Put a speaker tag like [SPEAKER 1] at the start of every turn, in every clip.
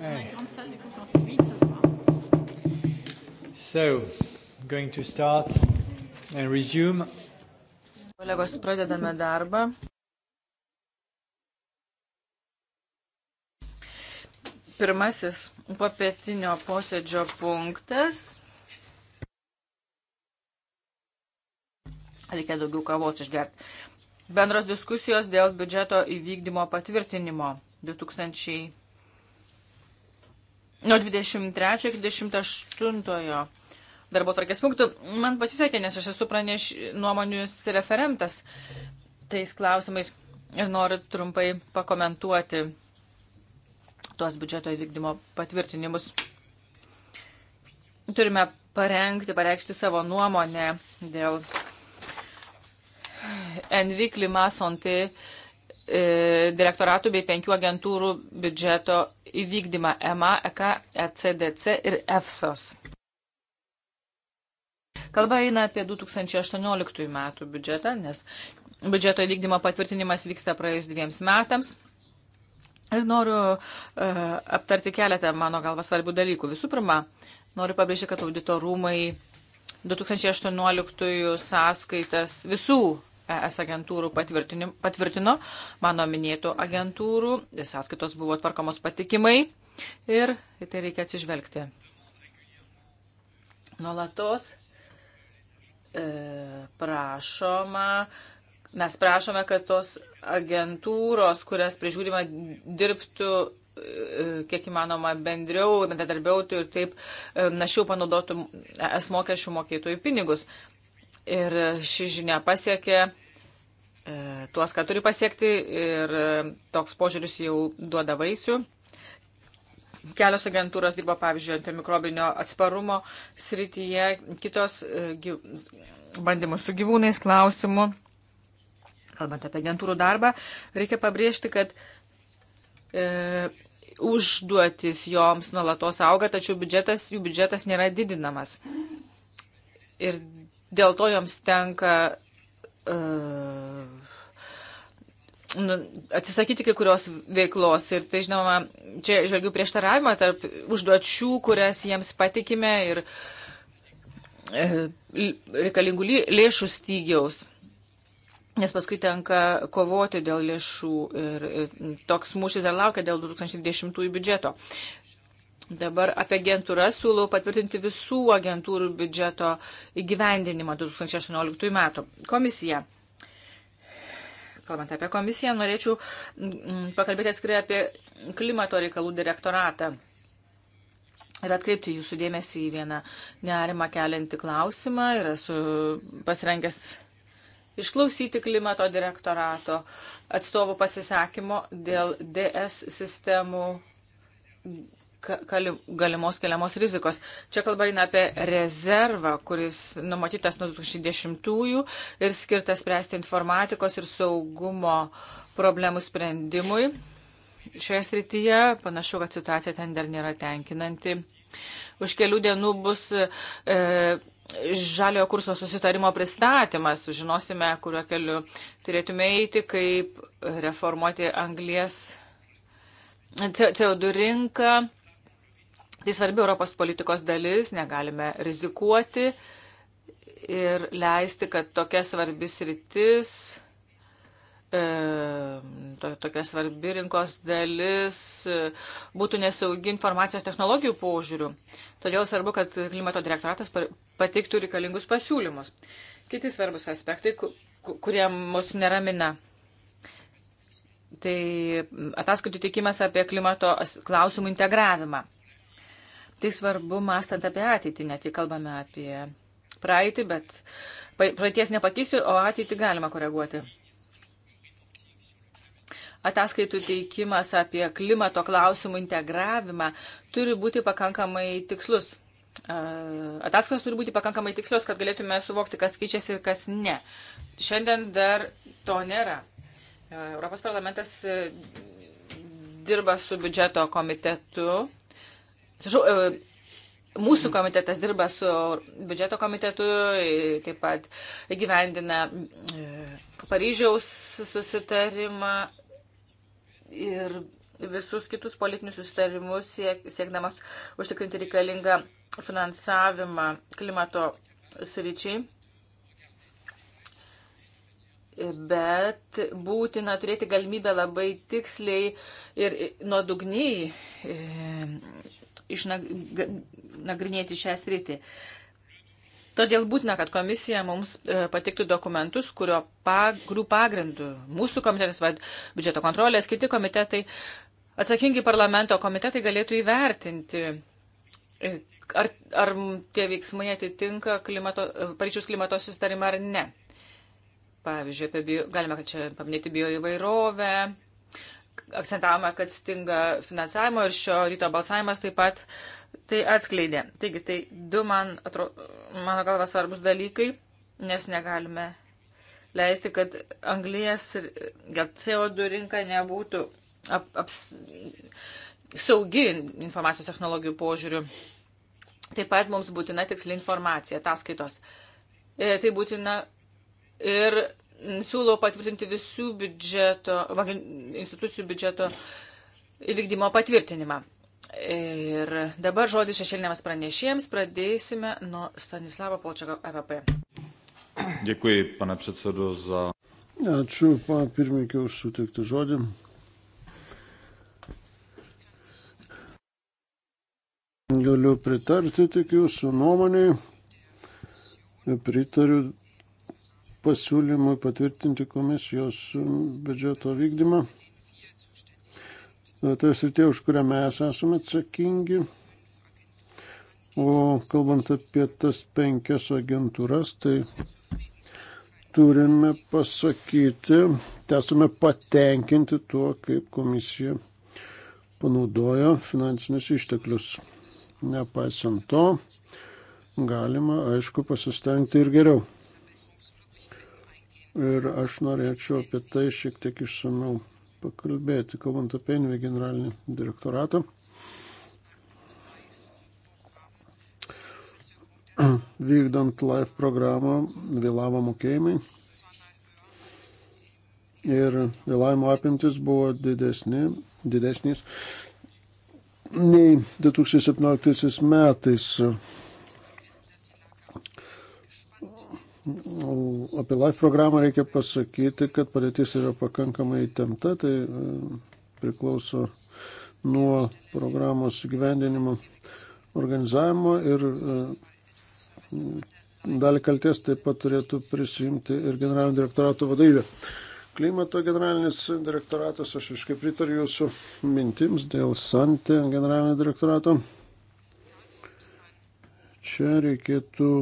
[SPEAKER 1] Hey.
[SPEAKER 2] So, going to start and resume.
[SPEAKER 1] Kolegos, pradedame darbą. Pirmasis papietinio posėdžio punktas. Reikia daugiau kavos išgerti. Bendros diskusijos dėl biudžeto įvykdymo patvirtinimo 2000 nuo 23 iki 28 darbo tvarkės punktų. Man pasisekė, nes aš esu praneš nuomonius referentas tais klausimais ir noriu trumpai pakomentuoti tuos biudžeto įvykdymo patvirtinimus. Turime parengti, pareikšti savo nuomonę dėl Envi Klimasonti. Tai E, direktoratų bei penkių agentūrų biudžeto įvykdymą EMA, EK, ECDC ir EFSOS. Kalba eina apie 2018 metų biudžetą, nes biudžeto įvykdymo patvirtinimas vyksta praėjus dviems metams. Ir noriu uh, aptarti keletą mano galva svarbių dalykų. Visų pirma, noriu pabrėžti, kad audito rūmai 2018 sąskaitas visų ES agentūrų patvirtino mano minėtų agentūrų, sąskaitos buvo tvarkomos patikimai ir į tai reikia atsižvelgti. Nuolatos e, prašoma, mes prašome, kad tos agentūros, kurias prižiūrima, dirbtų e, kiek įmanoma bendriau, bendradarbiautų ir taip e, našiau panaudotų es mokesčių mokėtojų pinigus. Ir ši žinia pasiekė e, tuos, ką turi pasiekti ir e, toks požiūris jau duoda vaisių. Kelios agentūros dirba, pavyzdžiui, antimikrobinio atsparumo srityje, kitos e, bandymų su gyvūnais klausimų. Kalbant apie agentūrų darbą, reikia pabrėžti, kad e, užduotis joms nuolatos auga, tačiau biudžetas, jų biudžetas nėra didinamas. Ir dėl to joms tenka uh, nu, atsisakyti kai kurios veiklos. Ir tai, žinoma, čia žvelgiu prieštaravimą tarp užduočių, kurias jiems patikime ir uh, reikalingų lėšų stygiaus nes paskui tenka kovoti dėl lėšų ir toks mūšis ir laukia dėl 2010 biudžeto. Dabar apie agentūras siūlau patvirtinti visų agentūrų biudžeto įgyvendinimą 2018 metų. Komisija. Kalbant apie komisiją, norėčiau mm, pakalbėti atskirai apie klimato reikalų direktoratą. Ir atkreipti jūsų dėmesį į vieną nerimą keliantį klausimą. Ir esu pasirengęs išklausyti klimato direktorato atstovų pasisakymo dėl DS sistemų galimos keliamos rizikos. Čia kalba eina apie rezervą, kuris numatytas nuo 2010-ųjų ir skirtas spręsti informatikos ir saugumo problemų sprendimui. Šioje srityje panašu, kad situacija ten dar nėra tenkinanti. Už kelių dienų bus e, žaliojo kurso susitarimo pristatymas. Sužinosime, kuriuo keliu turėtume eiti, kaip reformuoti anglies CO2 rinką Tai svarbi Europos politikos dalis, negalime rizikuoti ir leisti, kad tokia svarbi sritis, e, to, tokia svarbi rinkos dalis e, būtų nesaugi informacijos technologijų požiūrių. Todėl svarbu, kad klimato direktoratas pateiktų reikalingus pasiūlymus. Kiti svarbus aspektai, kurie mus neramina. Tai ataskaitų teikimas apie klimato klausimų integravimą. Tai svarbu mąstant apie ateitį, ne tik kalbame apie praeitį, bet praeities nepakysiu, o ateitį galima koreguoti. Ataskaitų teikimas apie klimato klausimų integravimą turi būti pakankamai tikslus. Ataskaitos turi būti pakankamai tikslios, kad galėtume suvokti, kas keičiasi ir kas ne. Šiandien dar to nėra. Europos parlamentas e, dirba su biudžeto komitetu Atsiprašau, e, mūsų komitetas dirba su biudžeto komitetu, e, taip pat gyvendina e, Paryžiaus susitarimą ir visus kitus politinius susitarimus siek, siekdamas užtikrinti reikalingą finansavimą klimato sričiai. Bet būtina turėti galimybę labai tiksliai ir nuodugniai išnagrinėti šią sritį. Todėl būtina, kad komisija mums e, patiktų dokumentus, kurio pagrų pagrindų mūsų komitetas, vad, biudžeto kontrolės, kiti komitetai, atsakingi parlamento komitetai galėtų įvertinti, e, ar, ar tie veiksmai atitinka klimato, e, Paryčiaus klimato sustarimą ar ne. Pavyzdžiui, bio, galime čia paminėti bioįvairovę, akcentavome, kad stinga finansavimo ir šio ryto balsavimas taip pat tai atskleidė. Taigi, tai du man, atro, mano galva, svarbus dalykai, nes negalime leisti, kad anglijas ir kad CO2 rinka nebūtų ap, aps, saugi informacijos technologijų požiūrių. Taip pat mums būtina tiksli informacija, ataskaitos. E, tai būtina ir siūlau patvirtinti visų biudžeto, institucijų biudžeto įvykdymo patvirtinimą. Ir dabar žodis šešėlinėms pranešėjams pradėsime nuo Stanislavo
[SPEAKER 3] Polčiako EVP.
[SPEAKER 1] Dėkui, pane predsedo, za.
[SPEAKER 3] Ačiū, pana pirmininkė, už suteiktą žodį. Galiu pritarti tik jūsų nuomonėje. Pritariu pasiūlymui patvirtinti komisijos um, biudžeto vykdymą. Tai sritie, už kurią mes esame atsakingi. O kalbant apie tas penkias agentūras, tai turime pasakyti, esame patenkinti tuo, kaip komisija panaudojo finansinius išteklius. Nepaisant to, galima, aišku, pasistengti ir geriau. Ir aš norėčiau apie tai šiek tiek išsamiau pakalbėti, kalbant apie NV generalinį direktoratą. Vykdant live programą vėlavo mokėjimai ir vėlavimo apimtis buvo didesni, didesnis nei 2017 metais. apie LIFE programą reikia pasakyti, kad padėtis yra pakankamai įtempta, tai e, priklauso nuo programos gyvendinimo organizavimo ir e, dalį kalties taip pat turėtų prisimti ir generalinio direktorato vadovybė. Klimato generalinis direktoratas, aš iškai pritariu jūsų mintims dėl Santė generalinio direktorato. Čia reikėtų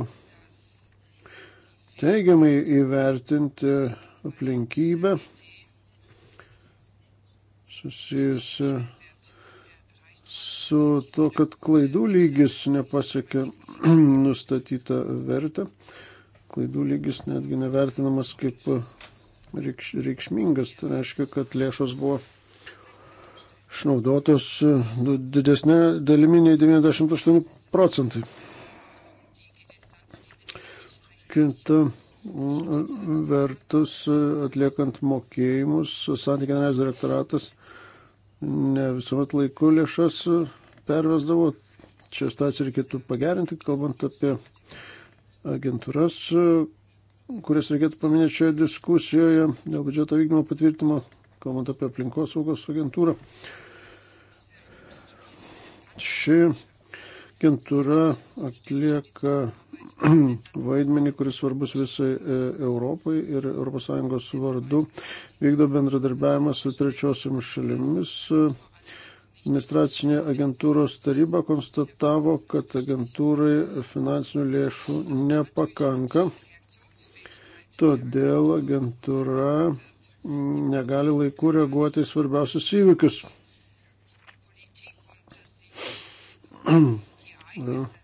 [SPEAKER 3] teigiamai įvertinti aplinkybę susijusi su to, kad klaidų lygis nepasiekia nustatytą vertę. Klaidų lygis netgi nevertinamas kaip reikš, reikšmingas. Tai reiškia, kad lėšos buvo išnaudotos didesnė dalimi nei 98 procentai kita vertus atliekant mokėjimus, santykinės direktoratas ne visuomet laiku lėšas pervesdavo. Čia staciją reikėtų pagerinti, kalbant apie agentūras, kurias reikėtų paminėti šioje diskusijoje dėl biudžeto vykdymo patvirtimo, kalbant apie aplinkosaugos agentūrą. Ši agentūra atlieka vaidmenį, kuris svarbus visai e, Europai ir ES vardu vykdo bendradarbiavimą su trečiosiomis šalimis. Administracinė agentūros taryba konstatavo, kad agentūrai finansinių lėšų nepakanka, todėl agentūra negali laiku reaguoti į svarbiausius įvykius.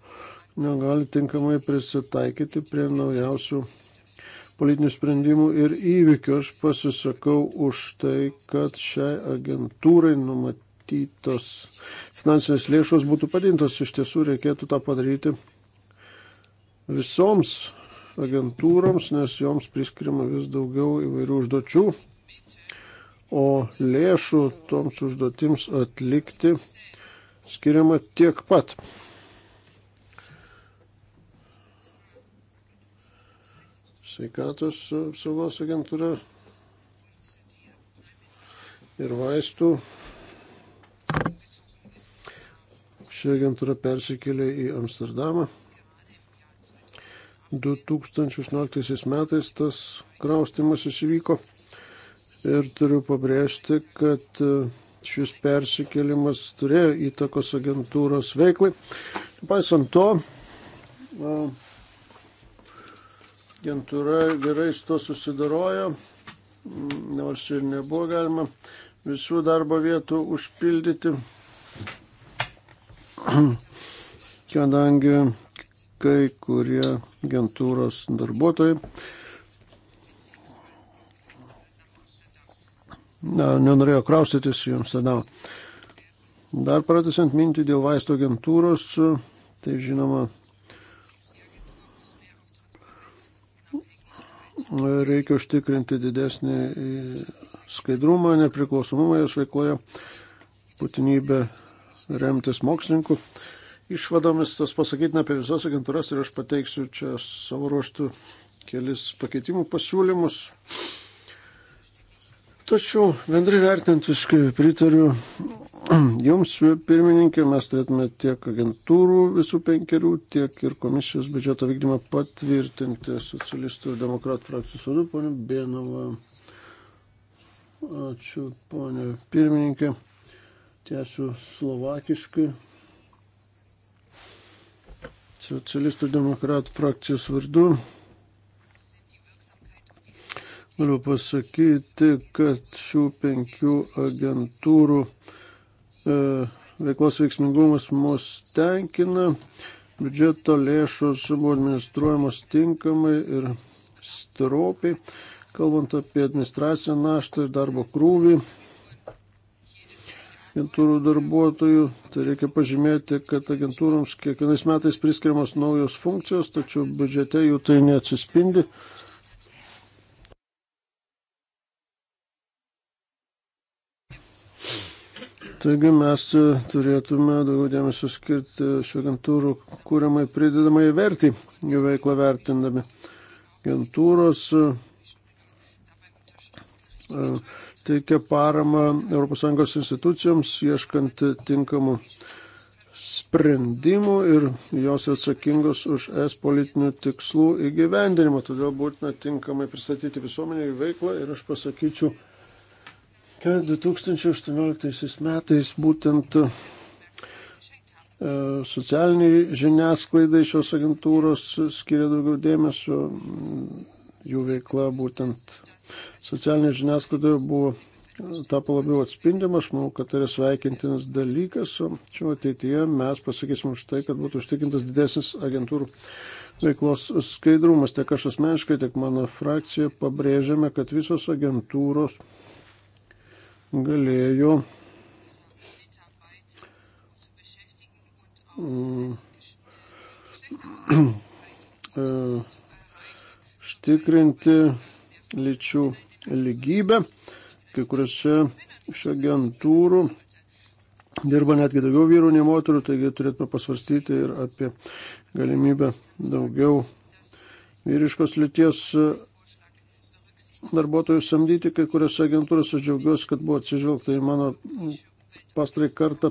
[SPEAKER 3] negali tinkamai prisitaikyti prie naujausių politinių sprendimų ir įvykių. Aš pasisakau už tai, kad šiai agentūrai numatytos finansinės lėšos būtų padintos. Iš tiesų reikėtų tą padaryti visoms agentūroms, nes joms priskiriama vis daugiau įvairių užduočių, o lėšų toms užduotims atlikti skiriama tiek pat. sveikatos apsaugos agentūra ir vaistų. Ši agentūra persikėlė į Amsterdamą. 2018 metais tas kraustimas įvyko ir turiu pabrėžti, kad e, šis persikėlimas turėjo įtakos agentūros veiklai. Paisant to, e, agentūra gerai su to susidarojo, nors ir nebuvo galima visų darbo vietų užpildyti, kadangi kai kurie agentūros darbuotojai na, nenorėjo kraustytis į Amsterdamą. Dar pratęsiant mintį dėl vaisto agentūros, tai žinoma, reikia užtikrinti didesnį skaidrumą, nepriklausomumą jos veikloje, būtinybę remtis mokslininkų išvadomis, tas pasakytina apie visas agentūras ir aš pateiksiu čia savo ruoštų kelis pakeitimų pasiūlymus. Tačiau bendrai vertinant viskai pritariu Jums, pirmininkė, mes turėtume tiek agentūrų visų penkerių, tiek ir komisijos biudžeto vykdymą patvirtinti socialistų ir demokratų frakcijos vadu, ponė Bėnova. Ačiū, ponė pirmininkė. Tiesiu slovakiškai. Socialistų demokratų frakcijos vardu Noriu pasakyti, kad šių penkių agentūrų e, veiklos veiksmingumas mus tenkina, biudžeto lėšos buvo administruojamos tinkamai ir stropiai, kalbant apie administracinę naštą ir darbo krūvį agentūrų darbuotojų. Tai reikia pažymėti, kad agentūroms kiekvienais metais priskiriamos naujos funkcijos, tačiau biudžete jų tai neatsispindi. Taigi mes turėtume daugiau dėmesio skirti šių agentūrų kūriamai pridedamai vertį, jų veiklą vertindami. Agentūros e, teikia paramą ES institucijoms, ieškant tinkamų sprendimų ir jos atsakingos už es politinių tikslų įgyvendinimą. Todėl būtina tinkamai pristatyti visuomenį į veiklą ir aš pasakyčiau, kad 2018 metais būtent e, socialiniai žiniasklaidai šios agentūros skiria daugiau dėmesio, jų veikla būtent socialinė žiniasklaidoje buvo e, tapo labiau atspindima, aš manau, kad tai yra sveikintinas dalykas, o čia ateityje mes pasakysim už tai, kad būtų užtikintas didesnis agentūrų veiklos skaidrumas. Tiek aš asmeniškai, tiek mano frakcija pabrėžiame, kad visos agentūros galėjo mm, e, užtikrinti lyčių lygybę. Kai kuriuose iš agentūrų dirba netgi daugiau vyrų nei moterų, taigi turėtume pasvarstyti ir apie galimybę daugiau vyriškos lyties darbuotojų samdyti kai kuriuose agentūrose. Džiaugiuosi, kad buvo atsižvelgta į mano pastarai kartą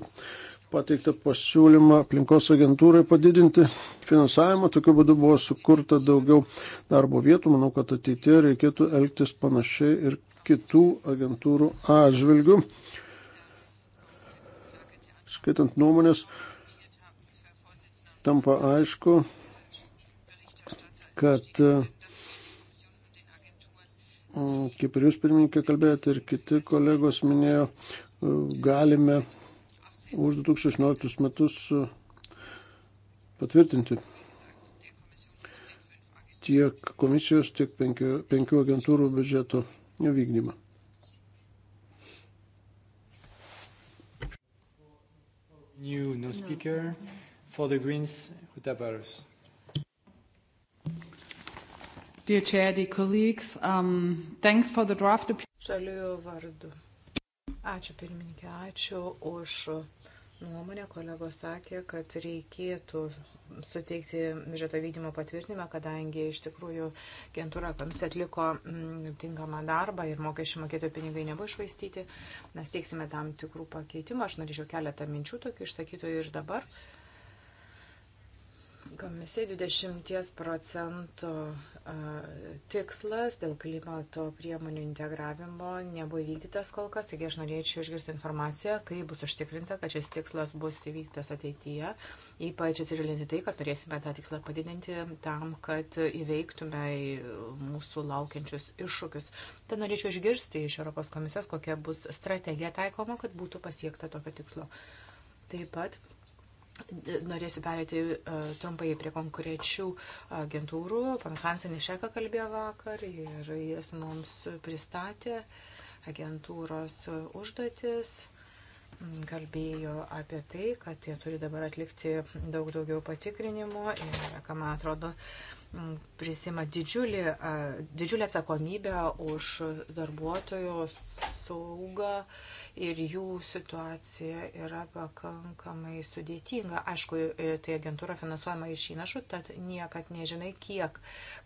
[SPEAKER 3] pateiktą pasiūlymą aplinkos agentūrai padidinti finansavimą. Tokiu būdu buvo sukurta daugiau darbo vietų. Manau, kad ateitie reikėtų elgtis panašiai ir kitų agentūrų atžvilgių. Skaitant nuomonės, tampa aišku, kad uh, kaip ir jūs pirmininkė kalbėjote ir kiti kolegos minėjo, galime už 2016 metus uh, patvirtinti tiek komisijos, tiek penkių, penkių agentūrų biudžeto vykdymą.
[SPEAKER 2] New no speaker for the Greens, Hutabarus.
[SPEAKER 1] Dear Chair, dear colleagues, um, thanks for the draft.
[SPEAKER 2] Žaliųjų vardu. Ačiū pirmininkė, ačiū už nuomonę. Kolegos sakė, kad reikėtų suteikti biudžeto vykdymo patvirtinimą, kadangi iš tikrųjų agentūra PAMS atliko mm, tinkamą darbą ir mokesčių mokėtojų pinigai nebuvo išvaistyti. Mes teiksime tam tikrų pakeitimų. Aš norėčiau keletą minčių tokių išsakytų ir dabar. Uh, Komisija 20 procentų tikslas dėl klimato priemonių integravimo nebuvo įvykdytas kol kas, taigi aš norėčiau išgirsti informaciją, kaip bus užtikrinta, kad šis tikslas bus įvykdytas ateityje, ypač atsižvelgiant į tai, kad norėsime tą tikslą padidinti tam, kad įveiktume mūsų laukiančius iššūkius. Tad norėčiau išgirsti iš Europos komisijos, kokia bus strategija taikoma, kad būtų pasiekta tokio tikslo. Taip pat Norėsiu perėti uh, e, trumpai prie konkrečių agentūrų. Panas Hansen iš Eka kalbėjo vakar ir jis mums pristatė agentūros užduotis. Kalbėjo apie tai, kad jie turi dabar atlikti daug daugiau patikrinimų ir, ką man atrodo, uh, prisima didžiulį, didžiulį atsakomybę už darbuotojų saugą ir jų situacija yra pakankamai sudėtinga. Aišku, e, tai agentūra finansuojama iš įnašų, tad niekad nežinai, kiek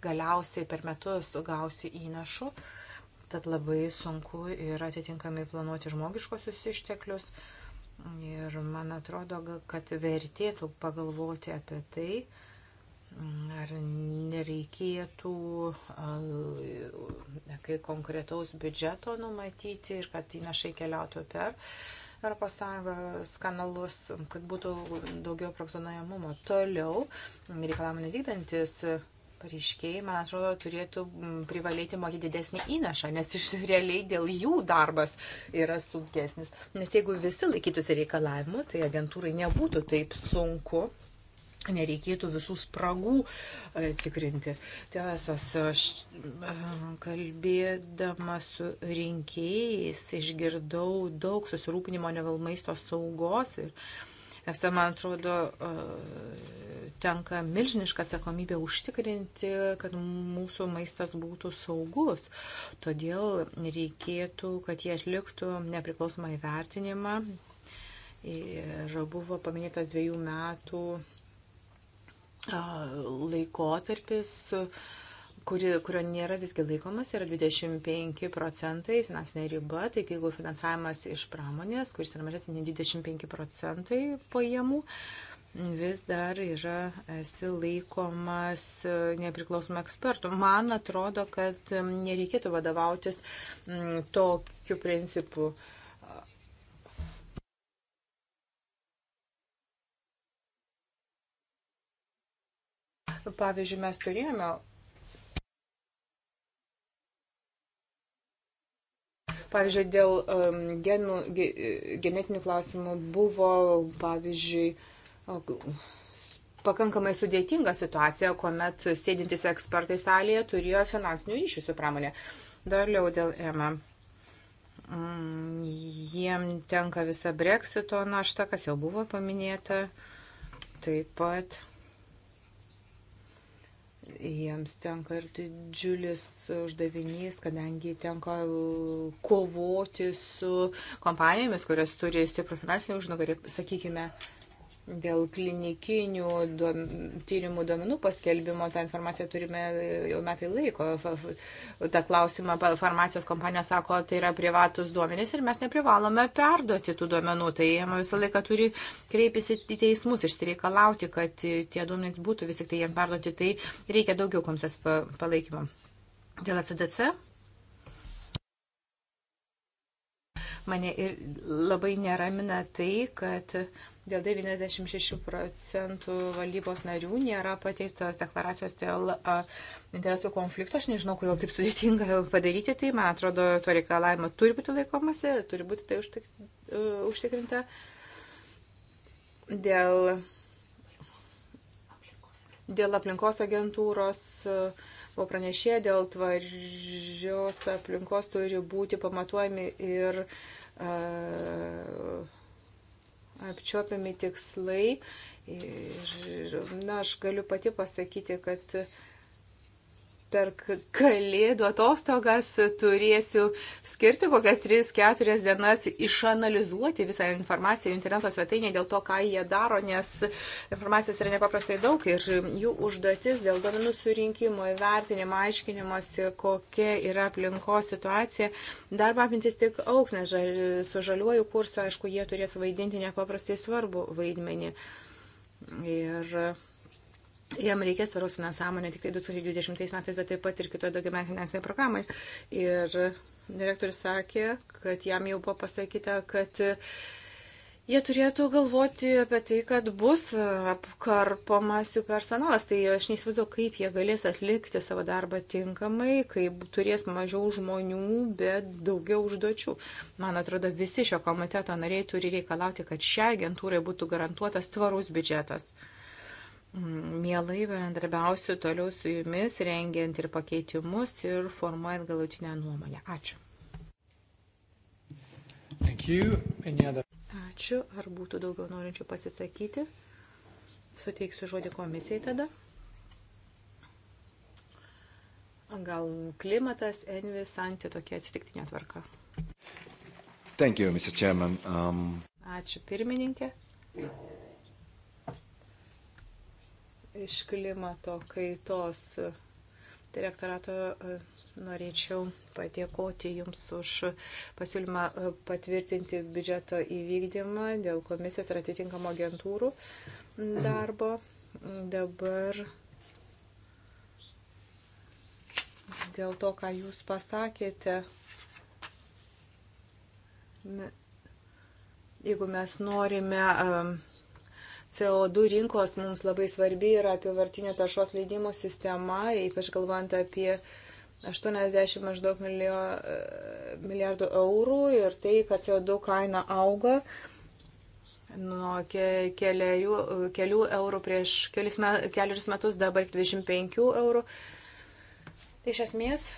[SPEAKER 2] galiausiai per metus gausi įnašų. Tad labai sunku ir atitinkamai planuoti žmogiškosius išteklius. Ir man atrodo, kad vertėtų pagalvoti apie tai, Ar nereikėtų kai konkretaus biudžeto numatyti ir kad įnašai keliautų per ES kanalus, kad būtų daugiau prognozuojamumo. Toliau, reikalavimai nevykdantis pareiškėjai, man atrodo, turėtų privalėti mokyti didesnį įnašą, nes iš realiai dėl jų darbas yra sunkesnis. Nes jeigu visi laikytųsi reikalavimų, tai agentūrai nebūtų taip sunku nereikėtų visų spragų e, tikrinti. Tėlasas, e, kalbėdama su rinkėjais, išgirdau daug susirūpinimo neval maisto saugos ir FSA, man atrodo, e, tenka milžiniška atsakomybė užtikrinti, kad mūsų maistas būtų saugus. Todėl reikėtų, kad jie atliktų nepriklausomą įvertinimą. Ir buvo paminėtas dviejų metų laikotarpis, kuri, kurio nėra visgi laikomas, yra 25 procentai finansinė riba, tai jeigu finansavimas iš pramonės, kuris yra mažesnis nei 25 procentai pajamų, vis dar yra esi laikomas e, nepriklausomų ekspertų. Man atrodo, kad nereikėtų vadovautis tokiu principu. Uh, Pavyzdžiui, mes turėjome Pavyzdžiui, dėl um, genų, ge, genetinių klausimų buvo, pavyzdžiui, pakankamai sudėtinga situacija, kuomet sėdintys ekspertai salėje turėjo finansinių ryšių su pramonė. Daliau dėl EMA. Mm, jiem tenka visa breksito našta, kas jau buvo paminėta. Taip pat. Jiems tenka ir didžiulis uždavinys, kadangi tenka e, kovoti su kompanijomis, kurios turi stiprų finansinį užnugarį, sakykime, Dėl klinikinių duom, tyrimų duomenų paskelbimo tą informaciją turime jau metai laiko. Ta klausimą farmacijos kompanija sako, tai yra privatus duomenys ir mes neprivalome perduoti tų duomenų. Tai jie visą laiką turi kreiptis į teismus, išsireikalauti, kad tie duomenys būtų vis tik tai jiem perduoti. Tai reikia daugiau komisijos palaikymo. Dėl ACDC mane ir labai neramina tai, kad Dėl 96 procentų valdybos narių nėra pateiktos deklaracijos dėl interesų konflikto. Aš nežinau, kodėl taip sudėtinga padaryti tai. Man atrodo, to reikalavimo turi būti laikomasi, turi būti tai e, užtikrinta. Dėl, dėl aplinkos agentūros. E, uh, o pranešė dėl tvarios aplinkos turi būti pamatuojami ir uh, apčiopiami tikslai. Ir, na, aš galiu pati pasakyti, kad per kalėdų atostogas turėsiu skirti kokias 3-4 dienas išanalizuoti visą informaciją interneto svetainėje dėl to, ką jie daro, nes informacijos yra nepaprastai daug ir jų užduotis dėl duomenų surinkimo, įvertinimo, aiškinimosi, kokia yra aplinkos situacija. Darbo apimtis tik auks, nes su žaliuoju kursu, aišku, jie turės vaidinti nepaprastai svarbu vaidmenį. Ir jam reikės tvaraus finansavimo ne tik tai 2020 metais, bet taip pat ir kitoje daugiametėje finansinėje programai. Ir direktorius sakė, kad jam jau buvo pasakyta, kad jie turėtų galvoti apie tai, kad bus apkarpomas jų personalas. Tai aš neįsivaizduoju, kaip jie galės atlikti savo darbą tinkamai, kaip turės mažiau žmonių, bet daugiau užduočių. Man atrodo, visi šio komiteto nariai turi reikalauti, kad šiai agentūrai būtų garantuotas tvarus biudžetas. Mielai bendrabiausiu toliau su jumis, rengiant ir pakeitimus ir formuojant galutinę nuomonę. Ačiū. Other... Ačiū. Ar būtų daugiau norinčių pasisakyti? Suteiksiu žodį komisijai tada. Gal klimatas, envis, anti tokia atsitiktinė tvarka. Thank you, Mr. Chairman. Um... Ačiū pirmininkė. Yeah iš klimato kaitos direktorato e, norėčiau padėkoti Jums už pasiūlymą e, patvirtinti biudžeto įvykdymą dėl komisijos ir atitinkamo agentūrų darbo. Dabar dėl to, ką Jūs pasakėte, jeigu mes norime um, CO2 rinkos mums labai svarbi yra apivartinio taršos leidimų sistema, ypač galvant apie 80 maždaug milijo, milijardų eurų ir tai, kad CO2 kaina auga nuo keliarių, kelių eurų prieš kelius, kelius metus, dabar 25 eurų. Tai iš esmės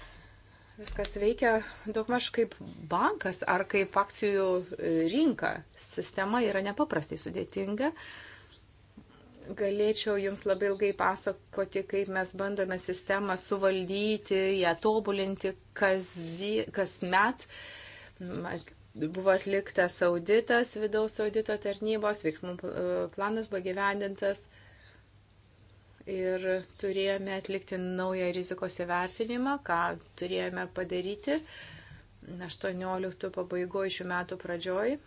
[SPEAKER 2] viskas veikia daugmaž kaip bankas ar kaip akcijų e, rinka. Sistema yra nepaprastai sudėtinga. Uh, Galėčiau Jums labai ilgai pasakoti, kaip mes bandome sistemą suvaldyti, ją tobulinti kasdien, kasmet. Buvo atliktas auditas vidaus audito tarnybos, veiksmų e, planas buvo gyvendintas ir turėjome atlikti naują rizikos įvertinimą, ką turėjome padaryti 18 pabaigoje šių metų pradžioj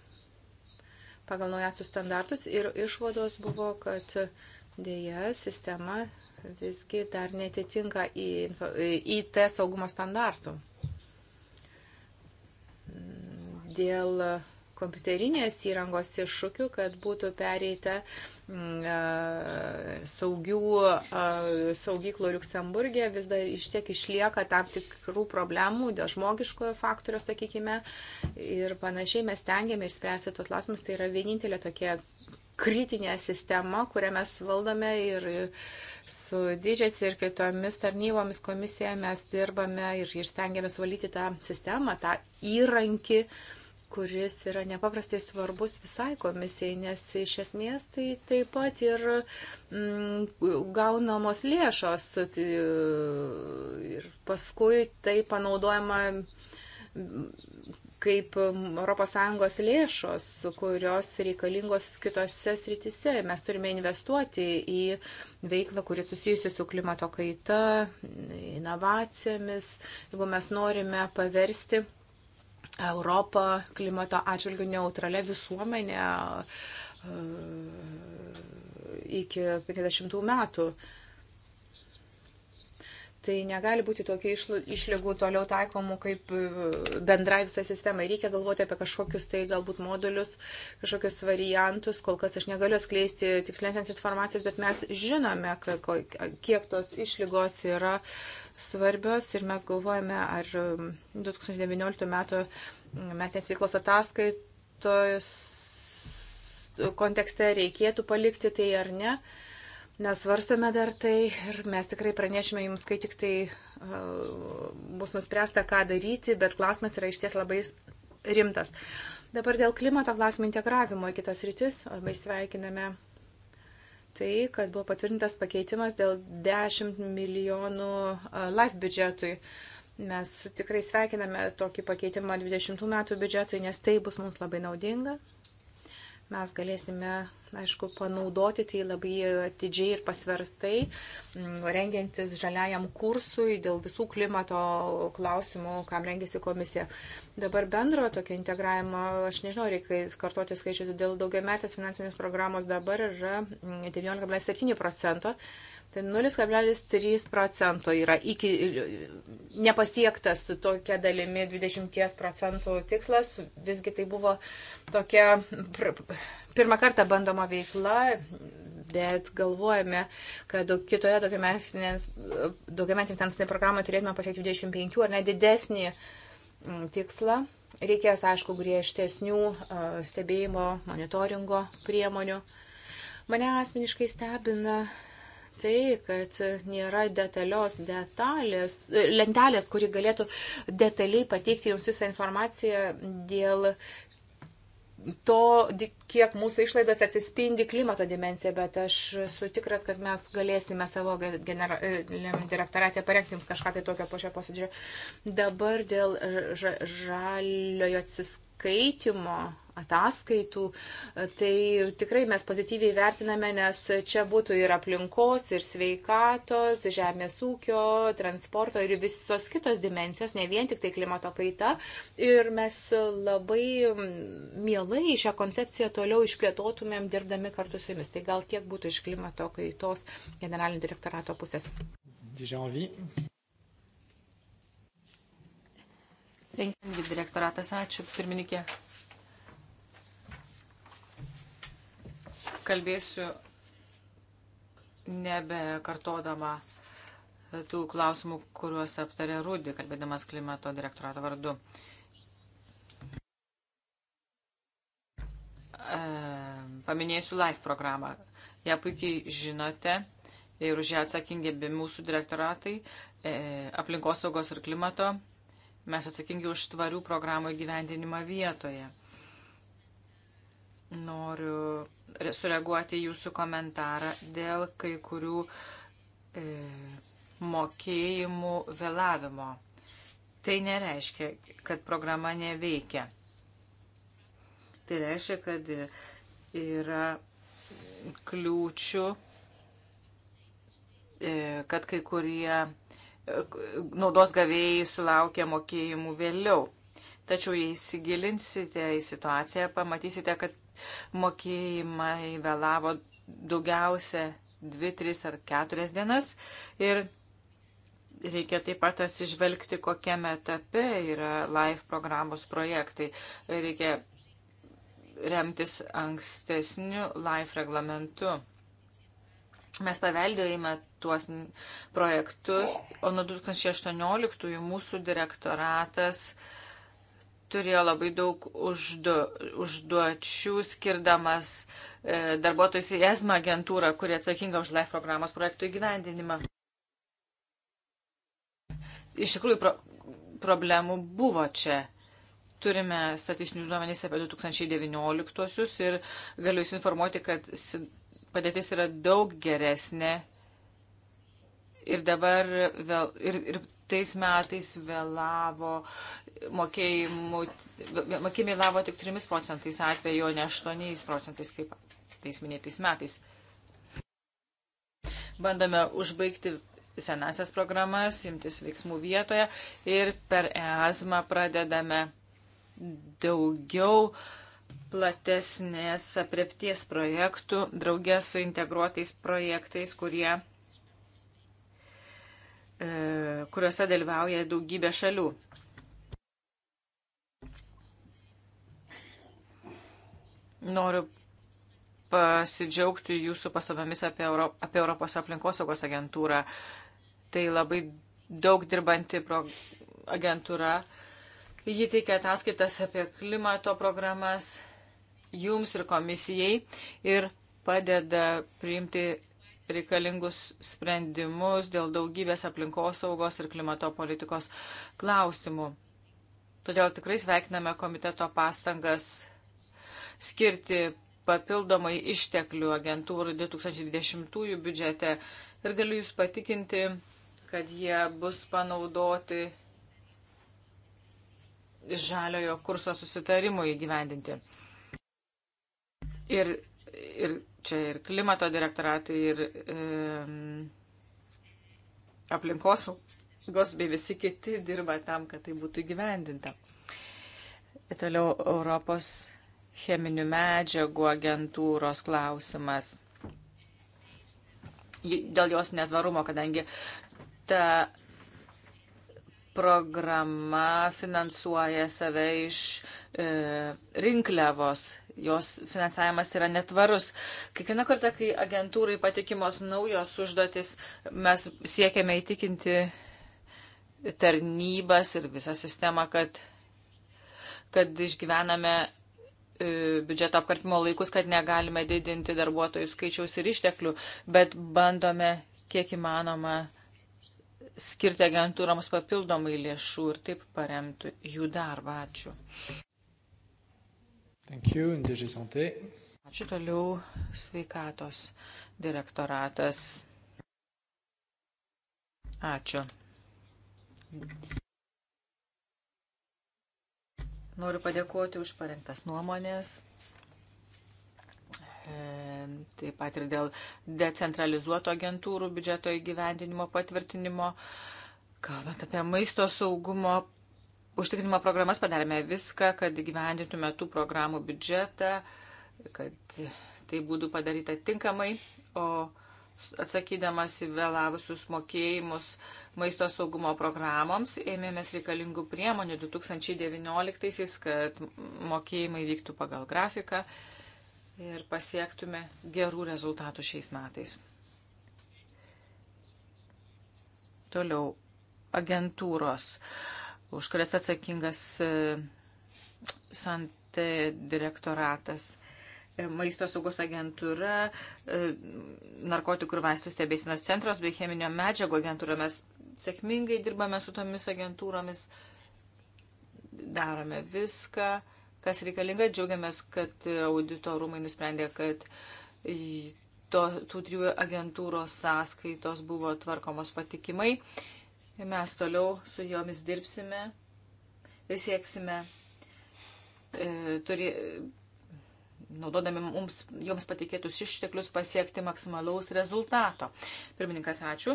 [SPEAKER 2] pagal naujasius standartus ir išvados buvo, kad dėja sistema visgi dar netitinka į IT saugumo standartų. Dėl kompiuterinės įrangos iššūkių, kad būtų pereita mm, saugių, saugyklų Luksemburgė, vis dar iš tiek išlieka tam tikrų problemų dėl žmogiškojo faktorio, sakykime, ir panašiai mes tengiame išspręsti tos lasmus. Tai yra vienintelė tokia kritinė sistema, kurią mes valdome ir su didžiais ir kitomis tarnybomis komisija mes dirbame ir, ir stengiamės valyti tą sistemą, tą įrankį. Uh, kuris yra nepaprastai svarbus visai komisijai, nes iš esmės tai taip pat ir mm, gaunamos lėšos tai, ir paskui tai panaudojama kaip ES lėšos, kurios reikalingos kitose sritise. Mes turime investuoti į veiklą, kuri susijusi su klimato kaita, inovacijomis, jeigu mes norime paversti Europą klimato atžvilgių neutralią visuomenę e, iki 50 metų tai negali būti tokių išlygų toliau taikomų kaip e, bendrai visą sistemą. Reikia galvoti apie kažkokius tai galbūt modulius, kažkokius variantus. Kol kas aš negaliu skleisti tikslesnės informacijos, bet mes žinome, kiek tos išlygos yra svarbios ir mes galvojame, ar 2019 e, metų metinės veiklos ataskaitos kontekste reikėtų palikti tai ar ne. Uh, nesvarstome dar tai ir mes tikrai pranešime jums, kai tik tai uh, bus nuspręsta, ką daryti, bet klausimas yra išties labai rimtas. Dabar dėl klimato klausimų integravimo į kitas rytis, labai sveikiname tai, kad buvo patvirtintas pakeitimas dėl 10 milijonų e, life biudžetui. Mes tikrai sveikiname tokį pakeitimą 20 metų biudžetui, nes tai bus mums labai naudinga mes galėsime, aišku, panaudoti tai labai atidžiai ir pasverstai, mm, rengiantis žaliajam kursui dėl visų klimato klausimų, kam rengiasi komisija. Dabar bendro tokio integravimo, aš nežinau, reikia kartuoti skaičius, dėl daugiametės finansinės programos dabar yra 19,7 mm, procento. Tai 0,3 procento yra iki nepasiektas tokia dalimi 20 procentų tikslas, visgi tai buvo tokia pr pirmą kartą bandoma veikla, bet galvojame, kad kitoje daugiametinėje finansinėje programoje turėtume pasiekti 25 ar net didesnį mm, tikslą. Reikės, aišku, griežtesnių stebėjimo, monitoringo priemonių. Mane asmeniškai stebina tai, kad nėra detalios detalės, lentelės, kuri galėtų detaliai pateikti jums visą informaciją dėl to, kiek mūsų išlaidos atsispindi klimato dimencija, bet aš esu tikras, kad mes galėsime savo generaliniam direktorate parengti jums kažką tai tokio po šio posėdžio. Dabar dėl žaliojo atsiskaitimo atsiskaitimo ataskaitų, tai tikrai mes pozityviai vertiname, nes čia būtų ir aplinkos, ir sveikatos, žemės ūkio, transporto ir visos kitos dimensijos, ne vien tik tai klimato kaita. Ir mes labai mielai šią koncepciją toliau išplėtotumėm dirbdami kartu su jumis. Tai gal tiek būtų iš klimato kaitos generalinio direktorato pusės. Didžiausia.
[SPEAKER 1] Renkingi direktoratas, ačiū pirmininkė. Kalbėsiu nebekartodama tų klausimų, kuriuos aptarė Rūdį, kalbėdamas klimato direktorato vardu. E, paminėsiu LIFE programą. Ja puikiai žinote ir už ją atsakingi abi mūsų direktoratai e, - aplinkosaugos ir klimato Mes atsakingi už tvarių programų įgyvendinimą vietoje. Noriu sureaguoti jūsų komentarą dėl kai kurių e, mokėjimų vėlavimo. Tai nereiškia, kad programa neveikia. Tai reiškia, kad yra kliūčių, e, kad kai kurie naudos gavėjai sulaukia mokėjimų vėliau. Tačiau jei įsigilinsite į situaciją, pamatysite, kad mokėjimai vėlavo daugiausia 2, 3 ar 4 dienas ir reikia taip pat atsižvelgti, kokiame etape yra live programos projektai. Reikia remtis ankstesniu live reglamentu. Mes paveldėjome tuos projektus, o nuo 2018 mūsų direktoratas turėjo labai daug uždu, užduočių skirdamas e, darbuotojus į ESMA agentūrą, kuri atsakinga už LIFE programos projektų įgyvendinimą. Iš tikrųjų, pro, problemų buvo čia turime statistinius duomenys apie 2019 ir galiu jūs informuoti, kad padėtis yra daug geresnė ir dabar vėl, ir, ir tais metais vėlavo mokėjimų, mokėjimai vėlavo tik 3 procentais atveju, o ne 8 procentais kaip tais minėtais metais. Bandome užbaigti senasias programas, imtis veiksmų vietoje ir per EASMą pradedame daugiau uh, platesnės apriepties projektų, draugė su integruotais projektais, kurie, e, kuriuose dalyvauja daugybė šalių. Noriu pasidžiaugti jūsų pastabomis apie, Euro, apie Europos aplinkosaugos agentūrą. Tai labai daug dirbanti pro, agentūra. Ji teikia ataskaitas apie klimato programas jums ir komisijai ir padeda priimti reikalingus sprendimus dėl daugybės aplinkos saugos ir klimato politikos klausimų. Todėl tikrai sveikiname komiteto pastangas skirti papildomai išteklių agentūrų 2020 biudžete ir galiu Jūs patikinti, kad jie bus panaudoti žaliojo kurso susitarimui įgyvendinti. Ir, ir čia ir klimato direktoratai, ir e, aplinkos saugos bei visi kiti dirba tam, kad tai būtų įgyvendinta. Ir toliau Europos cheminių medžiagų agentūros klausimas. Dėl jos netvarumo, kadangi ta programa finansuoja save iš e, rinkliavos jos finansavimas yra netvarus. Kiekvieną kartą, kai agentūrai patikimos naujos užduotis, mes siekiame įtikinti tarnybas ir visą sistemą, kad, kad išgyvename e, biudžeto apkarpimo laikus, kad negalime didinti darbuotojų skaičiaus ir išteklių, bet bandome kiek įmanoma skirti agentūrams papildomai lėšų ir taip paremtų jų darbą. Ačiū.
[SPEAKER 3] Thank you, DG Santé.
[SPEAKER 1] Ačiū toliau sveikatos direktoratas. Ačiū. Noriu padėkoti už parengtas nuomonės. E, taip pat ir dėl decentralizuoto agentūrų biudžeto įgyvendinimo patvirtinimo. Kalbant apie maisto saugumo užtikrinimo programas padarėme viską, kad gyvendintume tų programų biudžetą, kad tai būtų padaryta tinkamai, o atsakydamas į vėlavusius mokėjimus maisto saugumo programoms, ėmėmės reikalingų priemonių 2019-aisiais, kad mokėjimai vyktų pagal grafiką ir pasiektume gerų rezultatų šiais metais. Toliau agentūros. Uh, už kurias atsakingas e, Sante direktoratas, e, maisto saugos agentūra, e, narkotikų ir vaistų stebėsinos centros bei cheminio medžiago agentūra. Mes sėkmingai dirbame su tomis agentūromis, darome viską, kas reikalinga. Džiaugiamės, kad audito rūmai nusprendė, kad to, tų trijų agentūros sąskaitos buvo tvarkomos patikimai. Uh, Ir mes toliau su jomis dirbsime ir sieksime, e, turi, naudodami mums, joms patikėtus išteklius, pasiekti maksimalaus rezultato. Pirmininkas, ačiū.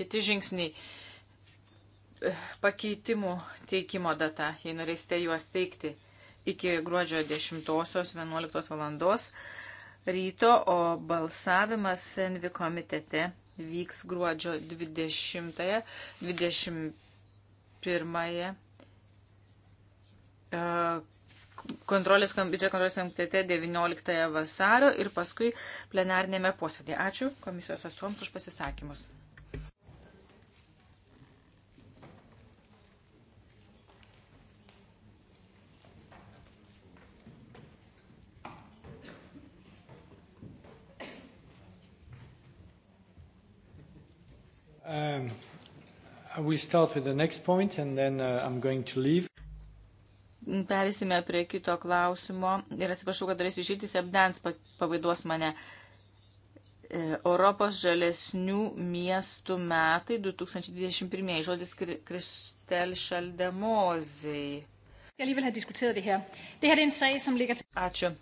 [SPEAKER 1] Kiti žingsniai. E, pakeitimų teikimo data, jei norėsite juos teikti iki gruodžio 10.11 val. ryto, o balsavimas Senvi komitete vyks gruodžio 20-ąją, 21-ąją. E, kontrolės komitete, kontrolės komitete 19 vasario ir paskui plenarnėme posėdėje. Ačiū komisijos atstovams už pasisakymus.
[SPEAKER 2] Um, I will start with the next point and then uh, I'm going to leave.
[SPEAKER 1] Perėsime prie kito klausimo ir atsiprašau, kad turėsiu išėti, Sebdens pavaiduos mane. E, Europos žalesnių miestų metai 2021. Žodis Kristel Šaldemozai. Er Ačiū.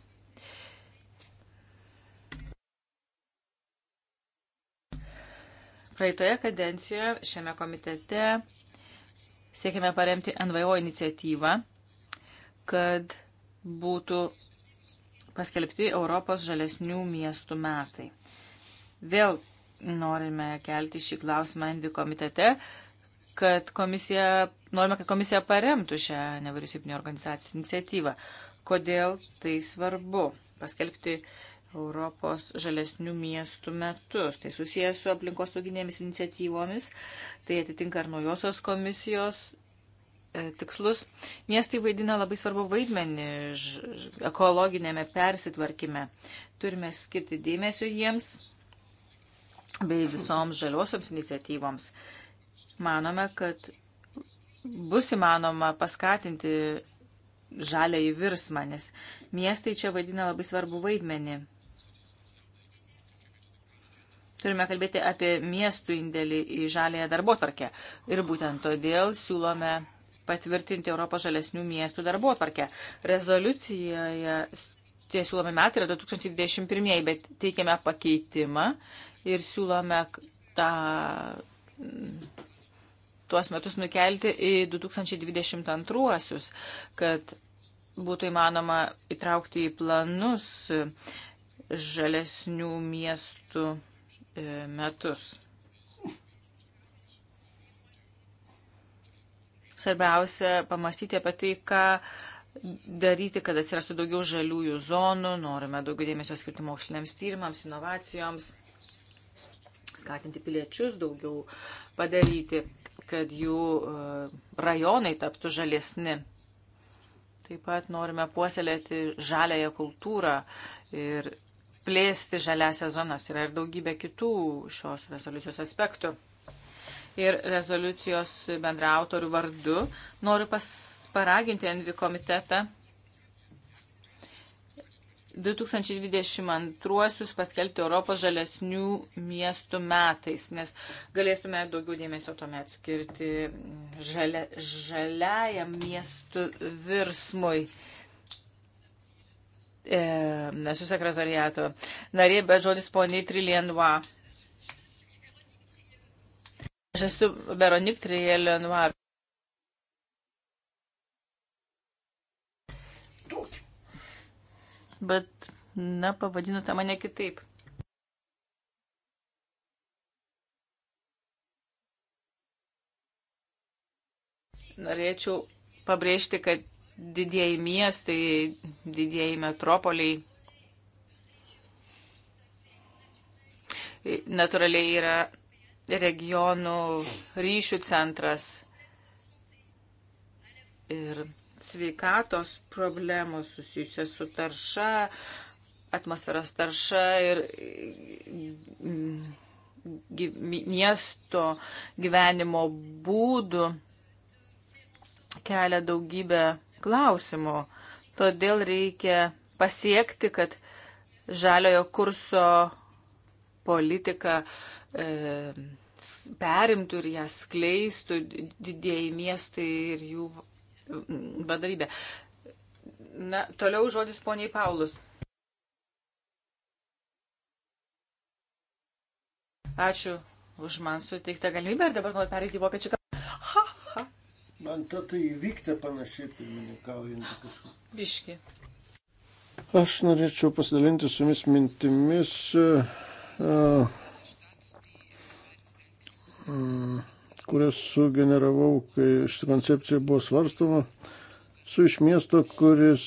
[SPEAKER 1] Praeitoje kadencijoje šiame komitete siekime paremti NVO iniciatyvą, kad būtų paskelbti Europos žalesnių miestų metai. Vėl norime kelti šį klausimą NV komitete, kad komisija, norime, kad komisija paremtų šią nevyriausybinio organizacijų iniciatyvą. Kodėl tai svarbu paskelbti Europos žalesnių miestų metus. Tai susijęs su aplinkosauginėmis iniciatyvomis, tai atitinka ir naujosios komisijos e, tikslus. Miestai vaidina labai svarbu vaidmenį ekologinėme persitvarkime. Turime skirti dėmesio jiems bei visoms žaliosioms iniciatyvoms. Manome, kad bus įmanoma paskatinti žaliai virsmą, nes miestai čia vaidina labai svarbu vaidmenį. Turime kalbėti apie miestų indėlį į žalėją darbo tvarkę. Ir būtent todėl siūlome patvirtinti Europos žalesnių miestų darbo tvarkę. Rezoliucijoje tie siūlomi metai yra 2021, bet teikiame pakeitimą ir siūlome tą, tuos metus nukelti į 2022, kad būtų įmanoma įtraukti į planus žalesnių miestų E, metus. Svarbiausia pamastyti apie tai, ką daryti, kad atsirastų daugiau žaliųjų zonų, norime daugiau dėmesio skirti moksliniams tyrimams, inovacijoms, skatinti piliečius daugiau padaryti, kad jų e, rajonai taptų žalesni. Taip pat norime puoselėti žalėją kultūrą ir plėsti žaliasias zonas. Yra ir daugybė kitų šios rezoliucijos aspektų. Ir rezoliucijos bendraautorių vardu noriu pas, paraginti Envi komitetą 2022 paskelbti Europos žalesnių miestų metais, nes galėsime daugiau dėmesio tuomet skirti žalia, žaliajam miestų virsmui. E, esu sekretariato narė, bet žodis poniai Trilienva. Aš esu Veronik Trilienva. Bet, na, pavadinu tą mane kitaip. Norėčiau pabrėžti, kad didieji miestai, didieji metropoliai natūraliai yra regionų ryšių centras ir sveikatos problemos susijusios su tarša, atmosferos tarša ir mm, miesto gyvenimo būdų kelia daugybę klausimų. Todėl reikia pasiekti, kad žaliojo kurso politika e, perimtų ir ją skleistų didėjai miestai ir jų vadovybė. Na, toliau žodis poniai Paulus. Ačiū už man suteiktą galimybę ir dabar noriu pereiti vokiečių
[SPEAKER 3] kalbą. Antatai įvykti panašiai pirmininkaujant kažkur. Biški. Aš norėčiau pasidalinti su jumis mintimis. Uh, uh, kurias sugeneravau, kai ši koncepcija buvo svarstoma. Uh, Esu iš miesto, kuris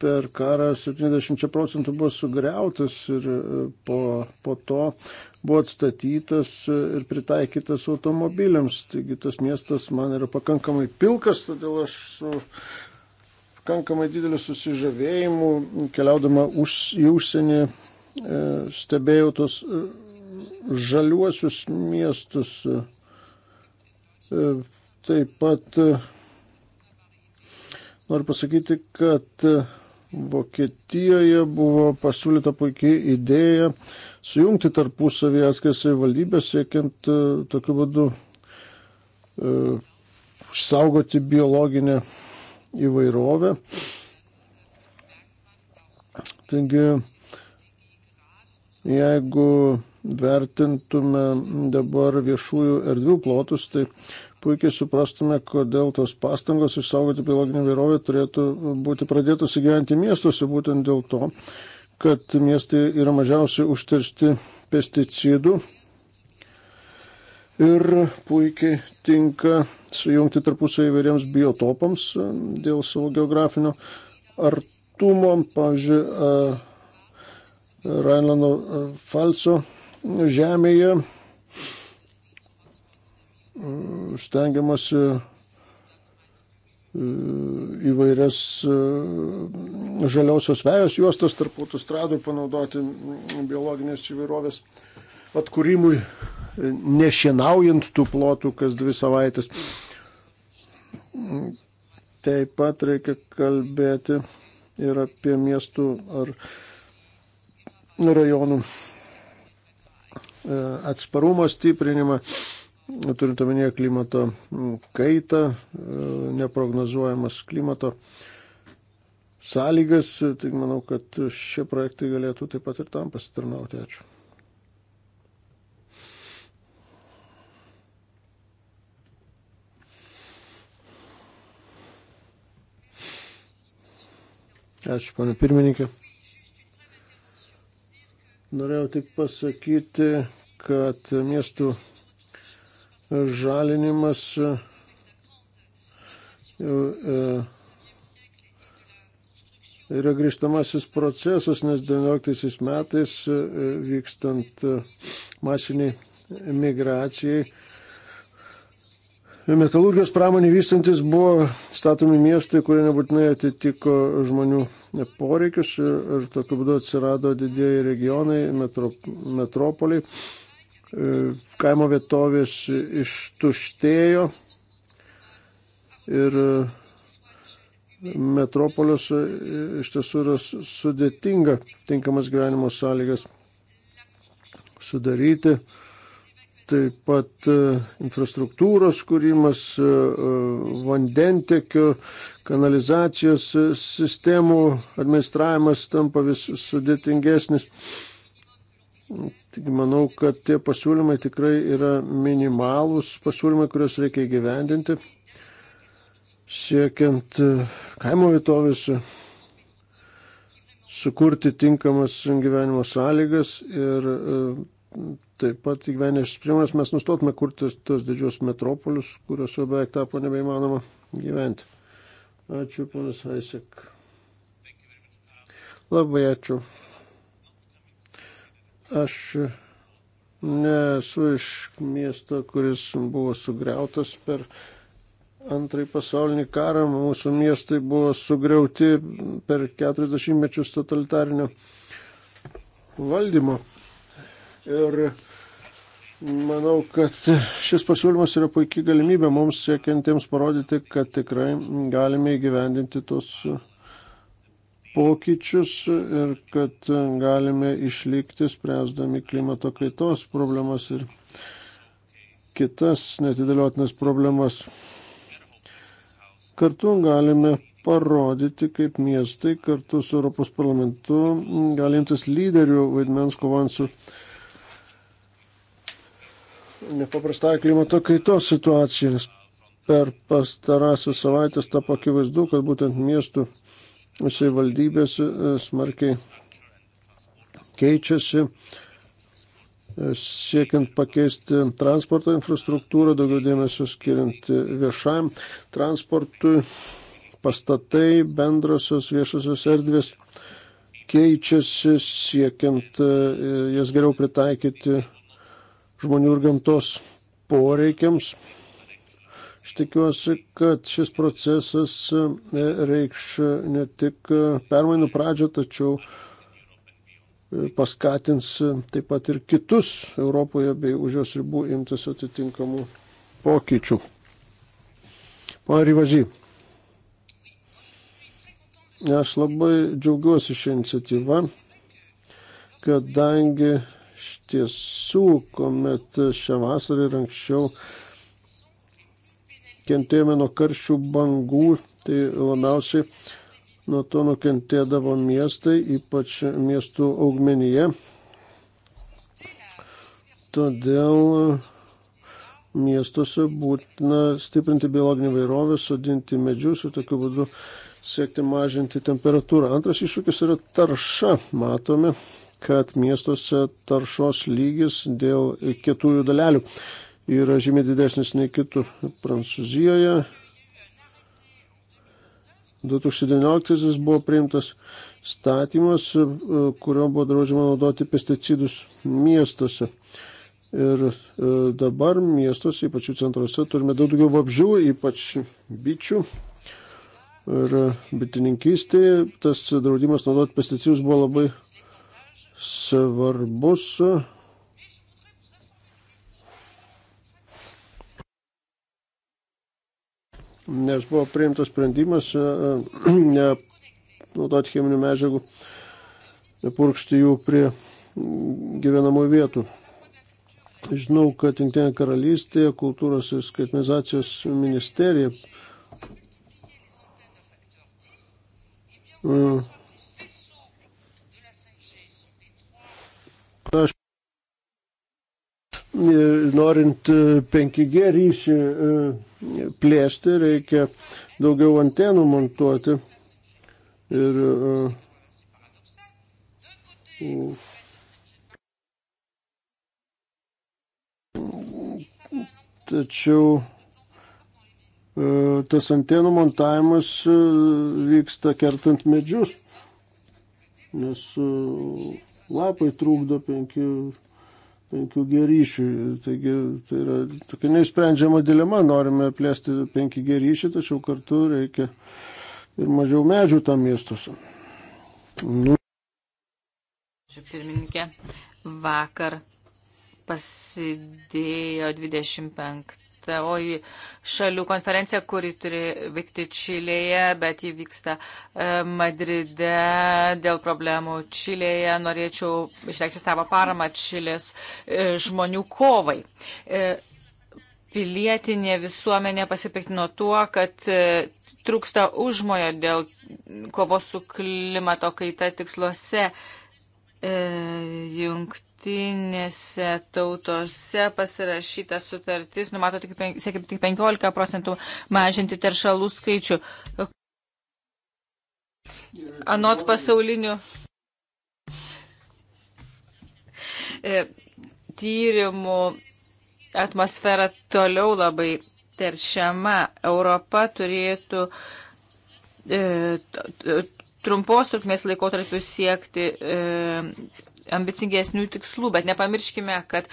[SPEAKER 3] per karą 70 procentų buvo sugriautas ir e, po, po to buvo atstatytas ir pritaikytas automobiliams. Taigi tas miestas man yra pakankamai pilkas, todėl aš su pakankamai dideliu susižavėjimu keliaudama už, į užsienį e, stebėjau tos e, žaliuosius miestus. Taip pat Noriu pasakyti, kad Vokietijoje buvo pasiūlyta puikiai idėja sujungti tarpusavį atskiras savivaldybės, siekiant e, tokiu būdu e, išsaugoti uh, biologinę įvairovę. Taigi, jeigu vertintume dabar viešųjų erdvių plotus, tai puikiai suprastume, kodėl tos pastangos išsaugoti biologinę vairovę turėtų būti pradėtos įgyventi miestuose, būtent dėl to, kad miestai yra mažiausiai užteršti pesticidų ir puikiai tinka sujungti tarpusą įvairiems biotopams e, dėl savo geografinio artumo, pavyzdžiui, e, Rainlando Falso žemėje stengiamasi e, įvairias e, žaliausios vėjos juostas tarp autostradų panaudoti biologinės įvairovės atkūrimui, e, nešienaujant tų plotų kas dvi savaitės. Taip pat reikia kalbėti ir apie miestų ar rajonų atsparumo stiprinimą turint omenyje klimato kaitą, e, neprognozuojamas klimato sąlygas, tai manau, kad šie projektai galėtų taip pat ir tam pasitarnauti. Ačiū. Ačiū, panė pirmininkė. Norėjau tik pasakyti, kad miestų žalinimas e, yra grįžtamasis procesas, nes 19 metais e, vykstant e, masiniai migracijai. Metalurgijos pramonį vystantis buvo statomi miestai, kurie nebūtinai atitiko žmonių poreikius ir tokiu būdu atsirado didieji regionai, metro, metropoliai. E, kaimo vietovės ištuštėjo ir e, metropolius e, iš tiesų yra sudėtinga tinkamas gyvenimo sąlygas sudaryti. Taip pat infrastruktūros kūrimas, vandentekio, kanalizacijos sistemų administravimas tampa vis sudėtingesnis. Taigi manau, kad tie pasiūlymai tikrai yra minimalūs pasiūlymai, kuriuos reikia įgyvendinti, siekiant e, kaimo vietovėse sukurti tinkamas gyvenimo sąlygas ir e, taip pat įgyvenęs priemonės mes nustotume kurti tos didžios metropolius, kurios jau beveik tapo nebeįmanoma gyventi. Ačiū, ponas Aisek. Labai ačiū. Aš nesu iš miesto, kuris buvo sugriautas per antrąjį pasaulinį karą. Mūsų miestai buvo sugriauti per 40 mečius totalitarinio valdymo. Ir manau, kad šis pasiūlymas yra puikiai galimybė mums siekiantiems parodyti, kad tikrai galime įgyvendinti tos pokyčius ir kad galime išlikti spręsdami klimato kaitos problemas ir kitas netidėliotinas problemas. Kartu galime parodyti, kaip miestai kartu su Europos parlamentu galintis lyderių vaidmens kovant su nepaprastai klimato kaitos situacija, nes per pastarąsias savaitės tapo akivaizdu, kad būtent miestų savivaldybės e, smarkiai keičiasi, e, siekiant pakeisti transporto infrastruktūrą, daugiau dėmesio skiriant viešajam transportui, pastatai, bendrosios viešosios erdvės keičiasi, siekiant e, jas geriau pritaikyti žmonių ir gamtos poreikiams. Aš tikiuosi, kad šis procesas e, reikš e, ne tik e, permainų pradžią, tačiau paskatins taip pat ir kitus Europoje bei už jos ribų imtis atitinkamų pokyčių. Pane Rivazy, aš labai džiaugiuosi šią iniciatyvą, kadangi iš tiesų, kuomet šią vasarą ir anksčiau kentėjome nuo karščių bangų, tai labiausiai nuo to nukentėdavo miestai, ypač miestų augmenyje. Todėl miestuose būtina stiprinti biologinį vairovę, sodinti medžius ir tokiu būdu siekti mažinti temperatūrą. Antras iššūkis yra tarša. Matome, kad miestuose taršos lygis dėl kietųjų dalelių yra žymiai didesnis nei kitur Prancūzijoje. 2019 buvo priimtas statymas, e, kurio buvo draudžiama naudoti pesticidus miestuose. Ir e, dabar miestuose, ypač jų centruose, turime daug daugiau vabžių, ypač bičių. Ir e, bitininkystėje tas draudimas naudoti pesticidus buvo labai svarbus nes buvo priimtas sprendimas e, e, naudoti cheminių medžiagų, nepurkšti jų prie gyvenamųjų vietų. Žinau, kad Junktinė karalystė, kultūros ir skaitmenizacijos ministerija e, Aš E, norint 5G e, ryšį e, plėsti, reikia daugiau antenų montuoti. Ir tačiau tas antenų montavimas vyksta kertant medžius, nes lapai trūkdo 5 5G ryšiui. Taigi tai yra tokia neįsprendžiama dilema, norime plėsti 5G ryšį, tačiau kartu reikia ir mažiau medžių tam miestuose. Nu.
[SPEAKER 1] Čia pirmininkė vakar pasidėjo 25 STOI šalių konferencija, kuri turi vykti Čilėje, bet ji vyksta e, Madride dėl problemų Čilėje. Norėčiau išreikšti savo paramą Čilės e, žmonių kovai. E, pilietinė visuomenė pasipiktino tuo, kad trūksta užmojo dėl kovos su klimato kaita tiksluose e, jungt jungtinėse tautose pasirašyta sutartis numato tik, siekia tik 15 procentų mažinti teršalų skaičių. Anot pasaulinių e, tyrimų atmosfera toliau labai teršiama. Europa turėtų e, trumpos trukmės laikotarpių siekti e, ambicingesnių tikslų, bet nepamirškime, kad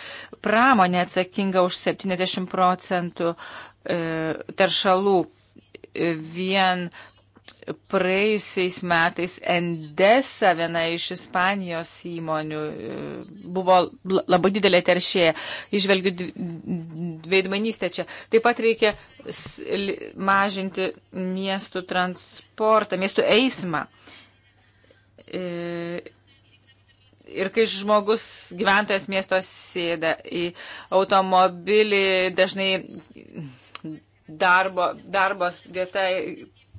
[SPEAKER 1] pramonė atsakinga už 70 procentų e, teršalų. E, vien praėjusiais metais Endesa, viena iš Ispanijos įmonių, e, buvo labai didelė teršėja. Išvelgiu dveidmanystę čia. Taip pat reikia mažinti miestų transportą, miestų eismą. Ir kai žmogus, gyventojas miesto sėda į automobilį, dažnai darbo, darbos vieta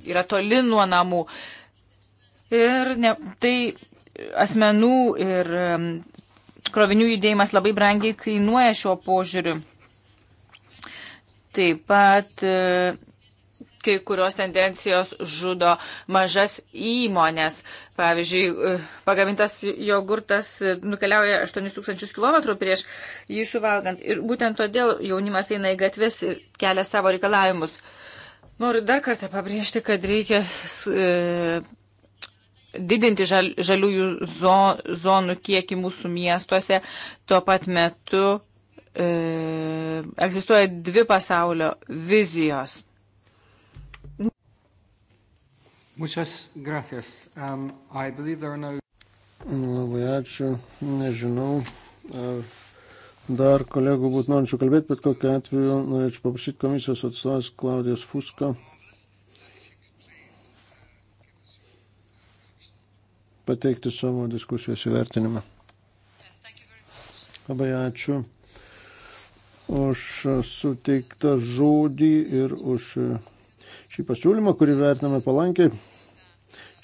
[SPEAKER 1] yra toli nuo namų. Ir ne, tai asmenų ir krovinių judėjimas labai brangiai kainuoja šiuo požiūriu. Taip pat e, kai kurios tendencijos žudo mažas įmonės. Pavyzdžiui, pagamintas jogurtas nukeliauja 8000 km prieš jį suvalgant. Ir būtent todėl jaunimas eina į gatves ir kelia savo reikalavimus. Noriu dar kartą pabrėžti, kad reikia e, didinti žal, žaliųjų zo, zonų kiekį mūsų miestuose. Tuo pat metu e, egzistuoja dvi pasaulio vizijos. Muchas gracias.
[SPEAKER 3] Um, I believe there are no... Labai ačiū. Nežinau, ar dar kolegų būtų norinčių kalbėti, bet kokiu atveju norėčiau paprašyti komisijos atstovas Klaudijos Fuska. pateikti savo diskusijos įvertinimą. Labai ačiū už suteiktą žodį ir už šį pasiūlymą, kurį vertiname palankiai.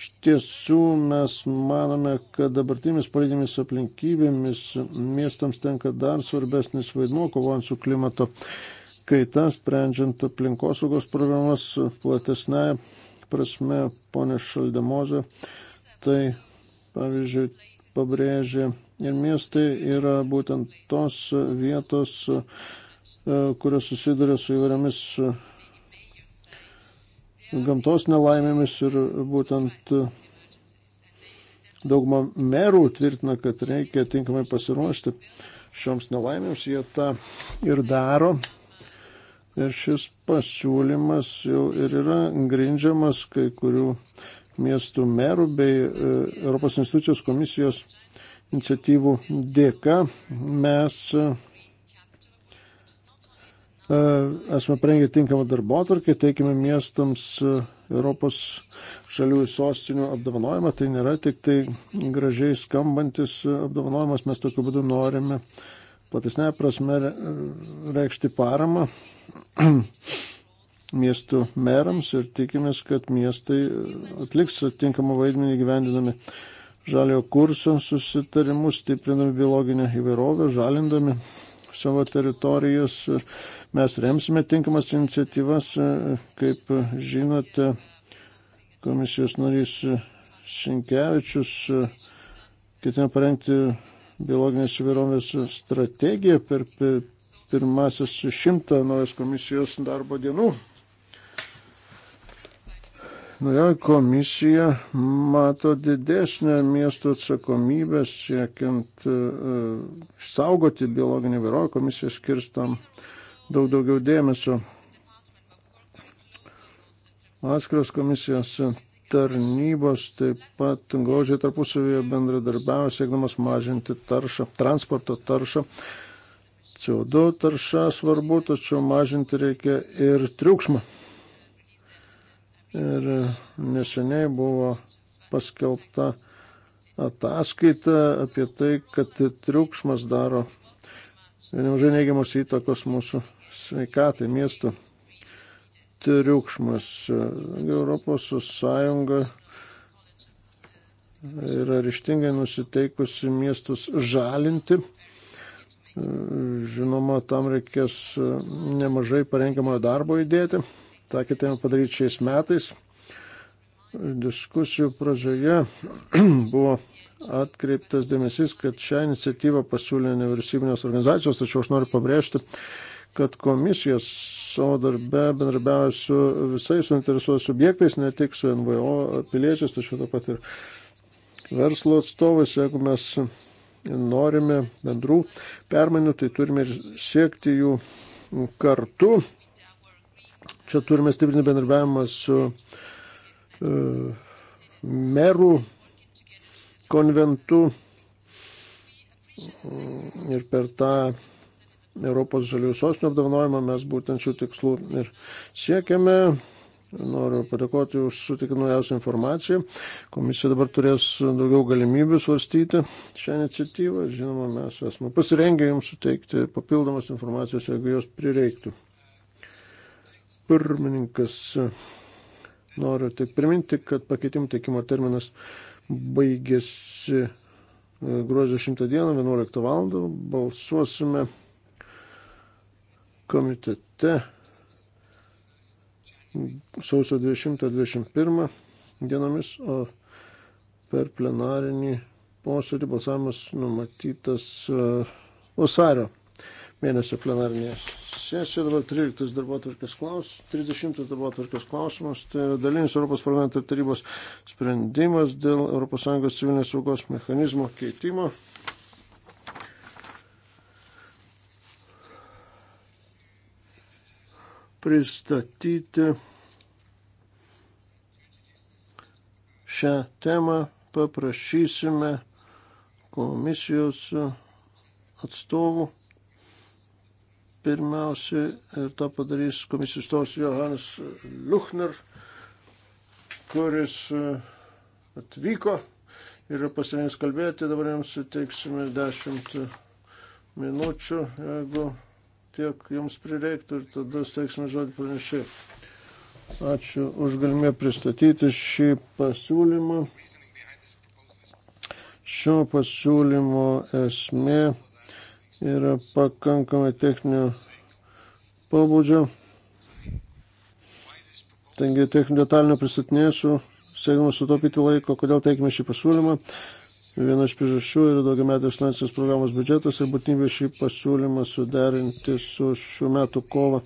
[SPEAKER 3] Iš tiesų mes manome, kad dabartimis politinėmis aplinkybėmis miestams tenka dar svarbesnis vaidmuo kovojant su klimato kaita, sprendžiant aplinkosaugos problemas platesnė prasme, ponė Šaldemozė. Tai, pavyzdžiui, pabrėžė ir miestai yra būtent tos vietos, kurios susiduria su įvairiamis gamtos nelaimėmis ir būtent e, dauguma merų tvirtina, kad reikia tinkamai pasiruošti šioms nelaimėms, jie tą ir daro. Ir šis pasiūlymas jau ir yra grindžiamas kai kurių miestų merų bei e, Europos institucijos komisijos iniciatyvų dėka. Mes e, E, esame parengę tinkamą darbotvarkę, teikime miestams e, Europos šalių sostinių apdovanojimą. Tai nėra tik tai gražiai skambantis e, apdovanojimas, mes tokiu būdu norime platesnė prasme reikšti paramą miestų merams ir tikimės, kad miestai atliks atitinkamą vaidmenį gyvendinami žaliojo kurso susitarimus, stiprindami biologinę įvairovę, žalindami savo teritorijas ir mes remsime tinkamas iniciatyvas, kaip žinote, komisijos narys Šinkevičius ketina parengti biologinės įvairovės strategiją per pirmasis šimtą naujas komisijos darbo dienų. Naujoji komisija mato didesnę miesto atsakomybę siekiant e, išsaugoti biologinį įvairovę, komisija skirstam daug daugiau dėmesio. Atskiros komisijos tarnybos taip pat glaudžiai tarpusavėje bendradarbiavo, siekdamas mažinti taršą, transporto taršą. CO2 tarša svarbu, tačiau mažinti reikia ir triukšmą. Ir neseniai buvo paskelbta ataskaita apie tai, kad triukšmas daro nemažai neigiamos įtakos mūsų sveikatai, miesto triukšmas. Europos Sąjunga yra ryštingai nusiteikusi miestus žalinti. Žinoma, tam reikės nemažai parengiamojo darbo įdėti tą kitame tai padaryti šiais metais. Diskusijų pradžioje buvo atkreiptas dėmesys, kad šią iniciatyvą pasiūlė nevyriausybinės organizacijos, tačiau aš noriu pabrėžti, kad komisija savo darbe bendrabiavo su visais suinteresuotais subjektais, ne tik su NVO piliečiais, tačiau taip pat ir verslo atstovais. Jeigu mes norime bendrų permainų, tai turime ir siekti jų kartu Čia turime stiprinti bendarbiavimą su uh, e, merų konventu ir per tą Europos žaliųjų sostinių apdovanojimą mes būtent šių tikslų ir siekiame. Noriu padėkoti už sutikę naujausią informaciją. Komisija dabar turės daugiau galimybių svarstyti šią iniciatyvą. Žinoma, mes esame pasirengę jums suteikti papildomas informacijos, jeigu jos prireiktų. Pirmininkas, noriu tik priminti, kad pakeitimų teikimo terminas baigėsi e, gruodžio 100 dieną 11 val. Balsuosime komitete sausio 20-21 dienomis, o per plenarinį posėdį balsavimas numatytas e, vasario mėnesio plenarinės sesiją, dabar 13 darbo tvarkės klausimas, 30 darbo tvarkės klausimas, tai yra dalinis Europos parlamento tarybos sprendimas dėl ES civilinės saugos mechanizmo keitimo. Pristatyti šią temą paprašysime komisijos atstovų pirmiausia ir tą padarys komisijos tos Johannes Luchner, kuris e, atvyko ir yra pasirengęs kalbėti. Dabar jums suteiksime 10 minučių, jeigu tiek jums prireiktų ir tada suteiksime žodį pranešėjai. Ačiū už galimybę pristatyti šį pasiūlymą. Šio pasiūlymo esmė yra pakankamai techninio pobūdžio. Taigi techninio detalinio pristatinėsiu, siekdamas sutaupyti laiko, kodėl teikime šį pasiūlymą. Viena iš priežasčių yra daugiametės finansinės programos biudžetas ir būtinybė šį pasiūlymą suderinti su šių metų kovo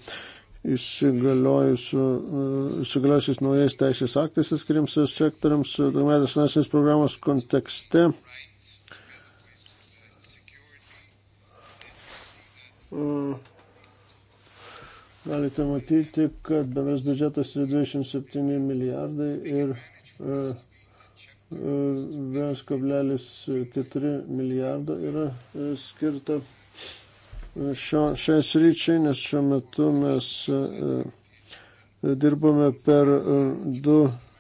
[SPEAKER 3] įsigaliojusiais naujais teisės aktais atskiriams sektoriams daugiametės finansinės programos kontekste. Mm. galite matyti, kad bendras biudžetas yra 27 milijardai ir 1,4 e, e, milijardo yra e, skirta šio, šiai sryčiai, nes šiuo metu mes dirbame per du,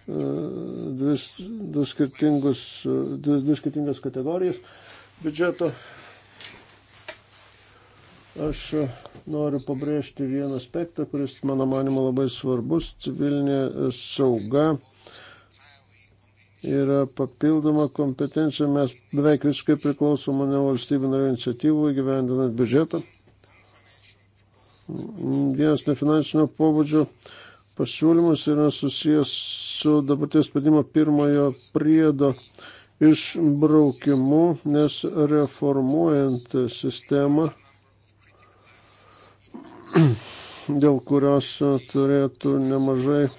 [SPEAKER 3] du, du, skirtingus, du, du skirtingas kategorijas biudžeto Aš noriu pabrėžti vieną aspektą, kuris, mano manimo, labai svarbus. Civilinė sauga yra papildoma kompetencija. Mes beveik visiškai priklausome nuo valstybių narių iniciatyvų įgyvendinant biudžetą. Vienas nefinansinio pobūdžio pasiūlymas yra susijęs su dabarties padimo pirmojo priedo išbraukimu, nes reformuojant sistemą dėl kurios e, turėtų nemažai e,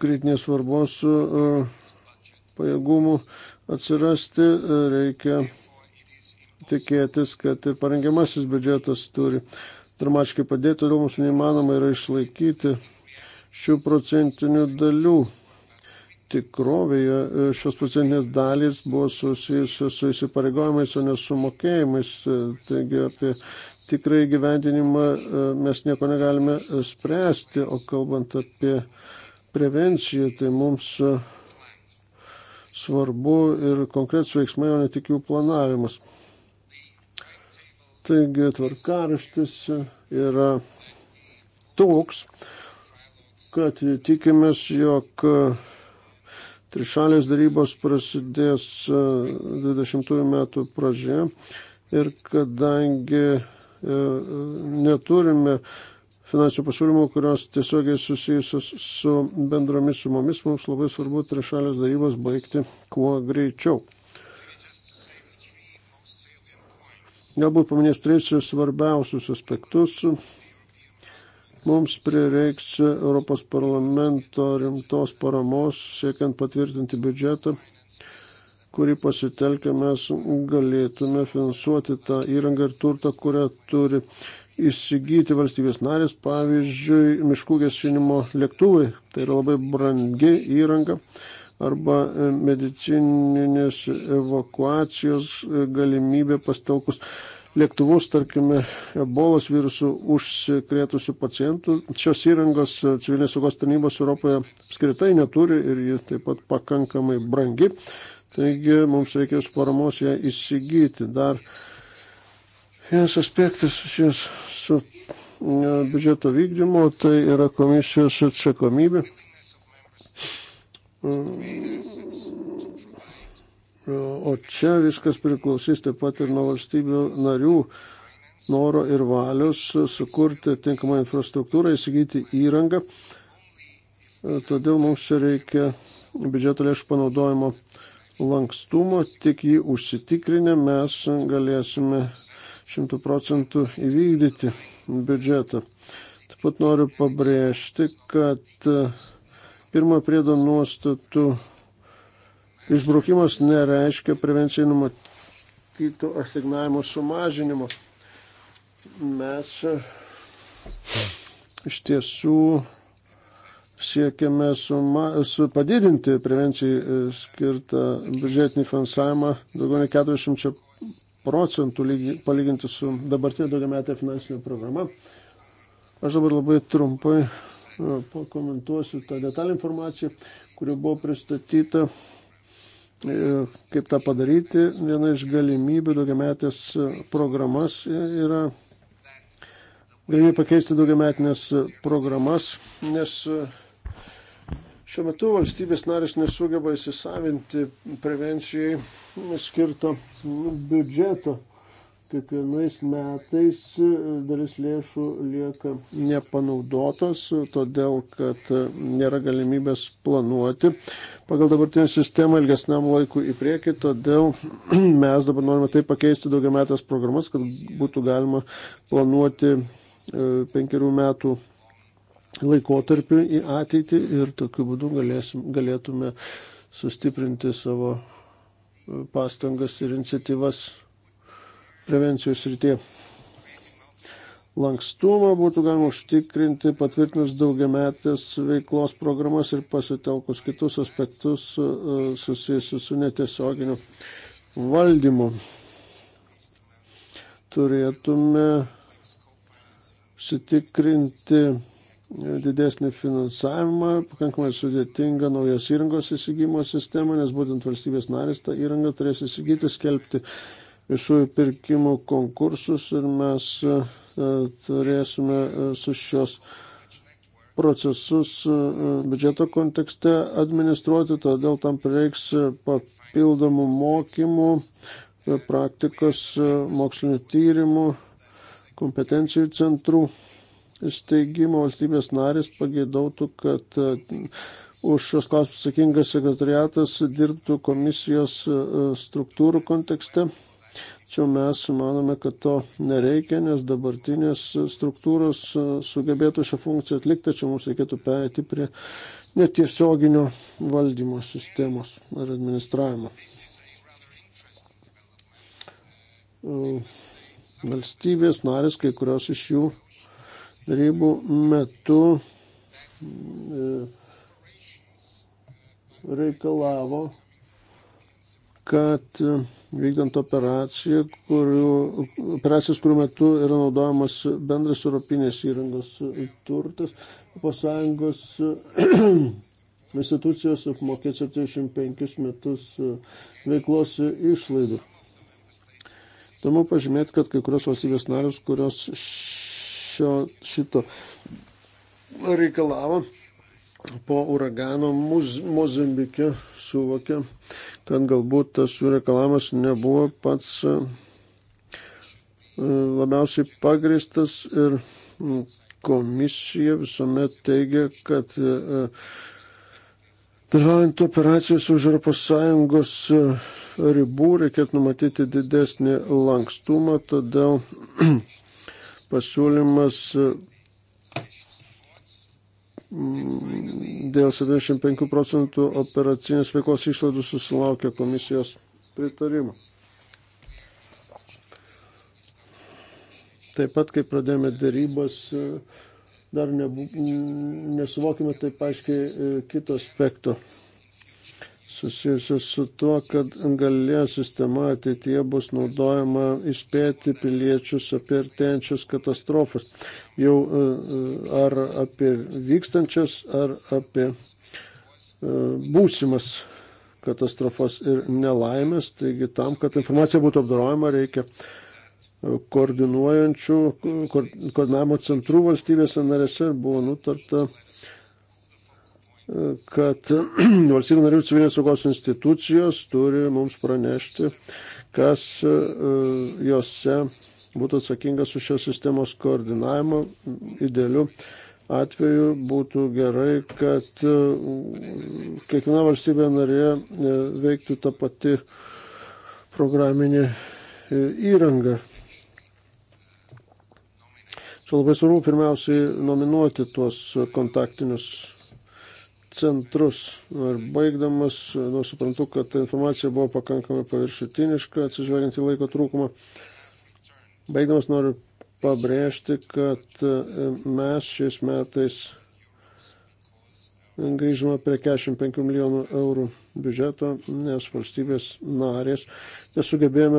[SPEAKER 3] kritinės svarbos e, pajėgumų atsirasti, reikia tikėtis, kad ir parengiamasis biudžetas turi dramatiškai padėti, todėl mums neįmanoma yra išlaikyti šių procentinių dalių. Tikrovėje šios procentinės dalys buvo susijusios su įsipareigojimais, o ne su mokėjimais. Taigi apie tikrai gyvendinimą e, mes nieko negalime e, spręsti, o kalbant apie prevenciją, tai mums e, svarbu ir konkretus veiksmai, o ne tik jų planavimas. Taigi tvarkaraštis yra toks, kad tikimės, jog trišalės darybos prasidės 20 metų pradžioje ir kadangi E, neturime finansinių pasiūlymų, kurios tiesiogiai susijusios su bendromis sumomis, mums labai svarbu trišalės darybos baigti kuo greičiau. Galbūt paminėsiu tris svarbiausius aspektus. Mums prireiks Europos parlamento rimtos paramos siekiant patvirtinti biudžetą kurį pasitelkę mes galėtume finansuoti tą įrangą ir turtą, kurią turi įsigyti valstybės narės, pavyzdžiui, miškų gesinimo lėktuvai. Tai yra labai brangi įranga arba e, medicininės evakuacijos e, galimybė pastelkus lėktuvus, tarkime, ebolos virusų užsikrėtusių pacientų. Šios įrangos e, civilinės saugos tarnybos Europoje apskritai neturi ir ji taip pat pakankamai brangi. Taigi mums reikės paramos ją įsigyti. Dar vienas aspektas šis su e, biudžeto vykdymu, tai yra komisijos atsakomybė. E, o čia viskas priklausys taip pat ir nuo valstybių narių noro ir valios sukurti tinkamą infrastruktūrą, įsigyti įrangą. E, todėl mums reikia biudžeto lėšų panaudojimo lankstumo, tik jį užsitikrinę mes galėsime šimtų procentų įvykdyti biudžetą. Taip pat noriu pabrėžti, kad e, pirmo priedo nuostatų išbraukimas nereiškia prevencijai numatytų asignavimo sumažinimo. Mes e, iš tiesų siekiame suma, su padidinti prevencijai e, skirtą biudžetinį finansavimą daugiau nei 400 procentų lygi, palyginti su dabartinė daugiametė finansinė programa. Aš dabar labai trumpai e, pakomentuosiu tą detalę informaciją, kuri buvo pristatyta, e, kaip tą padaryti. Viena iš galimybių daugiametės programas yra galimybė pakeisti daugiametinės programas, nes Šiuo metu valstybės narės nesugeba įsisavinti prevencijai skirto biudžeto. Kiekvienais metais dalis lėšų lieka nepanaudotos, todėl kad nėra galimybės planuoti pagal dabartinę sistemą ilgesniam laikui į priekį, todėl mes dabar norime tai pakeisti daugiametės programas, kad būtų galima planuoti e, penkerių metų laikotarpiu į ateitį ir tokiu būdu galėsim, galėtume sustiprinti savo e, pastangas ir iniciatyvas prevencijos rytie. Lankstumą būtų galima užtikrinti patvirtinus daugiametės veiklos programas ir pasitelkus kitus aspektus e, susijusius su netiesioginiu valdymu. Turėtume sitikrinti didesnį finansavimą, pakankamai sudėtinga naujos įrangos įsigymo sistema, nes būtent valstybės narės tą įrangą turės įsigyti, skelbti viešųjų pirkimų konkursus ir mes e, turėsime e, su šios procesus e, biudžeto kontekste administruoti, todėl tam prireiks papildomų mokymų, praktikos, mokslinių tyrimų, kompetencijų centrų steigimo valstybės narės pageidautų, kad e, už šios klausimus atsakingas sekretariatas dirbtų komisijos e, struktūrų kontekste. Tačiau mes manome, kad to nereikia, nes dabartinės struktūros e, sugebėtų šią funkciją atlikti, tačiau mums reikėtų perėti prie netiesioginio valdymo sistemos ar administravimo. Valstybės narės, kai kurios iš jų Darybų metu e, reikalavo, kad e, vykdant operaciją, kurių, operacijas, kurių metu yra naudojamas bendras europinės įrangos turtas, ES institucijos apmokės 75 metus e, veiklos išlaidų. Įdomu pažymėti, kad kai kurios valstybės narius, kurios šio, šito reikalavo po uragano Muz, Mozambike suvokė, kad galbūt tas jų reikalavimas nebuvo pats e, labiausiai pagristas ir komisija visuomet teigia, kad e, e, dalyvaujant operacijos už ES ribų reikėtų numatyti didesnį lankstumą, todėl pasiūlymas e, dėl 75 procentų operacinės veiklos išlaidų susilaukė komisijos pritarimo. Taip pat, kai pradėjome darybas, e, dar nebu, nesuvokime taip aiškiai e, kito aspekto susijusios su tuo, kad galėjo sistema ateityje bus naudojama įspėti piliečius apie artėjančias katastrofas. Jau e, e, ar apie vykstančias, ar apie e, būsimas katastrofas ir nelaimės. Taigi tam, kad informacija būtų apdarojama, reikia koordinuojančių, koordinavimo centrų valstybėse narėse buvo nutarta kad valstybių narių civilinės saugos institucijos turi mums pranešti, kas e, jose būtų atsakingas už šios sistemos koordinavimą. Idealiu atveju būtų gerai, kad e, kiekviena valstybė narė e, veiktų tą patį programinį įrangą. Čia labai svarbu pirmiausiai nominuoti tuos kontaktinius centrus. Ir baigdamas, nu, suprantu, kad ta informacija buvo pakankamai paviršutiniška, atsižvelgiant į laiko trūkumą. Baigdamas noriu pabrėžti, kad e, mes šiais metais grįžome prie 45 milijonų eurų biudžeto, nes valstybės narės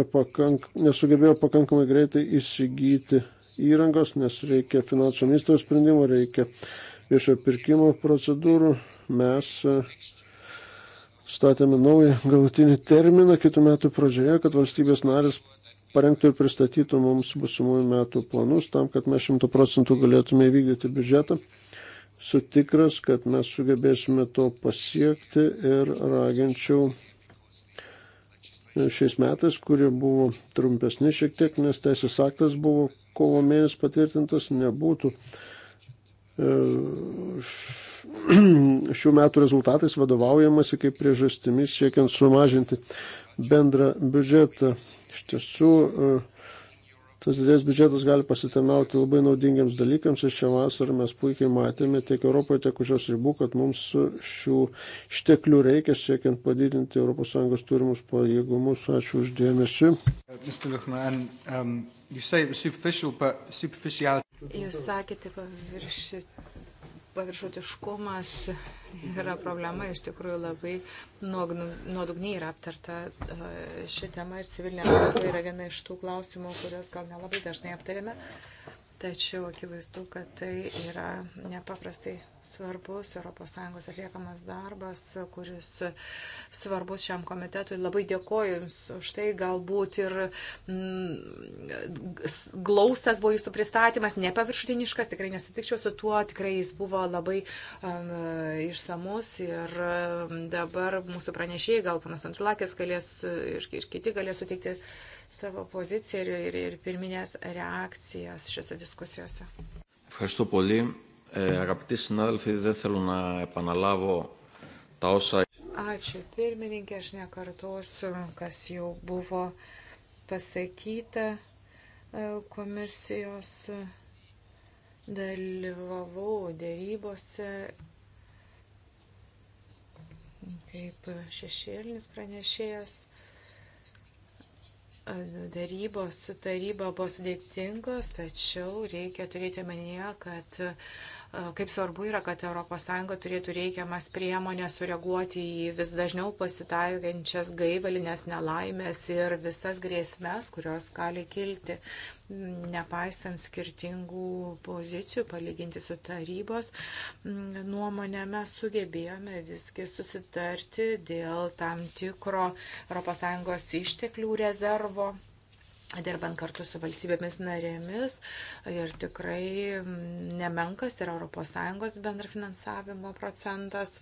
[SPEAKER 3] pakank, nesugebėjo pakankamai greitai įsigyti įrangos, nes reikia finansų ministro sprendimų, reikia viešo pirkimo procedūrų, mes e, statėme naują galutinį terminą kitų metų pradžioje, kad valstybės narės parengtų ir pristatytų mums busimųjų metų planus tam, kad mes šimtų procentų galėtume įvykdyti biudžetą. Sutikras, kad mes sugebėsime to pasiekti ir raginčiau šiais metais, kurie buvo trumpesni šiek tiek, nes teisės aktas buvo kovo mėnesį patvirtintas, nebūtų uh, šių metų rezultatais vadovaujamasi kaip priežastimis siekiant sumažinti bendrą biudžetą. Iš tiesų, e, tas didelis biudžetas gali pasitarnauti labai naudingiams dalykams ir šią vasarą mes puikiai matėme tiek Europoje, tiek už jos ribų, kad mums šių šteklių reikia siekiant padidinti ES turimus pajėgumus. Ačiū uždėmesi. Mr. Luchman,
[SPEAKER 1] um... Superficial... Jūs
[SPEAKER 2] sakėte, pavirši, paviršutiškumas yra problema, iš tikrųjų labai nuodugniai yra aptarta e, ši tema ir civilinė apsauga yra viena iš tų klausimų, kurios gal nelabai dažnai aptarėme. Tačiau akivaizdu, kad tai yra nepaprastai svarbus ES atliekamas darbas, kuris svarbus šiam komitetui. Labai dėkoju Jums už tai, galbūt ir mm, glaustas buvo Jūsų pristatymas, nepaviršutiniškas, tikrai nesitikčiau su tuo, tikrai jis buvo labai um, išsamus ir um, dabar mūsų pranešėjai, gal panas Antrulakis galės ir, ir kiti galės suteikti savo poziciją ir, ir, ir pirminės reakcijas šiose diskusijose.
[SPEAKER 3] Ευχαριστώ πολύ. Ε, αγαπητοί συνάδελφοι, δεν θέλω να επαναλάβω τα όσα...
[SPEAKER 2] Ačiū pirmininkė, aš nekartosiu, kas jau buvo pasakyta e, komisijos dalyvavau dėrybose kaip šešėlinis pranešėjas. Darybos su taryba buvo sudėtingos, tačiau reikia turėti manyje, kad uh, kaip svarbu yra, kad ES turėtų reikiamas priemonės sureaguoti į vis dažniau pasitaikančias gaivalinės nelaimės ir visas grėsmės, kurios gali kilti, nepaisant skirtingų pozicijų, palyginti su tarybos nuomonė, mes sugebėjome visgi susitarti dėl tam tikro ES išteklių rezervo dirbant kartu su valstybėmis narėmis ir tikrai mm, nemenkas yra ES bendrafinansavimo procentas.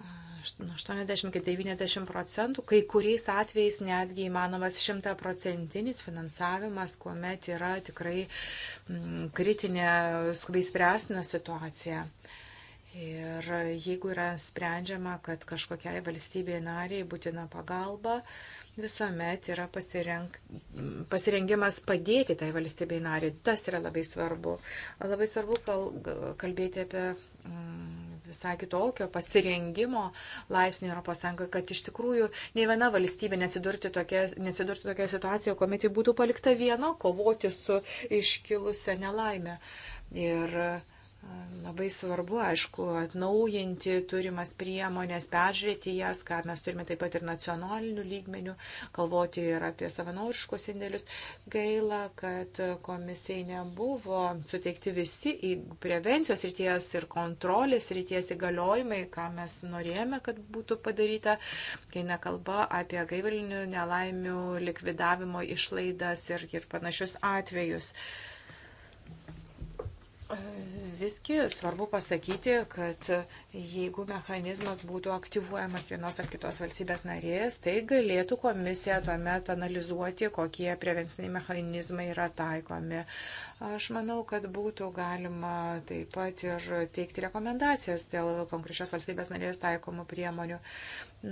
[SPEAKER 2] 80-90 nu, procentų, kai kuriais atvejais netgi įmanomas 100 procentinis finansavimas, kuomet yra tikrai mm, kritinė skubiai spręstina situacija. Ir jeigu yra sprendžiama, kad kažkokiai valstybėje nariai būtina pagalba, uh, visuomet yra pasirenk, pasirengimas padėti tai valstybei nariai. Tas yra labai svarbu. Labai svarbu kal, kalbėti apie mm, visai kitokio pasirengimo laipsnį ES, kad iš tikrųjų nei viena valstybė neatsidurtų tokia situacija, kuomet ji būtų palikta viena kovoti su iškilusią nelaimę. Ir uh, Labai svarbu, aišku, atnaujinti turimas priemonės, peržiūrėti jas, ką mes turime taip pat ir nacionalinių lygmenių, galvoti ir apie savanoriškus indėlius. Gaila, kad komisijai nebuvo suteikti visi į prevencijos ryties ir kontrolės ryties įgaliojimai, ką mes norėjome, kad būtų padaryta, kai nekalba apie gaivalinių nelaimių likvidavimo išlaidas ir, ir panašius atvejus. Visgi svarbu pasakyti, kad jeigu mechanizmas būtų aktyvuojamas vienos ar kitos valstybės narės, tai galėtų komisija tuomet analizuoti, kokie prevenciniai mechanizmai yra taikomi. Aš manau, kad būtų galima taip pat ir teikti rekomendacijas dėl konkrečios valstybės narės taikomų priemonių.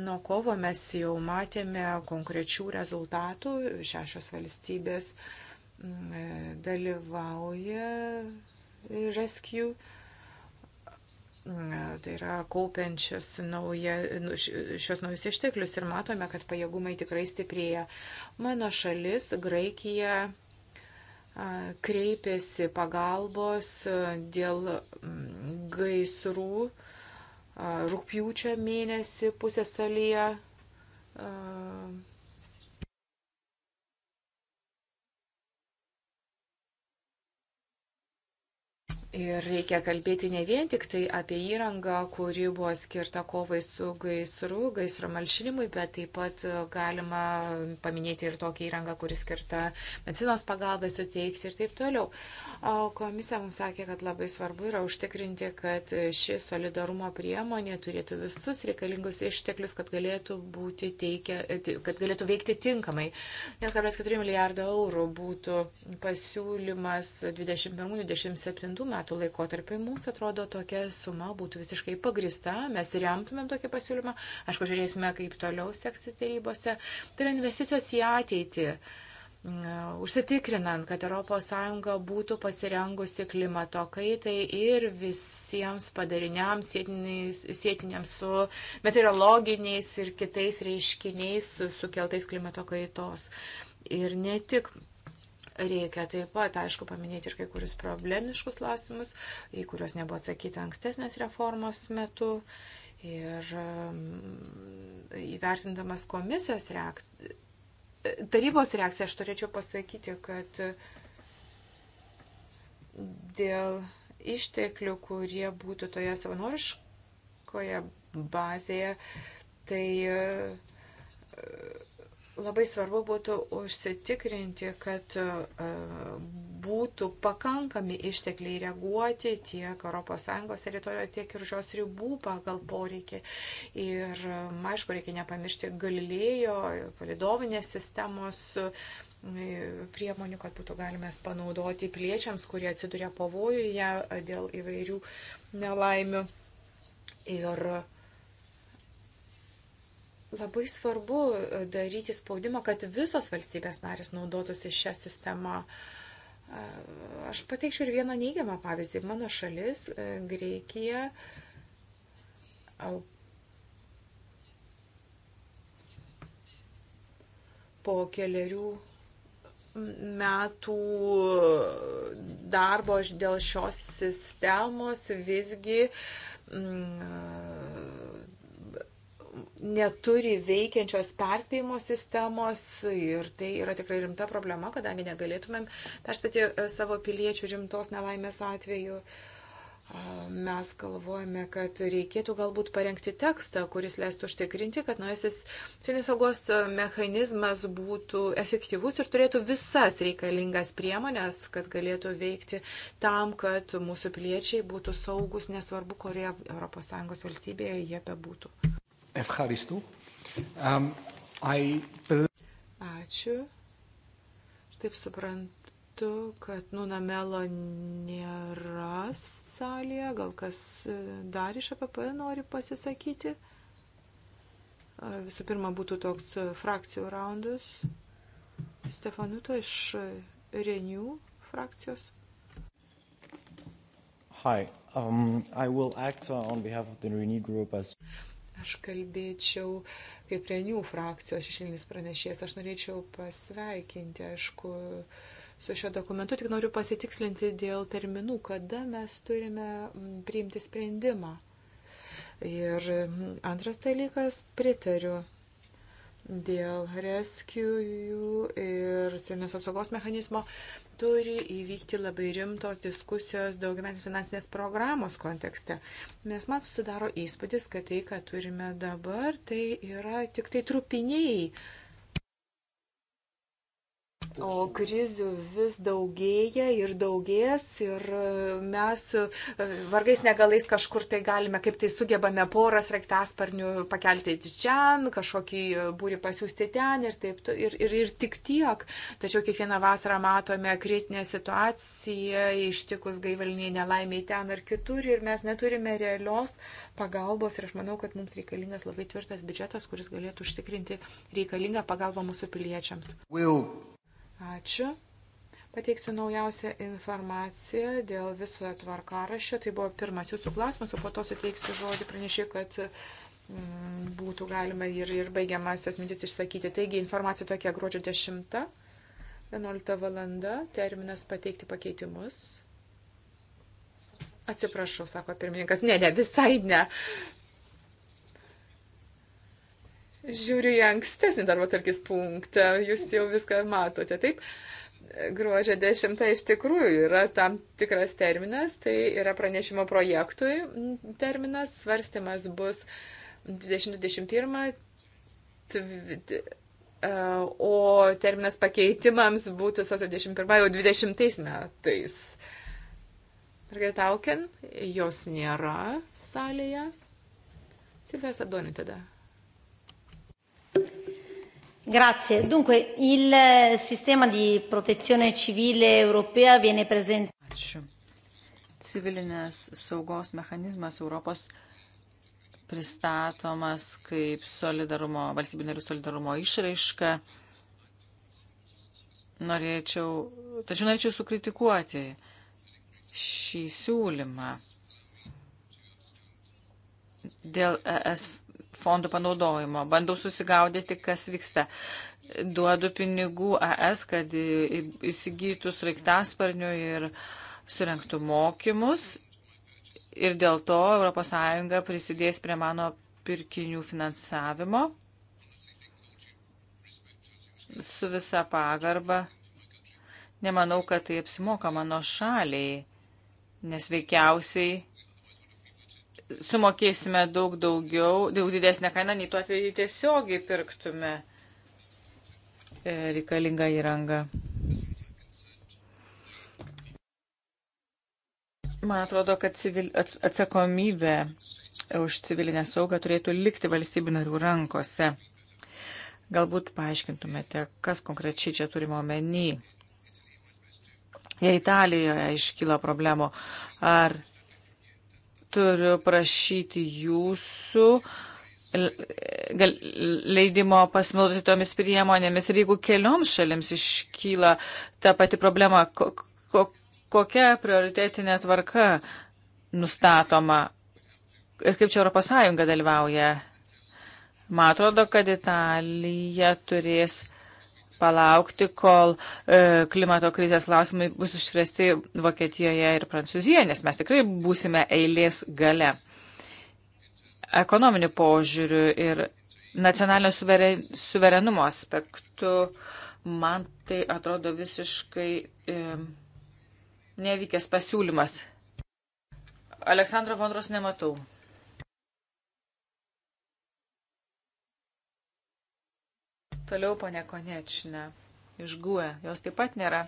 [SPEAKER 2] Nuo kovo mes jau matėme konkrečių rezultatų, šešios valstybės mm, dalyvauja Rescue tai yra kaupiančios nauja, nu, šios naujus išteklius ir matome, kad pajėgumai tikrai stiprėja. Mano šalis, Graikija, kreipėsi pagalbos dėl mm, gaisrų rūpjūčio mėnesį pusėsalyje Ir reikia kalbėti ne vien tik tai apie įrangą, kuri buvo skirta kovai su gaisru, gaisro malšinimui, bet taip pat galima paminėti ir tokią įrangą, kuri skirta medicinos pagalbai suteikti ir taip toliau. Komisija mums sakė, kad labai svarbu yra užtikrinti, kad ši solidarumo priemonė turėtų visus reikalingus išteklius, kad galėtų, būti teikia, kad galėtų veikti tinkamai. 1,4 milijardo eurų būtų pasiūlymas 21-27 metų metų laikotarpį. Mums atrodo, tokia suma būtų visiškai pagrista, mes remtumėm tokį pasiūlymą, aišku, žiūrėsime, kaip toliau seksis dėrybose. Tai yra investicijos į ateitį mm, užsitikrinant, kad ES būtų pasirengusi klimato kaitai ir visiems padariniams sėtiniams su meteorologiniais ir kitais reiškiniais sukeltais klimato kaitos. Ir ne tik Reikia taip pat, aišku, paminėti ir kai kurius problemiškus klausimus, į kuriuos nebuvo atsakyta ankstesnės reformos metu. Ir um, įvertindamas komisijos reakciją, tarybos reakciją, aš turėčiau pasakyti, kad dėl išteklių, kurie būtų toje savanoriškoje bazėje, tai labai svarbu būtų užsitikrinti, kad e, būtų pakankami ištekliai reaguoti tiek ES teritorijoje, tiek ir šios ribų pagal poreikį. Ir, aišku, reikia nepamiršti galilėjo, palidovinės sistemos e, priemonių, kad būtų galima panaudoti piliečiams, kurie atsiduria pavojuje dėl įvairių nelaimių. Ir uh, Labai svarbu e, daryti spaudimą, kad visos valstybės narės naudotųsi šią sistemą. E, aš pateikčiau ir vieną neigiamą pavyzdį. Mano šalis, e, Greikija, po keliarių metų darbo dėl šios sistemos visgi mm, neturi veikiančios perspėjimo sistemos ir tai yra tikrai rimta problema, kadangi negalėtumėm perspėti e, savo piliečių rimtos nelaimės atveju. Mes galvojame, kad reikėtų galbūt parengti tekstą, kuris leistų užtikrinti, kad naujasis civilinės saugos mechanizmas būtų efektyvus ir turėtų visas reikalingas priemonės, kad galėtų veikti tam, kad mūsų piliečiai būtų saugus, nesvarbu, kurioje ES valstybėje jie bebūtų. Ευχαριστώ. Um, I... Ačiū. Taip suprantu, kad Nuna Melo nėra salėje. Gal kas e, dar iš APP nori pasisakyti? Visų pirma, būtų toks e, frakcijų raundas. Stefanuto iš e, Renew frakcijos. Hi, um, I will act uh, on behalf of the Renew group as. Aš kalbėčiau kaip Renių frakcijos šešėlinis pranešėjas. Aš norėčiau pasveikinti, aišku, su šio dokumentu, tik noriu pasitikslinti dėl terminų, kada mes turime priimti sprendimą. Ir antras dalykas, pritariu dėl rescue ir civilinės apsaugos mechanizmo turi įvykti labai rimtos diskusijos daugiametės finansinės programos kontekste. Nes man susidaro įspūdis, kad tai, ką turime dabar, tai yra tik tai trupiniai O krizių vis daugėja ir daugės ir e, mes e, vargais negalais kažkur tai galime, kaip tai sugebame poras reiktasparnių pakelti čia, kažkokį e, būrį pasiūsti ten ir taip, ir, ir, ir tik tiek. Tačiau kiekvieną vasarą matome kritinę situaciją ištikus gaivaliniai nelaimiai ten ar kitur ir mes neturime realios pagalbos ir aš manau, kad mums reikalingas labai tvirtas biudžetas, kuris galėtų užtikrinti reikalingą pagalbą mūsų piliečiams. Will Ačiū. Pateiksiu naujausią informaciją dėl viso tvarkaraščio. Tai buvo pirmas jūsų klausimas, o po to suteiksiu žodį pranešė, kad mm, būtų galima ir, ir baigiamasias mintis išsakyti. Taigi informacija tokia gruodžio 10, 11 valanda, terminas pateikti pakeitimus. Atsiprašau, sako pirmininkas, ne, ne, visai ne žiūriu į ankstesnį darbo tarkis punktą, jūs jau viską matote, taip? Gruodžio 10 iš tikrųjų yra tam tikras terminas, tai yra pranešimo projektui terminas, svarstymas bus 2021, o terminas pakeitimams būtų sausio 21, jau 20 metais. Margarita Auken, jos nėra salėje. Silvija Sadoni tada.
[SPEAKER 1] Grazie. Dunque, il eh, sistema di protezione civile europea viene presentato. Ačiū. Civilinės saugos mechanizmas Europos pristatomas kaip solidarumo, valstybinarių solidarumo išraiška. Norėčiau, tačiau norėčiau sukritikuoti šį siūlymą dėl ES fondų panaudojimo. Bandau susigaudyti, kas vyksta. Duodu pinigų AS, kad įsigytų sraigtasparnių ir surenktų mokymus. Ir dėl to ES prisidės prie mano pirkinių finansavimo su visa pagarba. Nemanau, kad tai apsimoka mano šaliai, nes veikiausiai sumokėsime daug daugiau, daug didesnę kainą, nei tuo atveju tiesiogiai pirktume e, reikalingą įrangą. Man atrodo, kad civil, atsakomybė už civilinę saugą turėtų likti valstybių narių rankose. Galbūt paaiškintumėte, kas konkrečiai čia turime omeny. Jei Italijoje iškyla problemų, ar turiu prašyti jūsų leidimo pasinaudoti tomis priemonėmis. Ir jeigu kelioms šalims iškyla ta pati problema, ko, ko, kokia prioritetinė tvarka nustatoma ir kaip čia ES dalyvauja. Man atrodo, kad Italija turės palaukti, kol e, klimato krizės klausimai bus išspręsti Vokietijoje ir Prancūzijoje, nes mes tikrai būsime eilės gale. Ekonominiu požiūriu ir nacionalinio suveren, suverenumo aspektu man tai atrodo visiškai e, nevykęs pasiūlymas. Aleksandro Vondros nematau. Toliau ponė Konečina iš GUE. Jos taip pat nėra.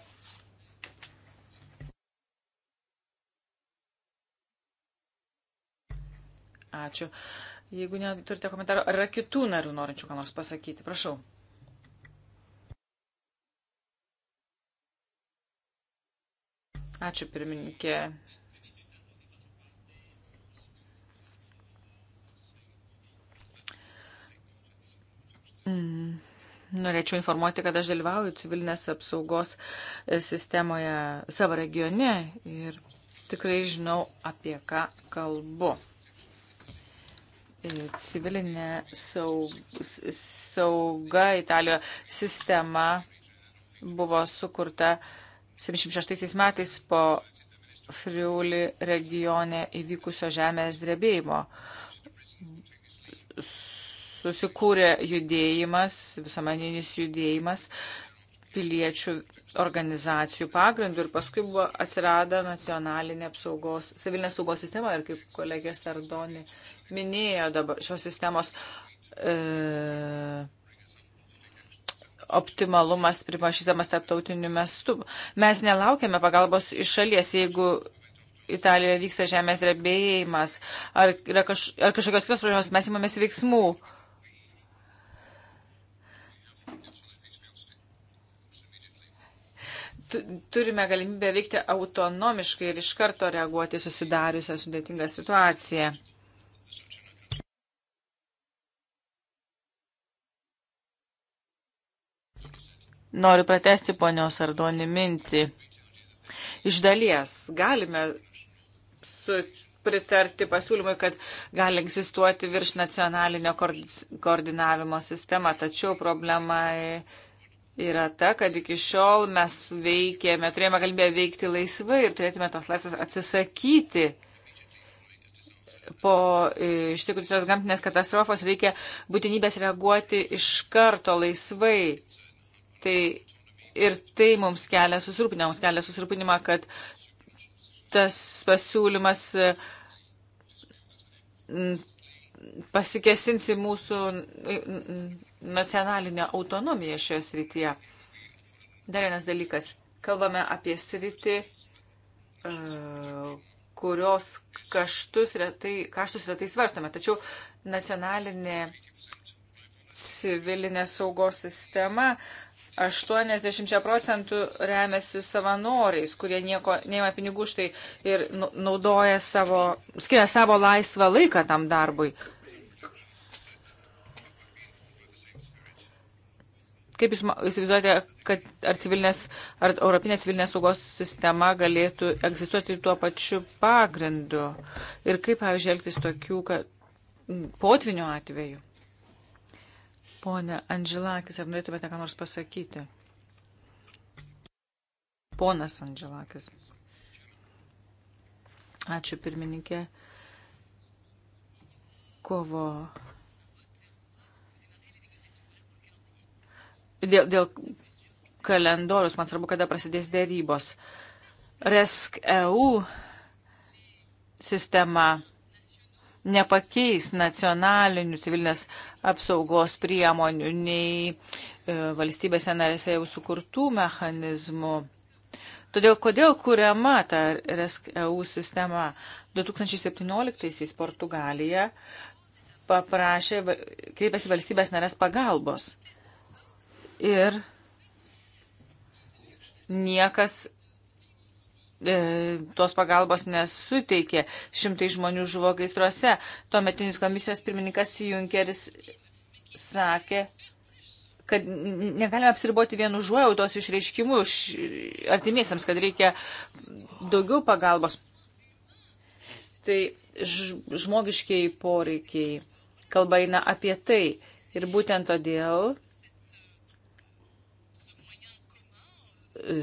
[SPEAKER 1] Ačiū. Jeigu neturite komentarų, ar yra kitų narių norinčių ką nors pasakyti? Prašau. Ačiū pirmininkė. Mm. Norėčiau informuoti, kad aš dalyvauju civilinės apsaugos e, sistemoje savo regione ir tikrai žinau, apie ką kalbu. E, civilinė saug, sauga Italijoje sistema buvo sukurta 76 metais po Friuli regione įvykusio žemės drebėjimo susikūrė judėjimas, visuomeninis judėjimas piliečių organizacijų pagrindų ir paskui buvo atsirado nacionalinė apsaugos, civilinės saugos sistema ir kaip kolegė Sardoni minėjo dabar šios sistemos e, optimalumas pripažįstamas tarptautiniu mestu. Mes nelaukėme pagalbos iš šalies, jeigu Italijoje vyksta žemės drebėjimas ar, kaž, ar kažkokios kitos problemos, mes imamės veiksmų. E, turime galimybę veikti autonomiškai ir iš karto reaguoti susidariusią sudėtingą situaciją. Noriu pratesti ponios Ardoni mintį. Iš dalies galime su, pritarti pasiūlymui, kad gali egzistuoti virš nacionalinio koordinavimo sistema, tačiau problema yra ta, kad iki šiol mes veikėme, turėjome galimybę veikti laisvai ir turėtume tos laisvės atsisakyti. Po e, ištikusios gamtinės katastrofos reikia būtinybės reaguoti iš karto laisvai. Tai ir tai mums kelia susirūpinimą, mums kelia susirūpinimą, kad tas pasiūlymas pasikesins į mūsų nacionalinę autonomiją šioje srityje. Dar vienas dalykas. Kalbame apie sritį, e, kurios kaštus retai, kaštus retai svarstame. Tačiau nacionalinė civilinė saugos sistema uh, 80 procentų remiasi savanoriais, kurie nieko, neima pinigų štai ir nu, naudoja savo, skiria savo laisvą laiką tam darbui. Kaip jūs įsivaizduojate, kad ar, civilinės, ar Europinė civilinės saugos sistema galėtų egzistuoti tuo pačiu pagrindu? Ir kaip, pavyzdžiui, elgtis tokių potvinio atveju? Pone Andžilakis, ar norėtumėte ką nors pasakyti? Ponas Andžilakis. Ačiū pirmininkė. Kovo. Dėl, dėl kalendorius, man svarbu, kada prasidės dėrybos. RESC-EU sistema nepakeis nacionalinių civilinės apsaugos priemonių, nei e, valstybėse narėse jau sukurtų mechanizmų. Todėl kodėl kuriama ta RESC-EU sistema? 2017-aisiais Portugalija paprašė, kreipėsi valstybės narės pagalbos. Ir niekas E, tos pagalbos nesuteikė. Šimtai žmonių žuvo gaisruose. Tuometinis komisijos pirmininkas Junkeris sakė, kad negalime apsiriboti vienu žuojautos išreiškimu iš artimiesiams, kad reikia daugiau pagalbos. Tai žmogiškiai poreikiai kalba eina apie tai. Ir būtent todėl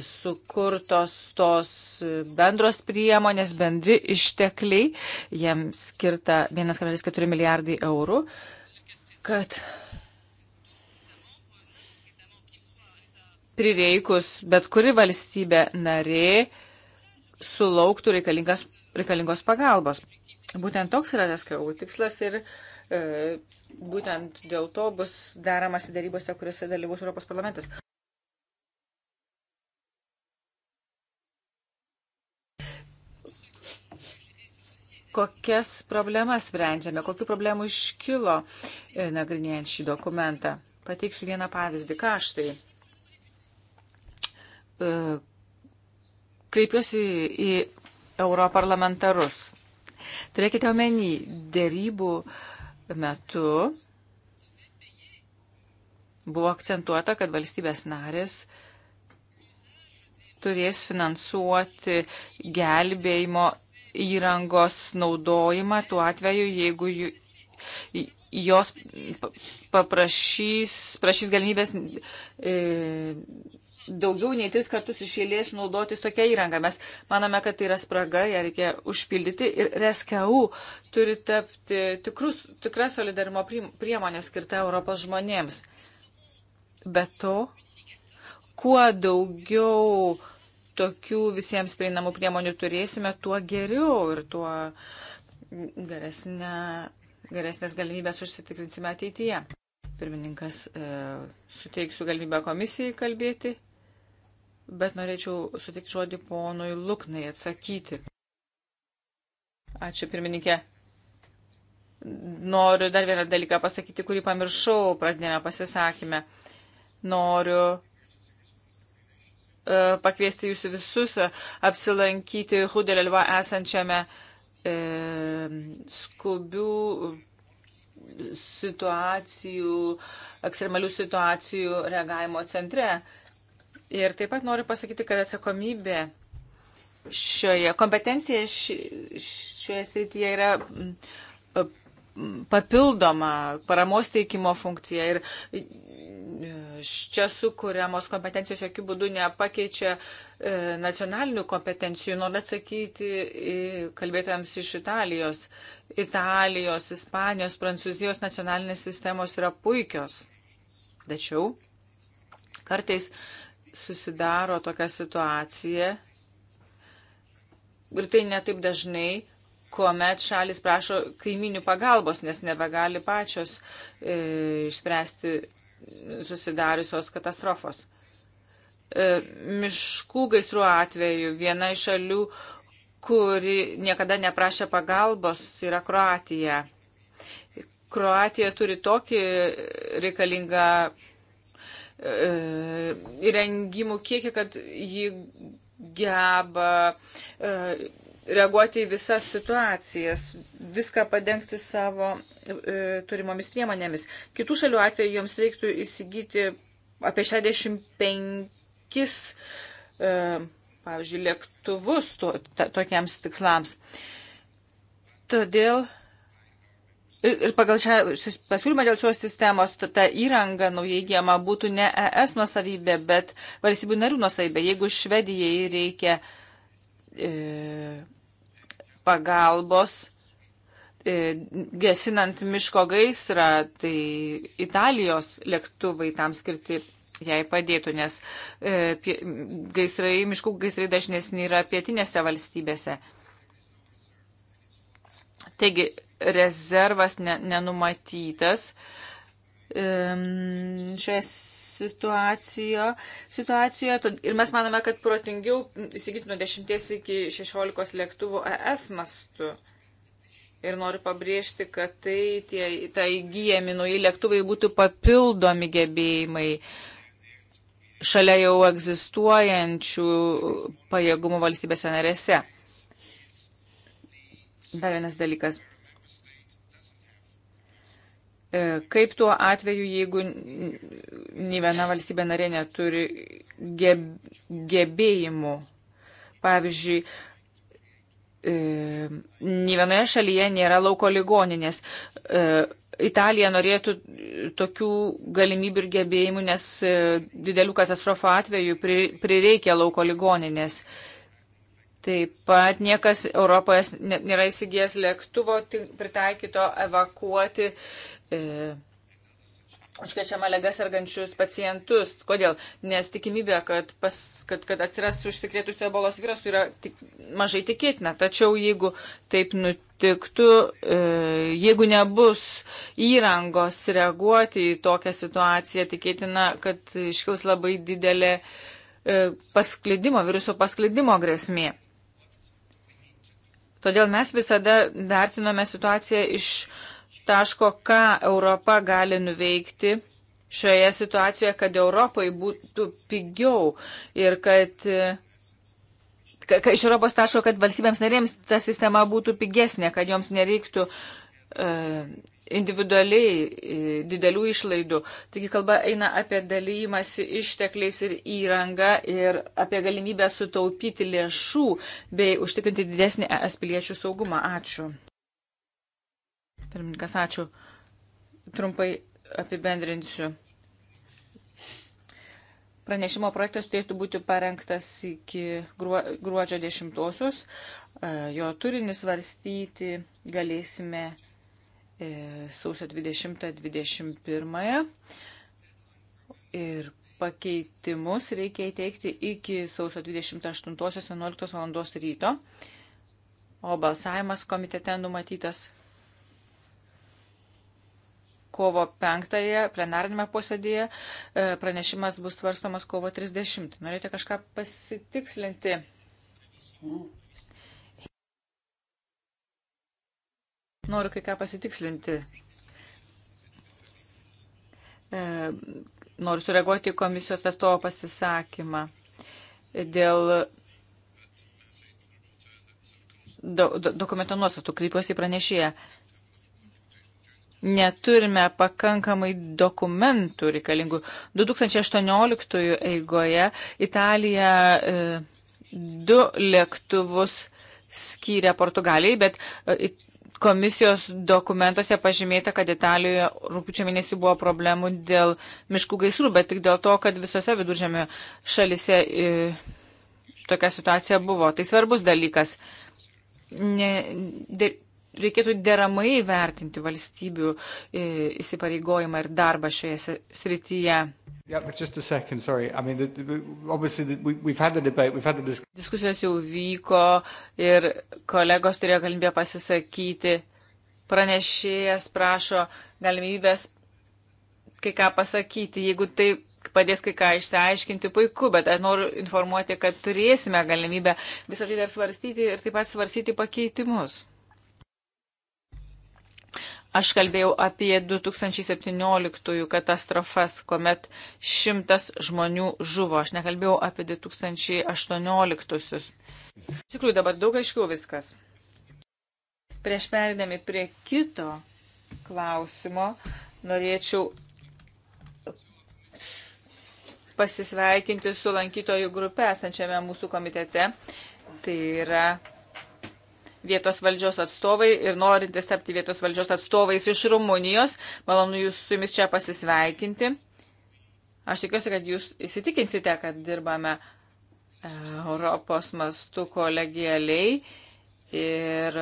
[SPEAKER 1] sukurtos tos bendros priemonės, bendri ištekliai, jiems skirta 1,4 milijardai eurų, kad prireikus bet kuri valstybė narė sulauktų reikalingos pagalbos. Būtent toks yra neskau tikslas ir e, būtent dėl to bus daramasi darybose, kuriuose dalyvaus Europos parlamentas. kokias problemas sprendžiame, kokiu problemu iškilo e, nagrinėjant šį dokumentą. Pateiksiu vieną pavyzdį. Kaštai. E, kreipiuosi į europarlamentarus. Turėkite omeny, dėrybų metu buvo akcentuota, kad valstybės narės turės finansuoti gelbėjimo įrangos naudojimą tuo atveju, jeigu jos paprašys, prašys galimybės e, daugiau nei tris kartus išėlės naudotis tokia įranga. Mes manome, kad tai yra spraga, ją reikia užpildyti ir RSKU turi tapti tikrus, tikra solidarimo priemonė skirta Europos žmonėms. Be to, kuo daugiau tokių visiems prieinamų priemonių turėsime, tuo geriau ir tuo geresnė, geresnės galimybės užsitikrinsime ateityje. Pirmininkas, e, suteiksiu galimybę komisijai kalbėti, bet norėčiau suteikti žodį ponui Luknai atsakyti. Ačiū, pirmininkė. Noriu dar vieną dalyką pasakyti, kurį pamiršau pradinėme pasisakymę. Noriu E, pakviesti jūs visus e, apsilankyti Hudelelva esančiame e, skubių situacijų, ekstremalių situacijų reagavimo centre. Ir taip pat noriu pasakyti, kad atsakomybė šioje kompetencija šioje srityje yra papildoma paramos teikimo funkcija ir čia sukūriamos kompetencijos jokių būdų nepakeičia e, nacionalinių kompetencijų. Noriu atsakyti kalbėtojams iš Italijos. Italijos, Ispanijos, Prancūzijos nacionalinės sistemos yra puikios. Tačiau kartais susidaro tokia situacija ir tai netaip dažnai, kuomet šalis prašo kaiminių pagalbos, nes nebegali pačios e, išspręsti susidariusios katastrofos. E, miškų gaisrų atveju viena iš šalių, kuri niekada neprašė pagalbos, yra Kroatija. Kroatija turi tokį reikalingą e, įrengimų kiekį, kad ji geba e, reaguoti į visas situacijas, viską padengti savo e, turimomis priemonėmis. Kitų šalių atveju joms reiktų įsigyti apie 65, e, pavyzdžiui, lėktuvus to, ta, tokiems tikslams. Todėl ir, ir pagal šią pasiūlymą dėl šios sistemos ta, ta įranga naujai įgyjama būtų ne ES nusavybė, bet valstybių narių nusavybė. Jeigu Švedijai reikia e, pagalbos e, gesinant miško gaisrą, tai Italijos lėktuvai tam skirti jai padėtų, nes e, gaisrai, miškų gaisrai dažnesni yra pietinėse valstybėse. Taigi rezervas ne, nenumatytas. Šioje situacijo, situacijoje. Ir mes manome, kad protingiau įsigyti nuo 10 iki 16 lėktuvų ES mastu. Ir noriu pabrėžti, kad tai, tie, tai įgyjami nauji lėktuvai būtų papildomi gebėjimai šalia jau egzistuojančių pajėgumų valstybėse narėse. Dar vienas dalykas. E, kaip tuo atveju, jeigu nė viena valstybė narė neturi geb, gebėjimų, pavyzdžiui, e, nė vienoje šalyje nėra lauko ligoninės. E, Italija norėtų tokių galimybių ir gebėjimų, nes didelių katastrofų atveju prireikia lauko ligoninės. Taip pat niekas Europoje nėra įsigijęs lėktuvo pritaikyto evakuoti E, užkrečiamą legą sergančius pacientus. Kodėl? Nes tikimybė, kad, pas, kad, kad atsiras užsikrėtusio ebolos virusų yra tik, mažai tikėtina. Tačiau jeigu taip nutiktų, e, jeigu nebus įrangos reaguoti į tokią situaciją, tikėtina, kad iškils labai didelė e, pasklidimo, viruso pasklidimo grėsmė. Todėl mes visada vertiname situaciją iš taško, ką Europa gali nuveikti šioje situacijoje, kad Europai būtų pigiau ir kad e, ka, iš Europos taško, kad valstybėms narėms ta sistema būtų pigesnė, kad joms nereiktų e, individualiai e, didelių išlaidų. Taigi kalba eina apie dalymasi ištekliais ir įrangą ir apie galimybę sutaupyti lėšų bei užtikrinti didesnį es piliečių saugumą. Ačiū. Pirmininkas, ačiū. Trumpai apibendrinsiu. Pranešimo projektas turėtų būti parengtas iki gruodžio 10-osios. E, jo turinį svarstyti galėsime e, sausio 20-21. Ir pakeitimus reikia įteikti iki sausio 28-11 val. ryto. O balsavimas komitete numatytas kovo 5-ąją plenarinėme posėdėje, e, pranešimas bus svarstomas kovo 30. Norėjote kažką pasitikslinti? Noriu kai ką pasitikslinti. E, noriu sureaguoti į komisijos atstovo pasisakymą dėl do, do, dokumento nuostatų, kreipiuosi į pranešėją neturime pakankamai dokumentų reikalingų. 2018 eigoje Italija e, du lėktuvus skyrė Portugalijai, bet e, komisijos dokumentuose pažymėta, kad Italijoje rūpiučio mėnesį buvo problemų dėl miškų gaisrų, bet tik dėl to, kad visose viduržėmio šalise e, tokia situacija buvo. Tai svarbus dalykas. Ne, de, reikėtų deramai vertinti valstybių e, įsipareigojimą ir darbą šioje srityje.
[SPEAKER 2] Yeah, second, I mean, the, the, we,
[SPEAKER 1] debate, this... Diskusijos jau vyko ir kolegos turėjo galimybę pasisakyti. Pranešėjas prašo galimybės kai ką pasakyti. Jeigu tai padės kai ką išsiaiškinti, puiku, bet aš noriu informuoti, kad turėsime galimybę visą tai dar svarstyti ir taip pat svarstyti pakeitimus. Aš kalbėjau apie 2017 katastrofas, kuomet šimtas žmonių žuvo. Aš nekalbėjau apie 2018. Iš tikrųjų, dabar daug aiškiau viskas. Prieš perėdami prie kito klausimo, norėčiau pasisveikinti su lankytojų grupė esančiame mūsų komitete. Tai yra vietos valdžios atstovai ir norintys tapti vietos valdžios atstovais iš Rumunijos. Malonu jūs su jumis čia pasisveikinti. Aš tikiuosi, kad jūs įsitikinsite, kad dirbame e, Europos mastu kolegialiai ir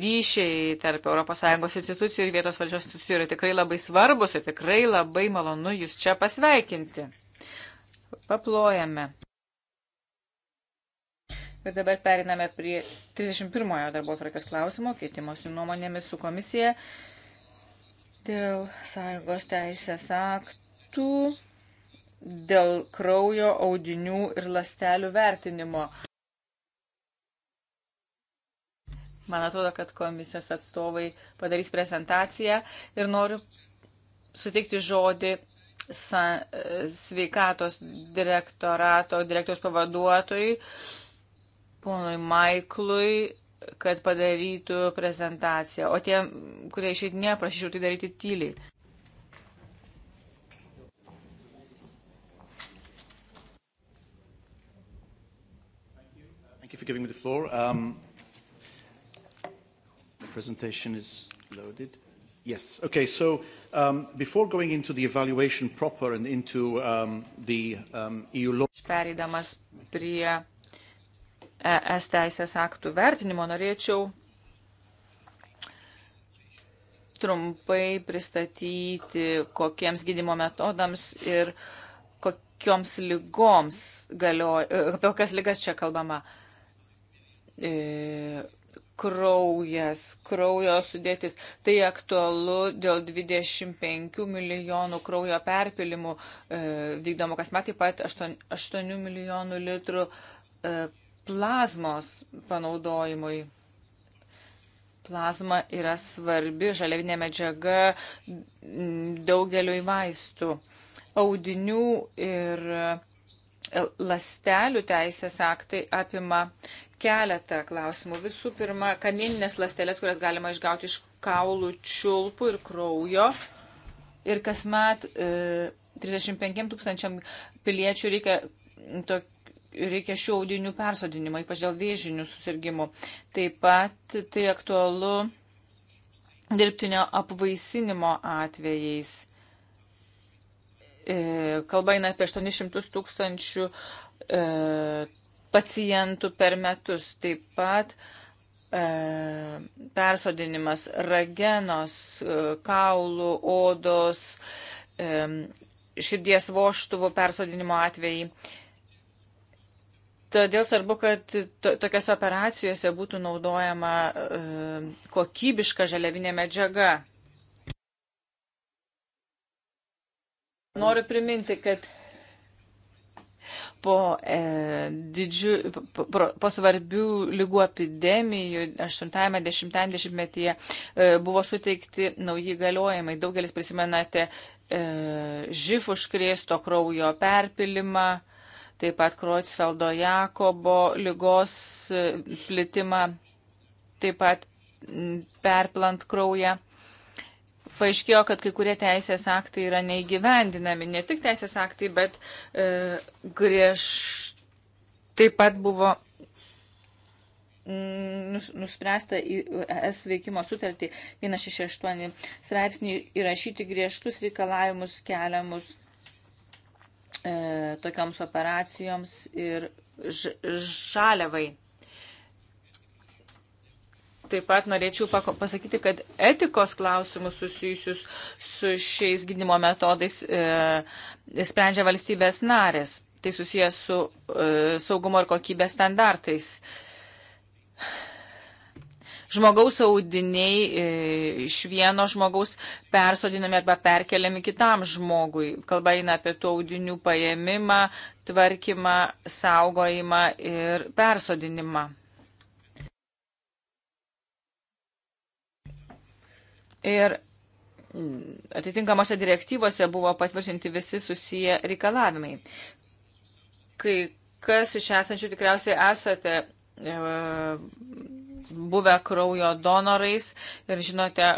[SPEAKER 1] ryšiai tarp ES institucijų ir vietos valdžios institucijų yra tikrai labai svarbus ir tikrai labai malonu jūs čia pasveikinti. Paplojame. Ir dabar periname prie 31 darbo tvarkės klausimo, keitimosi nuomonėmis su komisija dėl sąjungos teisės aktų, dėl kraujo audinių ir lastelių vertinimo. Man atrodo, kad komisijos atstovai padarys prezentaciją ir noriu suteikti žodį sveikatos direktorato direktoriaus pavaduotojui ponui Maiklui, kad padarytų prezentaciją, o tie, kurie išeitinė, prašyčiau tai daryti tyliai.
[SPEAKER 3] Thank you for giving me the floor. Um, the presentation is loaded. Yes. Okay. So um, before going into the evaluation proper and into um, the um, EU law. Pereidamas
[SPEAKER 1] prie ES teisės aktų vertinimo norėčiau trumpai pristatyti, kokiems gydimo metodams ir kokioms lygoms galioja, e, apie kokias lygas čia kalbama. E, kraujas, kraujo sudėtis. Tai aktualu dėl 25 milijonų kraujo perpilimų e, vykdomų kasmet, taip pat 8, 8 milijonų litrų e, plazmos panaudojimui. Plazma yra svarbi žaliavinė medžiaga daugeliu vaistų. Audinių ir lastelių teisės aktai apima keletą klausimų. Visų pirma, kamieninės lastelės, kurias galima išgauti iš kaulų čiulpų ir kraujo. Ir kasmet e, 35 tūkstančiam piliečių reikia to, reikia šių audinių persodinimo, ypač dėl vėžinių susirgymų. Taip pat tai aktualu dirbtinio apvaisinimo atvejais. E, kalba eina apie 800 tūkstančių e, pacientų per metus. Taip pat e, persodinimas ragenos, kaulų, odos, širdies voštuvų persodinimo atvejai. Todėl svarbu, kad to, tokiose operacijose būtų naudojama e, kokybiška žaliavinė medžiaga. Noriu priminti, kad po, e, didžiu, po, po svarbių lygų epidemijų 80-metyje e, buvo suteikti nauji galiojimai. Daugelis prisimenate e, žif užkrėsto kraujo perpilimą. E, taip pat Kreutzfeldo Jakobo lygos e, plitimą, taip pat perplant kraują. Paaiškėjo, kad kai kurie teisės aktai yra neįgyvendinami, ne tik teisės aktai, bet e, griež taip pat buvo nuspręsta į ES veikimo sutartį 168 straipsnį įrašyti griežtus reikalavimus keliamus e, tokioms operacijoms ir ž, žaliavai. Taip pat norėčiau pasakyti, kad etikos klausimus susijusius su šiais gydimo metodais e, sprendžia valstybės narės. Tai susijęs su e, saugumo ir kokybės standartais. E, žmogaus audiniai e, iš vieno žmogaus persodinami arba perkeliami kitam žmogui. Kalba eina apie tų audinių paėmimą, tvarkymą, saugojimą ir persodinimą. Ir atitinkamose direktyvose buvo patvirtinti visi susiję reikalavimai. Kai kas iš esančių tikriausiai esate e, buvę kraujo donorais ir žinote,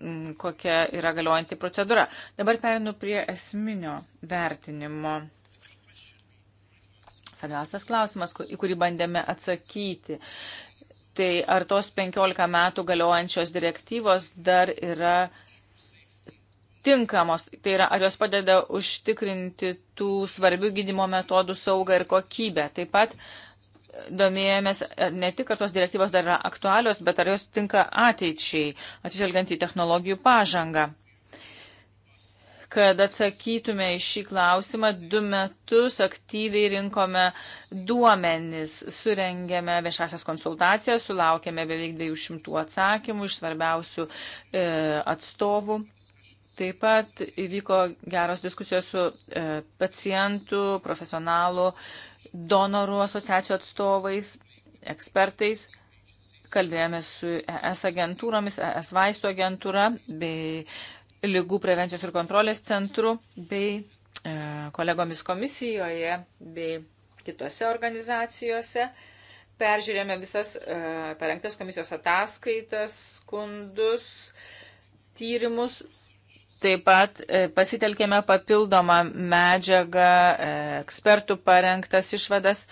[SPEAKER 1] mm, kokia yra galiojanti procedūra. Dabar perinu prie esminio vertinimo. Svarbiausias klausimas, į kurį bandėme atsakyti. Tai ar tos 15 metų galiojančios direktyvos dar yra tinkamos? Tai yra, ar jos padeda užtikrinti tų svarbių gydimo metodų saugą ir kokybę? Taip pat, domėjomės, ne tik, ar tos direktyvos dar yra aktualios, bet ar jos tinka ateičiai, atsižvelgiant į technologijų pažangą. Kad atsakytume į šį klausimą, du metus aktyviai rinkome duomenis, surengėme viešasias konsultacijas, sulaukėme beveik 200 atsakymų iš svarbiausių e, atstovų. Taip pat įvyko geros diskusijos su e, pacientų, profesionalų, donorų asociacijų atstovais, ekspertais, kalbėjome su ES agentūromis, ES vaistų agentūra bei lygų prevencijos ir kontrolės centru bei e, kolegomis komisijoje bei kitose organizacijose. Peržiūrėjome visas e, parengtas komisijos ataskaitas, skundus, tyrimus Taip pat e, pasitelkėme papildomą medžiagą, e, ekspertų parengtas išvadas.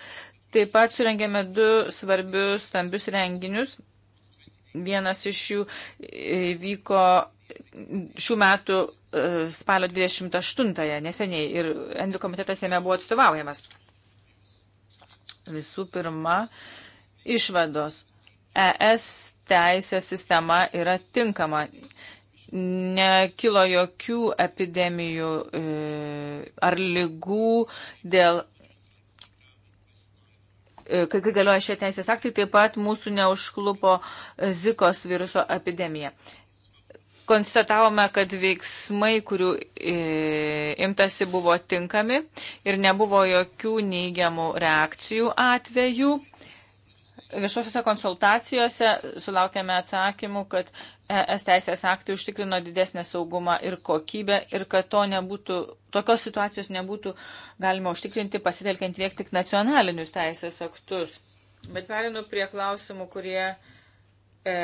[SPEAKER 1] Taip pat surengėme du svarbius stambius renginius. Vienas iš jų e, vyko šių metų spalio 28-ąją neseniai ir Envi komitetas jame buvo atstovaujamas. Visų pirma, išvados. ES teisės sistema yra tinkama, nekilo jokių epidemijų e, ar lygų dėl. E, kai, kai galioja šie teisės aktai, taip pat mūsų neužklupo Zikos viruso epidemija. Konstatavome, kad veiksmai, kurių e, imtasi, buvo tinkami ir nebuvo jokių neigiamų reakcijų atvejų. Viešosiuose konsultacijose sulaukėme atsakymų, kad ES teisės aktai užtikrino didesnę saugumą ir kokybę ir kad to nebūtų, tokios situacijos nebūtų galima užtikrinti pasitelkiant tiek tik nacionalinius teisės aktus. Bet perinu prie klausimų, kurie e,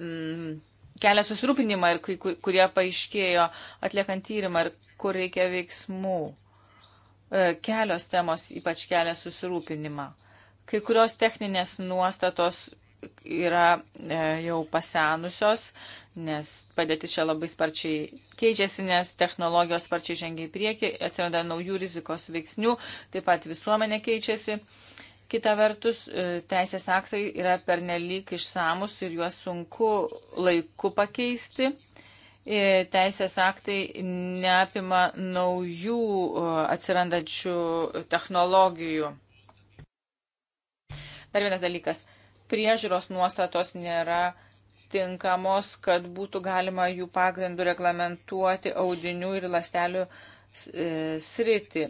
[SPEAKER 1] m, kelia susirūpinimą ir kai, kurie paaiškėjo atliekant tyrimą ir kur reikia veiksmų. E, kelios temos ypač kelia susirūpinimą. E, Kai kurios techninės nuostatos yra e, jau pasenusios, nes padėtis čia labai sparčiai keičiasi, nes technologijos sparčiai žengia į priekį, atsiranda naujų rizikos veiksnių, taip pat visuomenė keičiasi. Kita vertus, e, teisės aktai yra pernelyg išsamus ir juos sunku laiku pakeisti. E, teisės aktai neapima naujų e, atsirandančių technologijų. Dar vienas dalykas. Priežiūros nuostatos nėra tinkamos, kad būtų galima jų pagrindų reglamentuoti audinių ir lastelių e, sritį.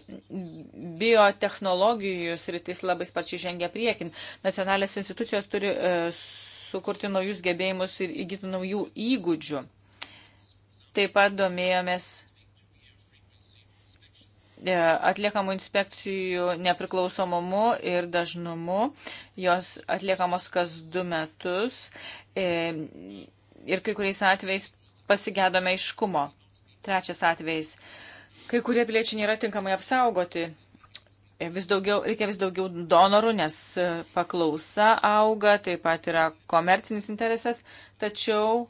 [SPEAKER 1] Biotehnologijų sritis labai sparčiai žengia priekin. Nacionalės institucijos turi e, sukurti naujus gebėjimus ir įgyti naujų įgūdžių. Taip pat domėjomės E, atliekamų inspekcijų nepriklausomumu ir dažnumu. Jos atliekamos kas du metus e, ir kai kuriais atvejais pasigėdome iškumo. Trečias atvejais. Kai kurie piliečiai nėra tinkamai apsaugoti. E, vis daugiau, reikia vis daugiau donorų, nes paklausa auga, taip pat yra komercinis interesas, tačiau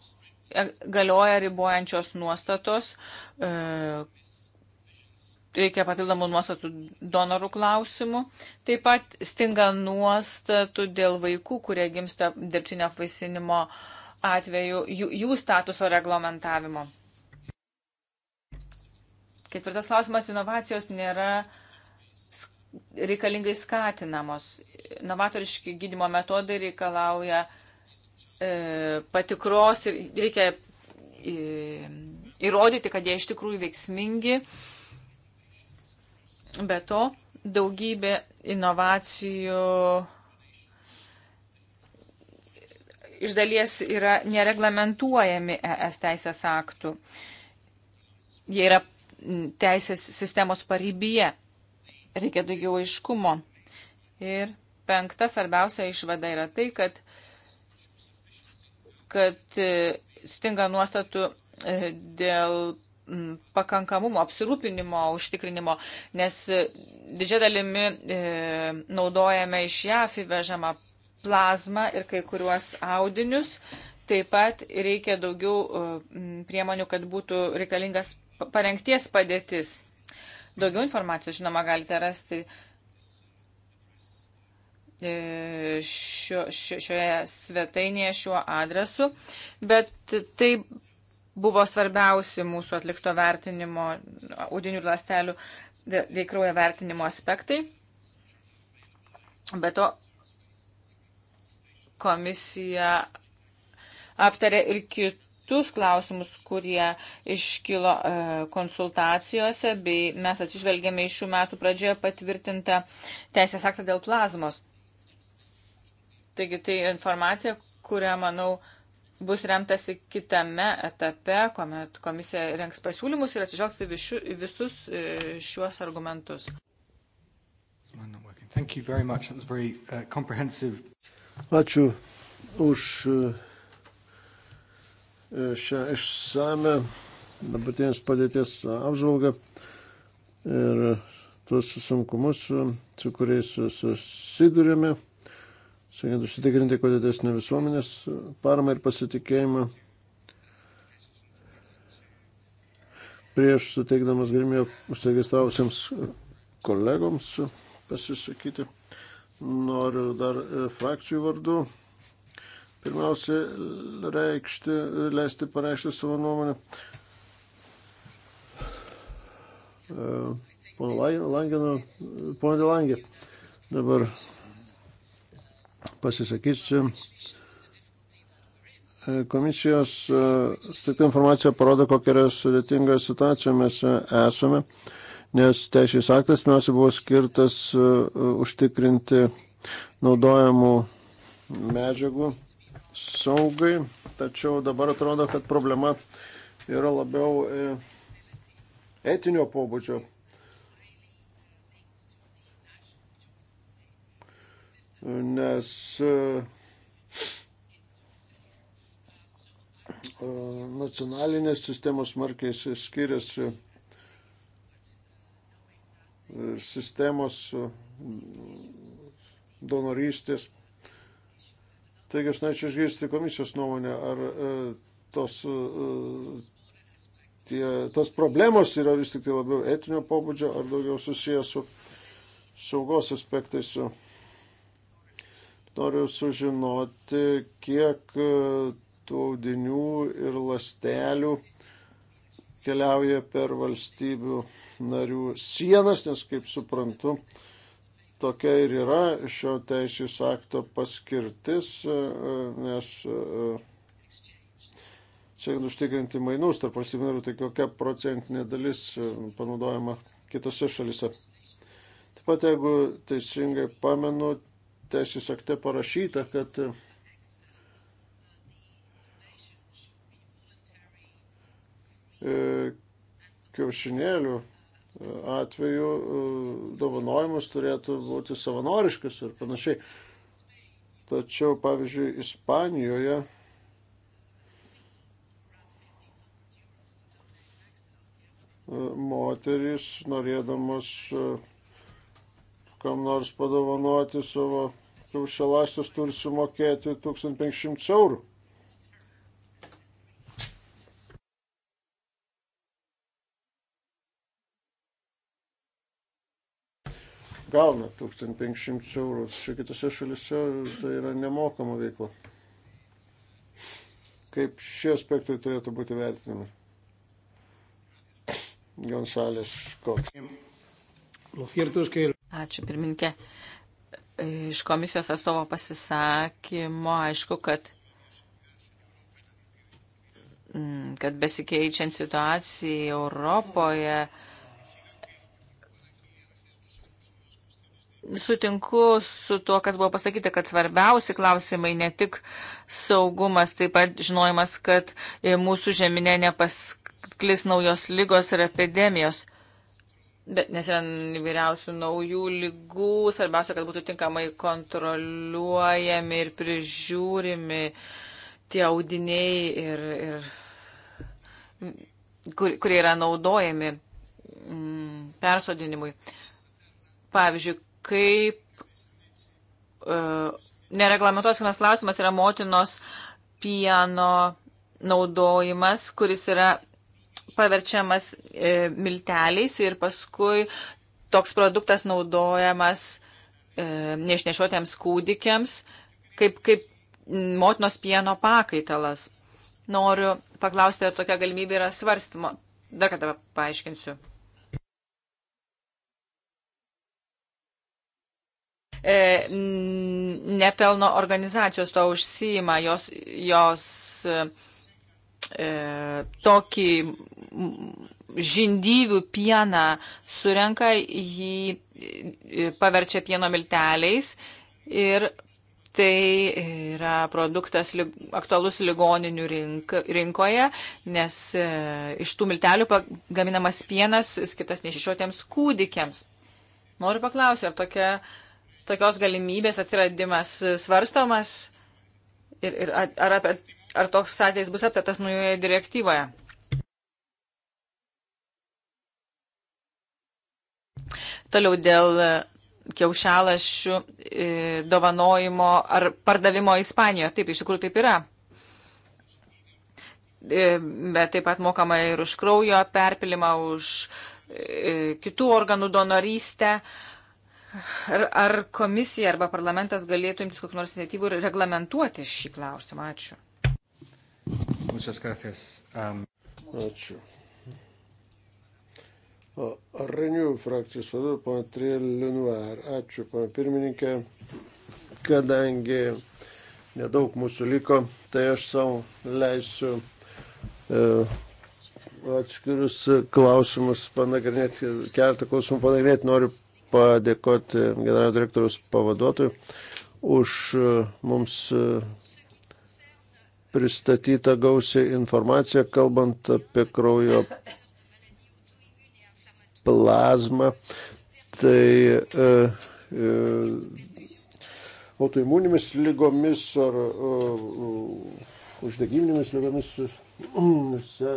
[SPEAKER 1] galioja ribojančios nuostatos, reikia papildomų nuostatų donorų klausimų. Taip pat stinga nuostatų dėl vaikų, kurie gimsta dirbtinio apvaisinimo atveju, jų, jų statuso reglamentavimo. Ketvirtas klausimas - inovacijos nėra reikalingai skatinamos. Novatoriški gydimo metodai reikalauja e, patikros ir reikia e, įrodyti, kad jie iš tikrųjų veiksmingi. E, Be to, daugybė inovacijų iš dalies yra nereglamentuojami ES teisės aktų. Jie yra teisės sistemos parybyje. Reikia daugiau aiškumo. Ir penkta svarbiausia išvada yra tai, kad, kad e, stinga nuostatų e, dėl pakankamumo, apsirūpinimo, užtikrinimo, nes didžia dalimi e, naudojame iš JAF įvežamą plazmą ir kai kuriuos audinius. Taip pat reikia daugiau e, priemonių, kad būtų reikalingas parengties padėtis. Daugiau informacijos, žinoma, galite rasti e, šio, šioje svetainėje šiuo adresu, bet tai buvo svarbiausi mūsų atlikto vertinimo, audinių ir lastelių veikrauja vertinimo aspektai. Be to, komisija aptarė ir kitus klausimus, kurie iškilo e, konsultacijose, bei mes atsižvelgėme iš šių metų pradžioje patvirtintą teisės aktą dėl plazmos. Taigi tai informacija, kurią, manau, bus remtasi kitame etape, kuomet komisija renks pasiūlymus ir atsižvelgs į visus e, šiuos argumentus.
[SPEAKER 3] Uh, Ačiū už e, e, šią išsame dabartinės padėties apžvalgą ir tuos sunkumus, su kuriais susidurėme siekiant užsitikrinti kuo didesnį visuomenės paramą ir pasitikėjimą. Prieš suteikdamas galimybę užsiregistravusiems kolegoms pasisakyti, noriu dar e, frakcijų vardu pirmiausia reikšti, leisti pareikšti savo nuomonę. E, pono Langino, e, pono Delangė, dabar pasisakysiu. E, komisijos e, tik informacija parodo, kokia yra sudėtinga situacija mes e, esame, nes teisės aktas pirmiausia buvo skirtas užtikrinti naudojamų medžiagų saugai, tačiau dabar atrodo, kad problema yra labiau etinio pobūdžio nes e, nacionalinės sistemos smarkiai skiriasi sistemos mm, donorystės. Taigi aš norėčiau išgirsti komisijos nuomonę, ar e, tos, e, tie, tos problemos yra vis tik tai labiau etinio pobūdžio ar daugiau susijęs su saugos aspektais. Su Noriu sužinoti, kiek e, tų audinių ir lastelių keliauja per valstybių narių sienas, nes, kaip suprantu, tokia ir yra šio teisės akto paskirtis, e, e, nes siekiant užtikrinti mainus tarp valstybių narių, tai kokia procentinė dalis panaudojama kitose šalise. Taip pat, jeigu teisingai pamenu, teisės akte parašyta, kad e, kiaušinėlių e, atveju e, dovanojimas turėtų būti savanoriškas ir panašiai. Tačiau, pavyzdžiui, Ispanijoje moteris norėdamas uh, kam nors padovanoti savo kiaušialastės turi sumokėti 1500 eurų. Gauna 1500 eurų, čia kitose šalise tai yra nemokama veikla. Kaip šie aspektai turėtų būti vertinami? González Cox. Lo cierto es que Ačiū,
[SPEAKER 1] pirminkė. Iš komisijos atstovo pasisakymo aišku, kad, mm, kad besikeičiant situacijai Europoje sutinku su tuo, kas buvo pasakyta, kad svarbiausi klausimai ne tik saugumas, taip pat žinojimas, kad e, mūsų žeminė nepasklis naujos lygos ir epidemijos. Bet nes yra įvairiausių naujų lygų, svarbiausia, kad būtų tinkamai kontroliuojami ir prižiūrimi tie audiniai, ir, ir, kur, kurie yra naudojami mm, persodinimui. Pavyzdžiui, kaip uh, e, nereglamentuosimas klausimas yra motinos pieno naudojimas, kuris yra paverčiamas e, milteliais ir paskui toks produktas naudojamas e, neišnešiotiems kūdikiams kaip, kaip motinos pieno pakaitalas. Noriu paklausti, ar tokia galimybė yra svarstymo. Dar kartą paaiškinsiu. E, nepelno organizacijos to užsijima, jos, jos e, e, tokį žindyvių pieną surenka, jį e, paverčia pieno milteliais ir tai yra produktas aktualus ligoninių rink, rinkoje, nes e, iš tų miltelių gaminamas pienas skirtas nešišiuotiems kūdikiams. Noriu paklausti, ar tokia, tokios galimybės atsiradimas svarstomas ir, ir ar apie ar toks atvejs bus aptartas naujoje direktyvoje? Toliau dėl e, kiaušialašių e, dovanojimo ar pardavimo Ispanijoje. Taip, iš tikrųjų taip yra. E, bet taip pat mokama ir už kraujo perpilimą, už kitų organų donorystę. Ar, ar komisija arba parlamentas galėtų imtis kokių nors iniciatyvų ir reglamentuoti šį klausimą? Ačiū.
[SPEAKER 3] Muchas gracias. Um... Ačiū. Renių frakcijos vadovė, pana Trilinuar. Ačiū, pana pirmininkė. Kadangi nedaug mūsų liko, tai aš savo leisiu e, atskirius klausimus panagrinėti, keletą klausimų panagrinėti. Noriu padėkoti generalinio direktoriaus pavaduotojui už e, mums e, pristatyta gausiai informacija, kalbant apie kraujo plazmą. Tai e, e, autoimuninėmis lygomis ar e, uždegiminėmis lygomis se,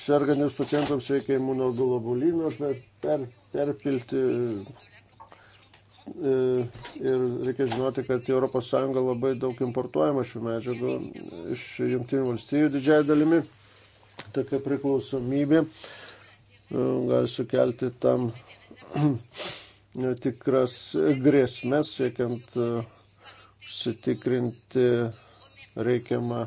[SPEAKER 3] sergantiems pacientams reikia imunoglobulino per, per, perpilti E, ir reikia žinoti, kad į ES labai daug importuojama šių medžiagų iš Junktinių valstybių didžiai dalimi. Tokia priklausomybė e, gali sukelti tam tikras grėsmės, siekiant e, sitikrinti reikiamą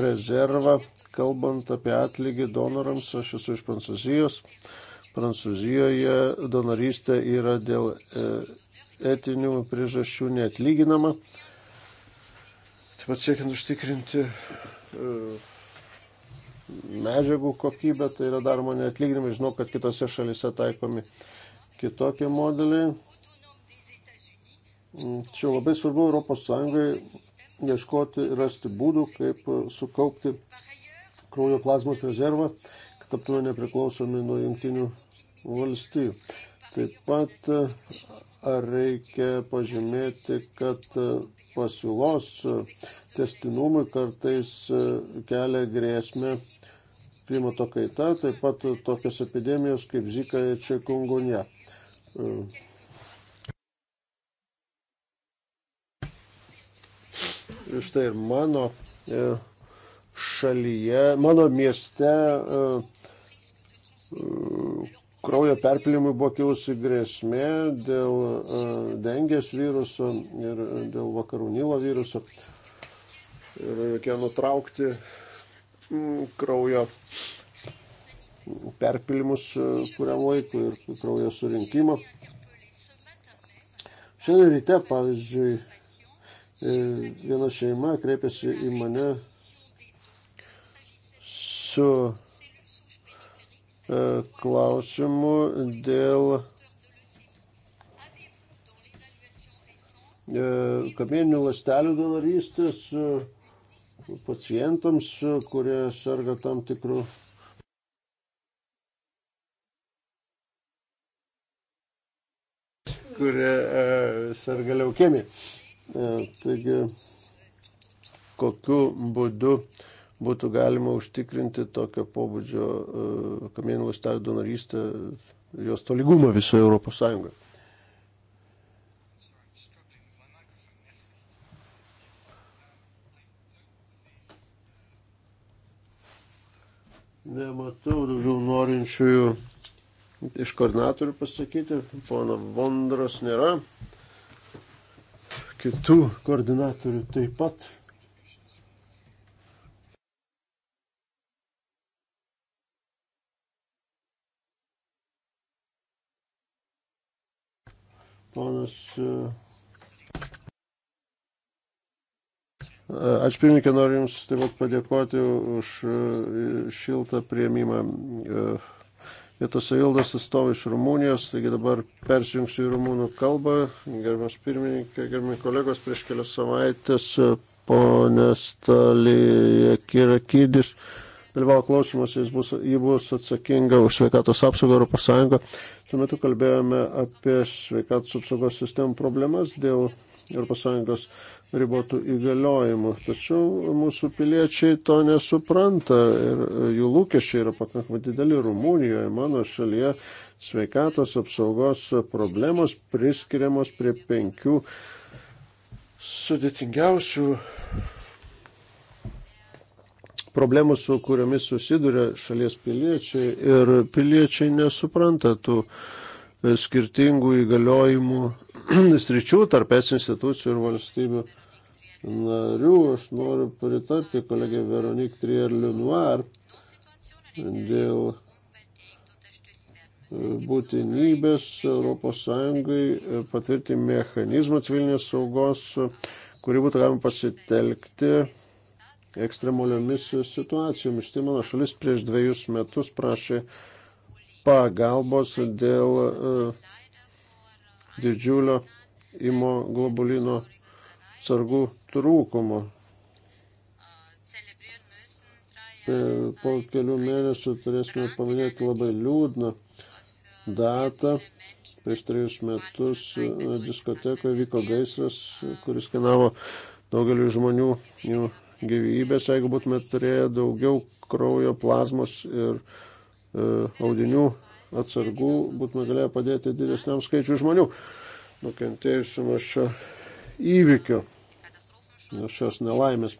[SPEAKER 3] rezervą. Kalbant apie atlygį donorams, aš esu iš Prancūzijos. Uh, Prancūzijoje donorystė yra dėl e, etinių priežasčių neatlyginama. Taip pat siekiant užtikrinti e, medžiagų kokybę, tai yra daroma neatlyginimai. Žinau, kad kitose šalise taikomi kitokie modeliai. Čia labai svarbu ES ieškoti ir rasti būdų, kaip sukaupti kraujo plazmos rezervą taptume nepriklausomi nuo jungtinių valstybių. Taip pat ar reikia pažymėti, kad pasiūlos testinumui kartais kelia grėsmę klimato kaita, taip pat tokios epidemijos kaip Zika ir Čiakungunė. Štai ir mano e, šalyje, mano mieste e, kraujo perpilimui buvo kilusi grėsmė dėl e, dengės viruso ir e, dėl vakarų Nilo viruso. Ir reikėjo nutraukti mm, kraujo perpilimus e, kuriam laikui ir kraujo surinkimą. Šiandien ryte, pavyzdžiui, viena šeima kreipėsi į mane su E, klausimų dėl e, kamieninių lastelių donorystės e, pacientams, kurie serga tam tikrų. kurie e, serga leukemija. E, taigi, kokiu būdu e, būtų galima užtikrinti tokio pobūdžio e, kamienų ląstelių donorystę, jos tolygumą visoje Europos Sąjungoje. Nematau daugiau norinčiųjų iš koordinatorių pasakyti. Pono Vondros nėra. Kitų koordinatorių taip pat Ponas. E, ačiū pirmininkė, noriu Jums taip pat padėkoti už e, šiltą prieimimą e, vietos savildos atstovai iš Rumunijos, taigi dabar persijungsiu į rumūnų kalbą. Gerbiamas pirmininkė, gerbiami kolegos, prieš kelias savaitės ponė Stalija Kirakydis. Uh, dalyvavo klausimuose, jis bus, jį bus atsakinga už sveikatos apsaugą Europos Sąjungą. Tuo metu kalbėjome apie sveikatos apsaugos sistemų problemas dėl Europos Sąjungos ribotų įgaliojimų. Tačiau mūsų piliečiai to nesupranta ir jų lūkesčiai yra pakankamai dideli. Rumunijoje, mano šalyje, sveikatos apsaugos problemos priskiriamos prie penkių sudėtingiausių problemų, su kuriomis susiduria šalies piliečiai ir piliečiai nesupranta tų e, skirtingų įgaliojimų sričių tarp es institucijų ir valstybių narių. Aš noriu pritarti kolegė Veronik Trier-Lenoir dėl e, būtinybės ES e, patvirti mechanizmą civilinės saugos, kurį būtų galima pasitelkti ekstremaliomis situacijomis. Štai mano šalis prieš dviejus metus prašė pagalbos dėl uh, didžiulio imoglobulino sargų trūkumo. E, po kelių mėnesių turėsime paminėti labai liūdną datą. Prieš trejus metus e, diskotekoje vyko gaisras, kuris kainavo daugeliu žmonių jų gyvybės, jeigu būtume turėję daugiau kraujo, plazmos ir e, audinių atsargų, būtume galėję padėti didesniam skaičiu žmonių nukentėjusių nuo šio įvykio, nuo šios nelaimės.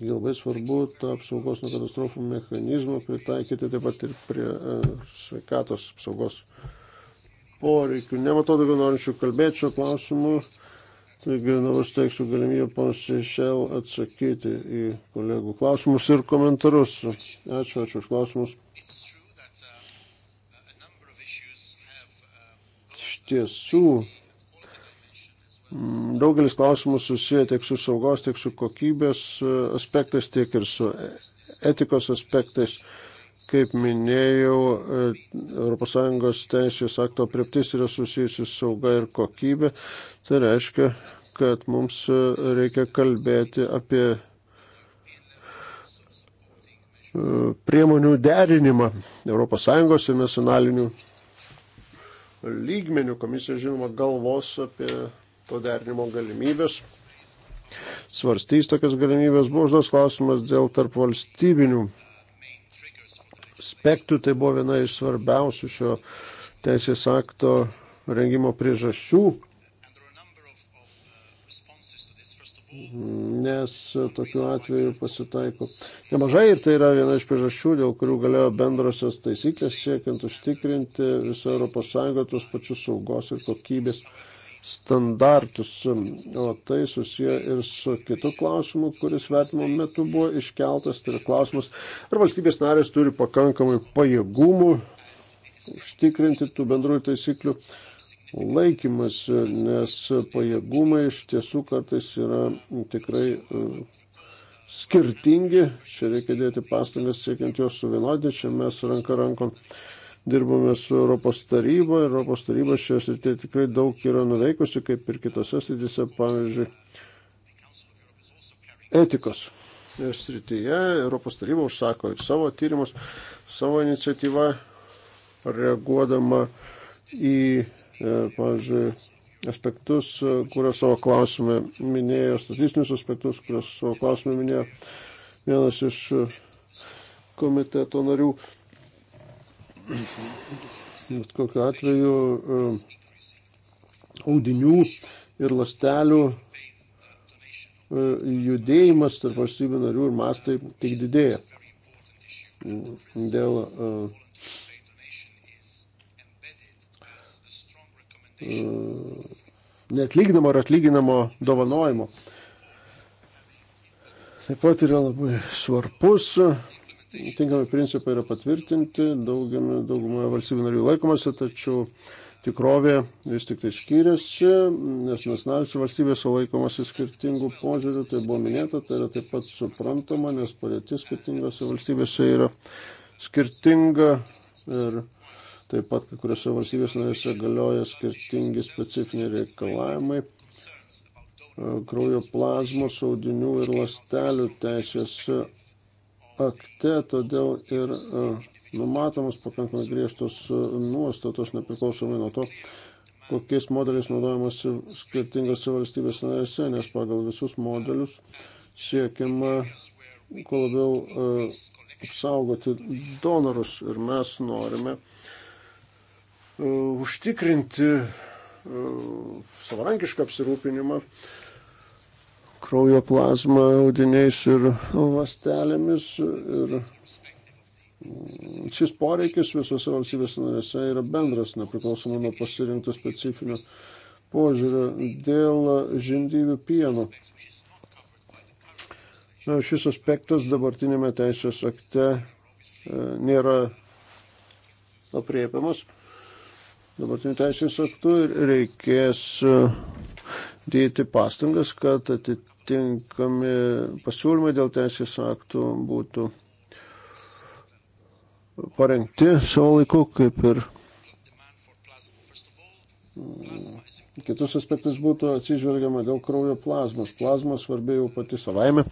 [SPEAKER 3] Ir labai svarbu tą apsaugos nuo katastrofų mechanizmą pritaikyti taip pat ir prie e, sveikatos apsaugos poreikių. Nematau daugiau norinčių kalbėti šio klausimu. Taigi, dabar steiksiu galimybę ponas Šešel atsakyti į kolegų klausimus ir komentarus. Ačiū, ačiū už klausimus. Iš tiesų, daugelis klausimų susiję tiek su saugos, tiek su kokybės e, aspektais, tiek ir su e, etikos aspektais. Uh, Kaip minėjau, ES teisės akto prieptis yra susijusi sauga ir kokybė. Tai reiškia, kad mums reikia kalbėti apie e, priemonių derinimą ES ir nacionalinių lygmenių. Komisija, žinoma, galvos apie to derinimo galimybės svarstys tokias galimybės. Buvo užduos klausimas dėl tarp valstybinių aspektų, tai buvo viena iš svarbiausių šio teisės akto rengimo priežasčių, nes tokiu atveju pasitaiko nemažai ir tai yra viena iš priežasčių, dėl kurių galėjo bendrosios taisyklės siekiant užtikrinti visą ES tos pačius saugos ir kokybės standartus. O tai susiję ir su kitu klausimu, kuris vertimo metu buvo iškeltas. Tai yra klausimas, ar valstybės narės turi pakankamai pajėgumų užtikrinti tų bendrųjų taisyklių laikymas, nes pajėgumai iš tiesų kartais yra tikrai e, skirtingi. Čia reikia dėti pastangas siekiant juos suvienodinti, čia mes ranka rankon dirbame su Europos taryba ir Europos taryba šioje srityje tikrai daug yra nuveikusi, kaip ir kitose srityse, pavyzdžiui, etikos srityje. Europos taryba užsako ir savo tyrimus, savo iniciatyvą, reaguodama į, e, pavyzdžiui, aspektus, kuriuos savo klausime minėjo, statistinius aspektus, kuriuos savo klausime minėjo vienas iš komiteto narių. Bet kokiu atveju e, audinių ir lastelių e, judėjimas tarp valstybių narių ir mastai tik didėja. Dėl e, neatlyginamo ar atlyginamo dovanojimo. Taip pat yra labai svarbus tinkami principai yra patvirtinti, daugiame, daugumoje valstybių narių laikomasi, tačiau tikrovė vis tik tai skiriasi, nes nacionalinės valstybės laikomasi skirtingų požiūrių, tai buvo minėta, tai yra taip pat suprantama, nes padėtis skirtingose valstybėse yra skirtinga ir taip pat kai kuriuose valstybės narėse galioja skirtingi specifiniai reikalavimai e, kraujo plazmos, audinių ir lastelių teisės akte, todėl ir e, numatomas pakankamai griežtos e, nuostatos, nepriklausomai nuo to, kokiais modeliais naudojamas skirtingose valstybės narėse, nes pagal visus modelius siekiama kuo labiau e, apsaugoti donorus ir mes norime užtikrinti savarankišką apsirūpinimą uh, kraujo plazma, audiniais ir lastelėmis. Ir šis poreikis visose valstybės narėse yra bendras, nepriklausomai nuo pasirinktų specifinių požiūrių dėl žindyvių pieno. Šis aspektas dabartinėme teisės akte e, nėra apriepiamas dabartinių teisės aktų ir reikės e, dėti pastangas, kad atitinkamai atitinkami pasiūlymai dėl teisės aktų būtų parengti savo laiku, kaip ir kitus aspektus būtų atsižvelgiama dėl kraujo plazmos. Plazmos svarbi jau pati savaime.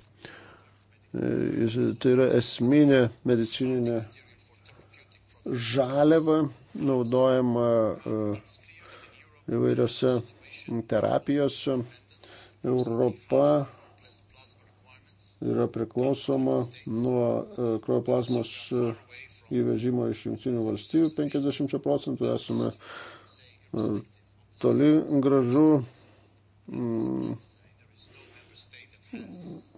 [SPEAKER 3] Tai yra esminė medicininė žaliava naudojama e, įvairiose terapijose Europa yra priklausoma nuo e, kraujo plazmos e, įvežimo iš jungtinių valstybių 50 procentų. Esame e, toli gražu, mm,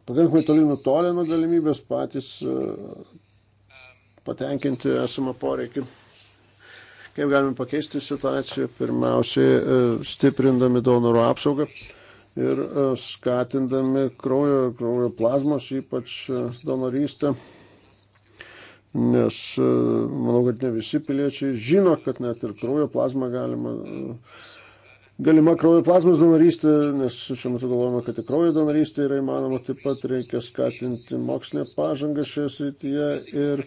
[SPEAKER 3] pakankamai toli nutolę nuo galimybės patys patenkinti esamą poreikį. Kaip galime pakeisti situaciją? Pirmiausiai, stiprindami donorų apsaugą ir e, skatindami kraujo, kraujo plazmos, ypač e, donorystę, nes e, manau, kad ne visi piliečiai žino, kad net ir kraujo plazmą galima. Galima kraujo plazmos donorystė, nes šiuo metu galvojame, kad ir kraujo donorystė yra įmanoma, taip pat reikia skatinti mokslinę pažangą šioje srityje ir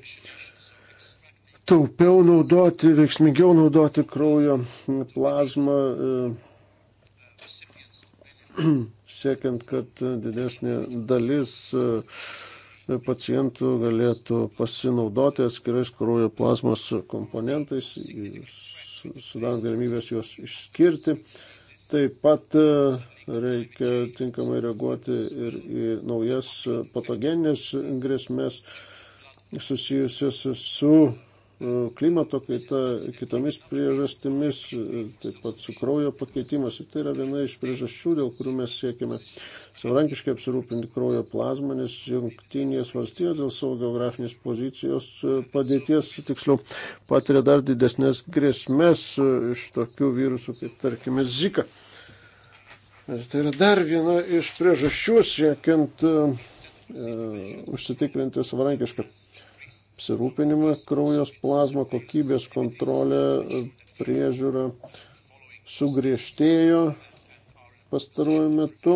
[SPEAKER 3] taupiau naudoti, veiksmingiau naudoti kraujo plazmą. E, siekiant, kad didesnė dalis e, pacientų galėtų pasinaudoti atskirais kraujo plazmos komponentais, sudarant galimybės juos išskirti. Taip pat e, reikia tinkamai reaguoti ir į naujas patogeninės grėsmės susijusias su klimato kaita, kitomis priežastimis, taip pat su kraujo pakeitimas. Ir tai yra viena iš priežasčių, dėl kurių mes siekime savarankiškai apsirūpinti kraujo plazmą, nes jungtinės valstijos dėl savo geografinės pozicijos e, padėties, tiksliau, patiria dar didesnės grėsmės e, iš tokių virusų kaip, tarkime, Zika. Ir tai yra dar viena iš priežasčių siekiant uh, užsitikrinti savarankišką apsirūpinimą, kraujos plazmo kokybės kontrolė, priežiūra sugriežtėjo pastaruoju metu,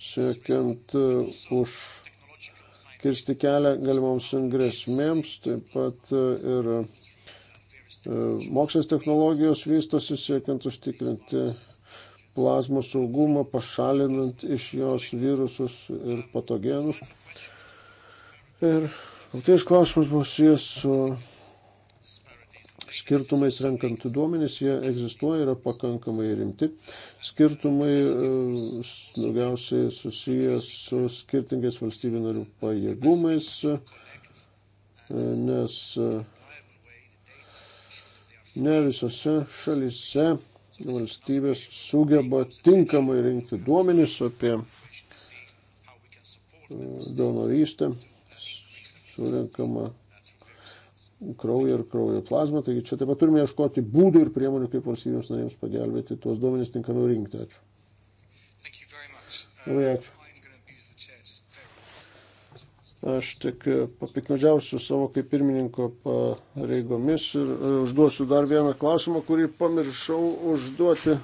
[SPEAKER 3] siekiant uh, užkirsti kelią galimoms grėsmėms, taip pat uh, ir uh, mokslinės technologijos vystosi, siekiant užtikrinti plazmos saugumą, pašalinant iš jos virusus ir patogenus. Ir Galtinis klausimas buvo susijęs su skirtumais renkant duomenys, jie egzistuoja, yra pakankamai rimti. Skirtumai e, daugiausiai susijęs su skirtingais valstybių narių pajėgumais, e, nes e, ne visose šalise valstybės sugeba tinkamai rinkti duomenys apie donorystę, surinkama kraujo ir kraujo plazmą. Taigi čia taip pat turime ieškoti būdų ir priemonių, kaip valstybėms narėms pagelbėti tuos duomenys tinkamiau rinkti. Ačiū. Labai uh, ačiū. Aš tik uh, papiknadžiausiu savo kaip pirmininko pareigomis ir uh, užduosiu dar vieną klausimą, kurį pamiršau užduoti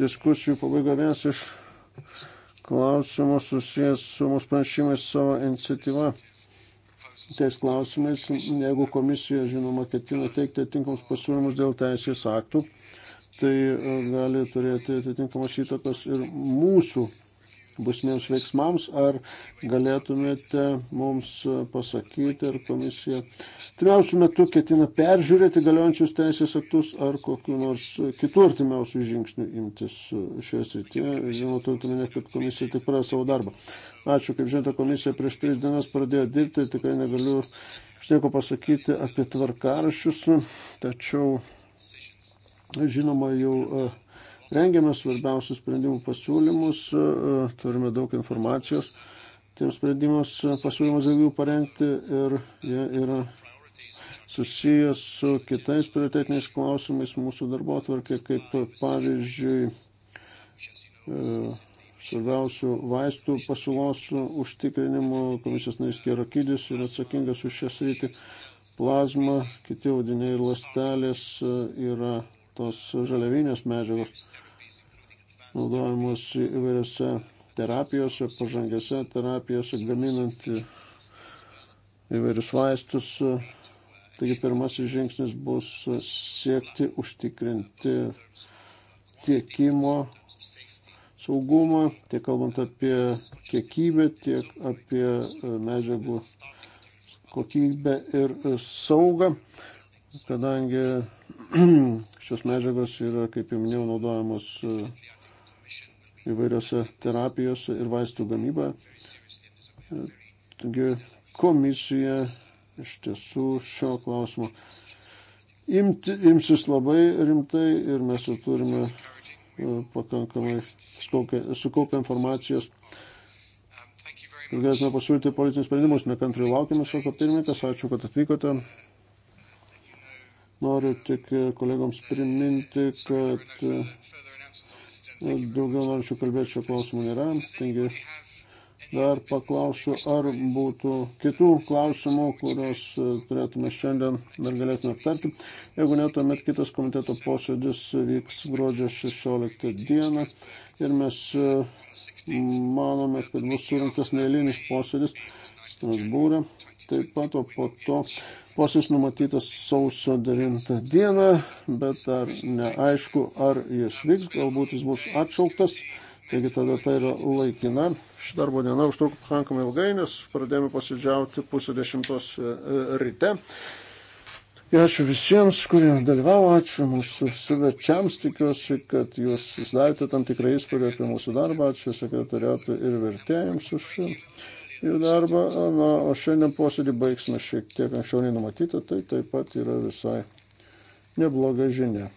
[SPEAKER 3] diskusijų pabaigoje. Vienas iš klausimų susijęs su mūsų pranešimais savo iniciatyva tais klausimais, jeigu komisija, žinoma, ketina teikti atitinkamus pasiūlymus dėl teisės aktų, tai e, gali turėti atitinkamos įtakos ir mūsų busniems veiksmams, ar galėtumėte mums pasakyti, ar komisija artimiausių metų ketina peržiūrėti galiojančius teisės aktus, ar kokiu nors kitų artimiausių žingsnių imtis šioje srityje. Žinoma, turėtume, kad komisija tik pradėjo savo darbą. Ačiū, kaip žinote, komisija prieš tris dienas pradėjo dirbti, tai tikrai negaliu šneko pasakyti apie tvarkarašius, tačiau, žinoma, jau uh, Rengiame svarbiausius sprendimų pasiūlymus, e, turime daug informacijos tiems sprendimus e, pasiūlymus daugiau parengti ir jie yra susijęs su kitais prioritetiniais klausimais mūsų darbo atvarkė, kaip pavyzdžiui e, svarbiausių vaistų pasiūlos užtikrinimu. Komisijos narys Kerokydis yra atsakingas už šią sritį. Plazma, kiti audiniai ir lastelės yra tos žaliavinės medžiagos naudojamos įvairiose terapijose, pažangiose terapijose, gaminant įvairius vaistus. Taigi pirmasis žingsnis bus siekti užtikrinti tiekimo saugumą, tiek kalbant apie kiekybę, tiek apie medžiagų kokybę ir saugą, kadangi šios medžiagos yra, kaip jau minėjau, naudojamos įvairiose terapijose ir vaistų gamyboje. Taigi komisija iš tiesų šio klausimo imti, imsis labai rimtai ir mes jau turime e, pakankamai sukaupę informacijos. Ir galėtume pasiūlyti politinius sprendimus. Nekantriai laukime, sako pirmininkas. Ačiū, kad atvykote. Noriu tik e, kolegoms priminti, kad e, Daugiau norinčių kalbėti šio klausimų nėra. Taigi dar paklausiu, ar būtų kitų klausimų, kuriuos e, turėtume šiandien dar galėtume aptarti. Jeigu ne, tuomet kitas komiteto posėdis vyks gruodžio 16 dieną ir mes e, manome, kad bus surinktas neįlinis posėdis Strasbūrą. Taip pat, o po to posėdis numatytas sausio 9 dieną, bet dar neaišku, ar jis vyks, galbūt jis bus atšauktas. Taigi tada tai yra laikina. Ši darbo diena užtruko pakankamai ilgai, nes pradėjome posėdžiauti pusę dešimtos e, e, ryte. Ačiū visiems, kurie dalyvavo, ačiū mūsų svečiams, tikiuosi, kad jūs susidarėte tam tikrą įspūdį apie mūsų darbą, ačiū sekretariatui ir vertėjams už šį jų darbą. Na, o šiandien posėdį baigsime šiek tiek anksčiau nei numatyta, tai taip pat yra visai nebloga žinia.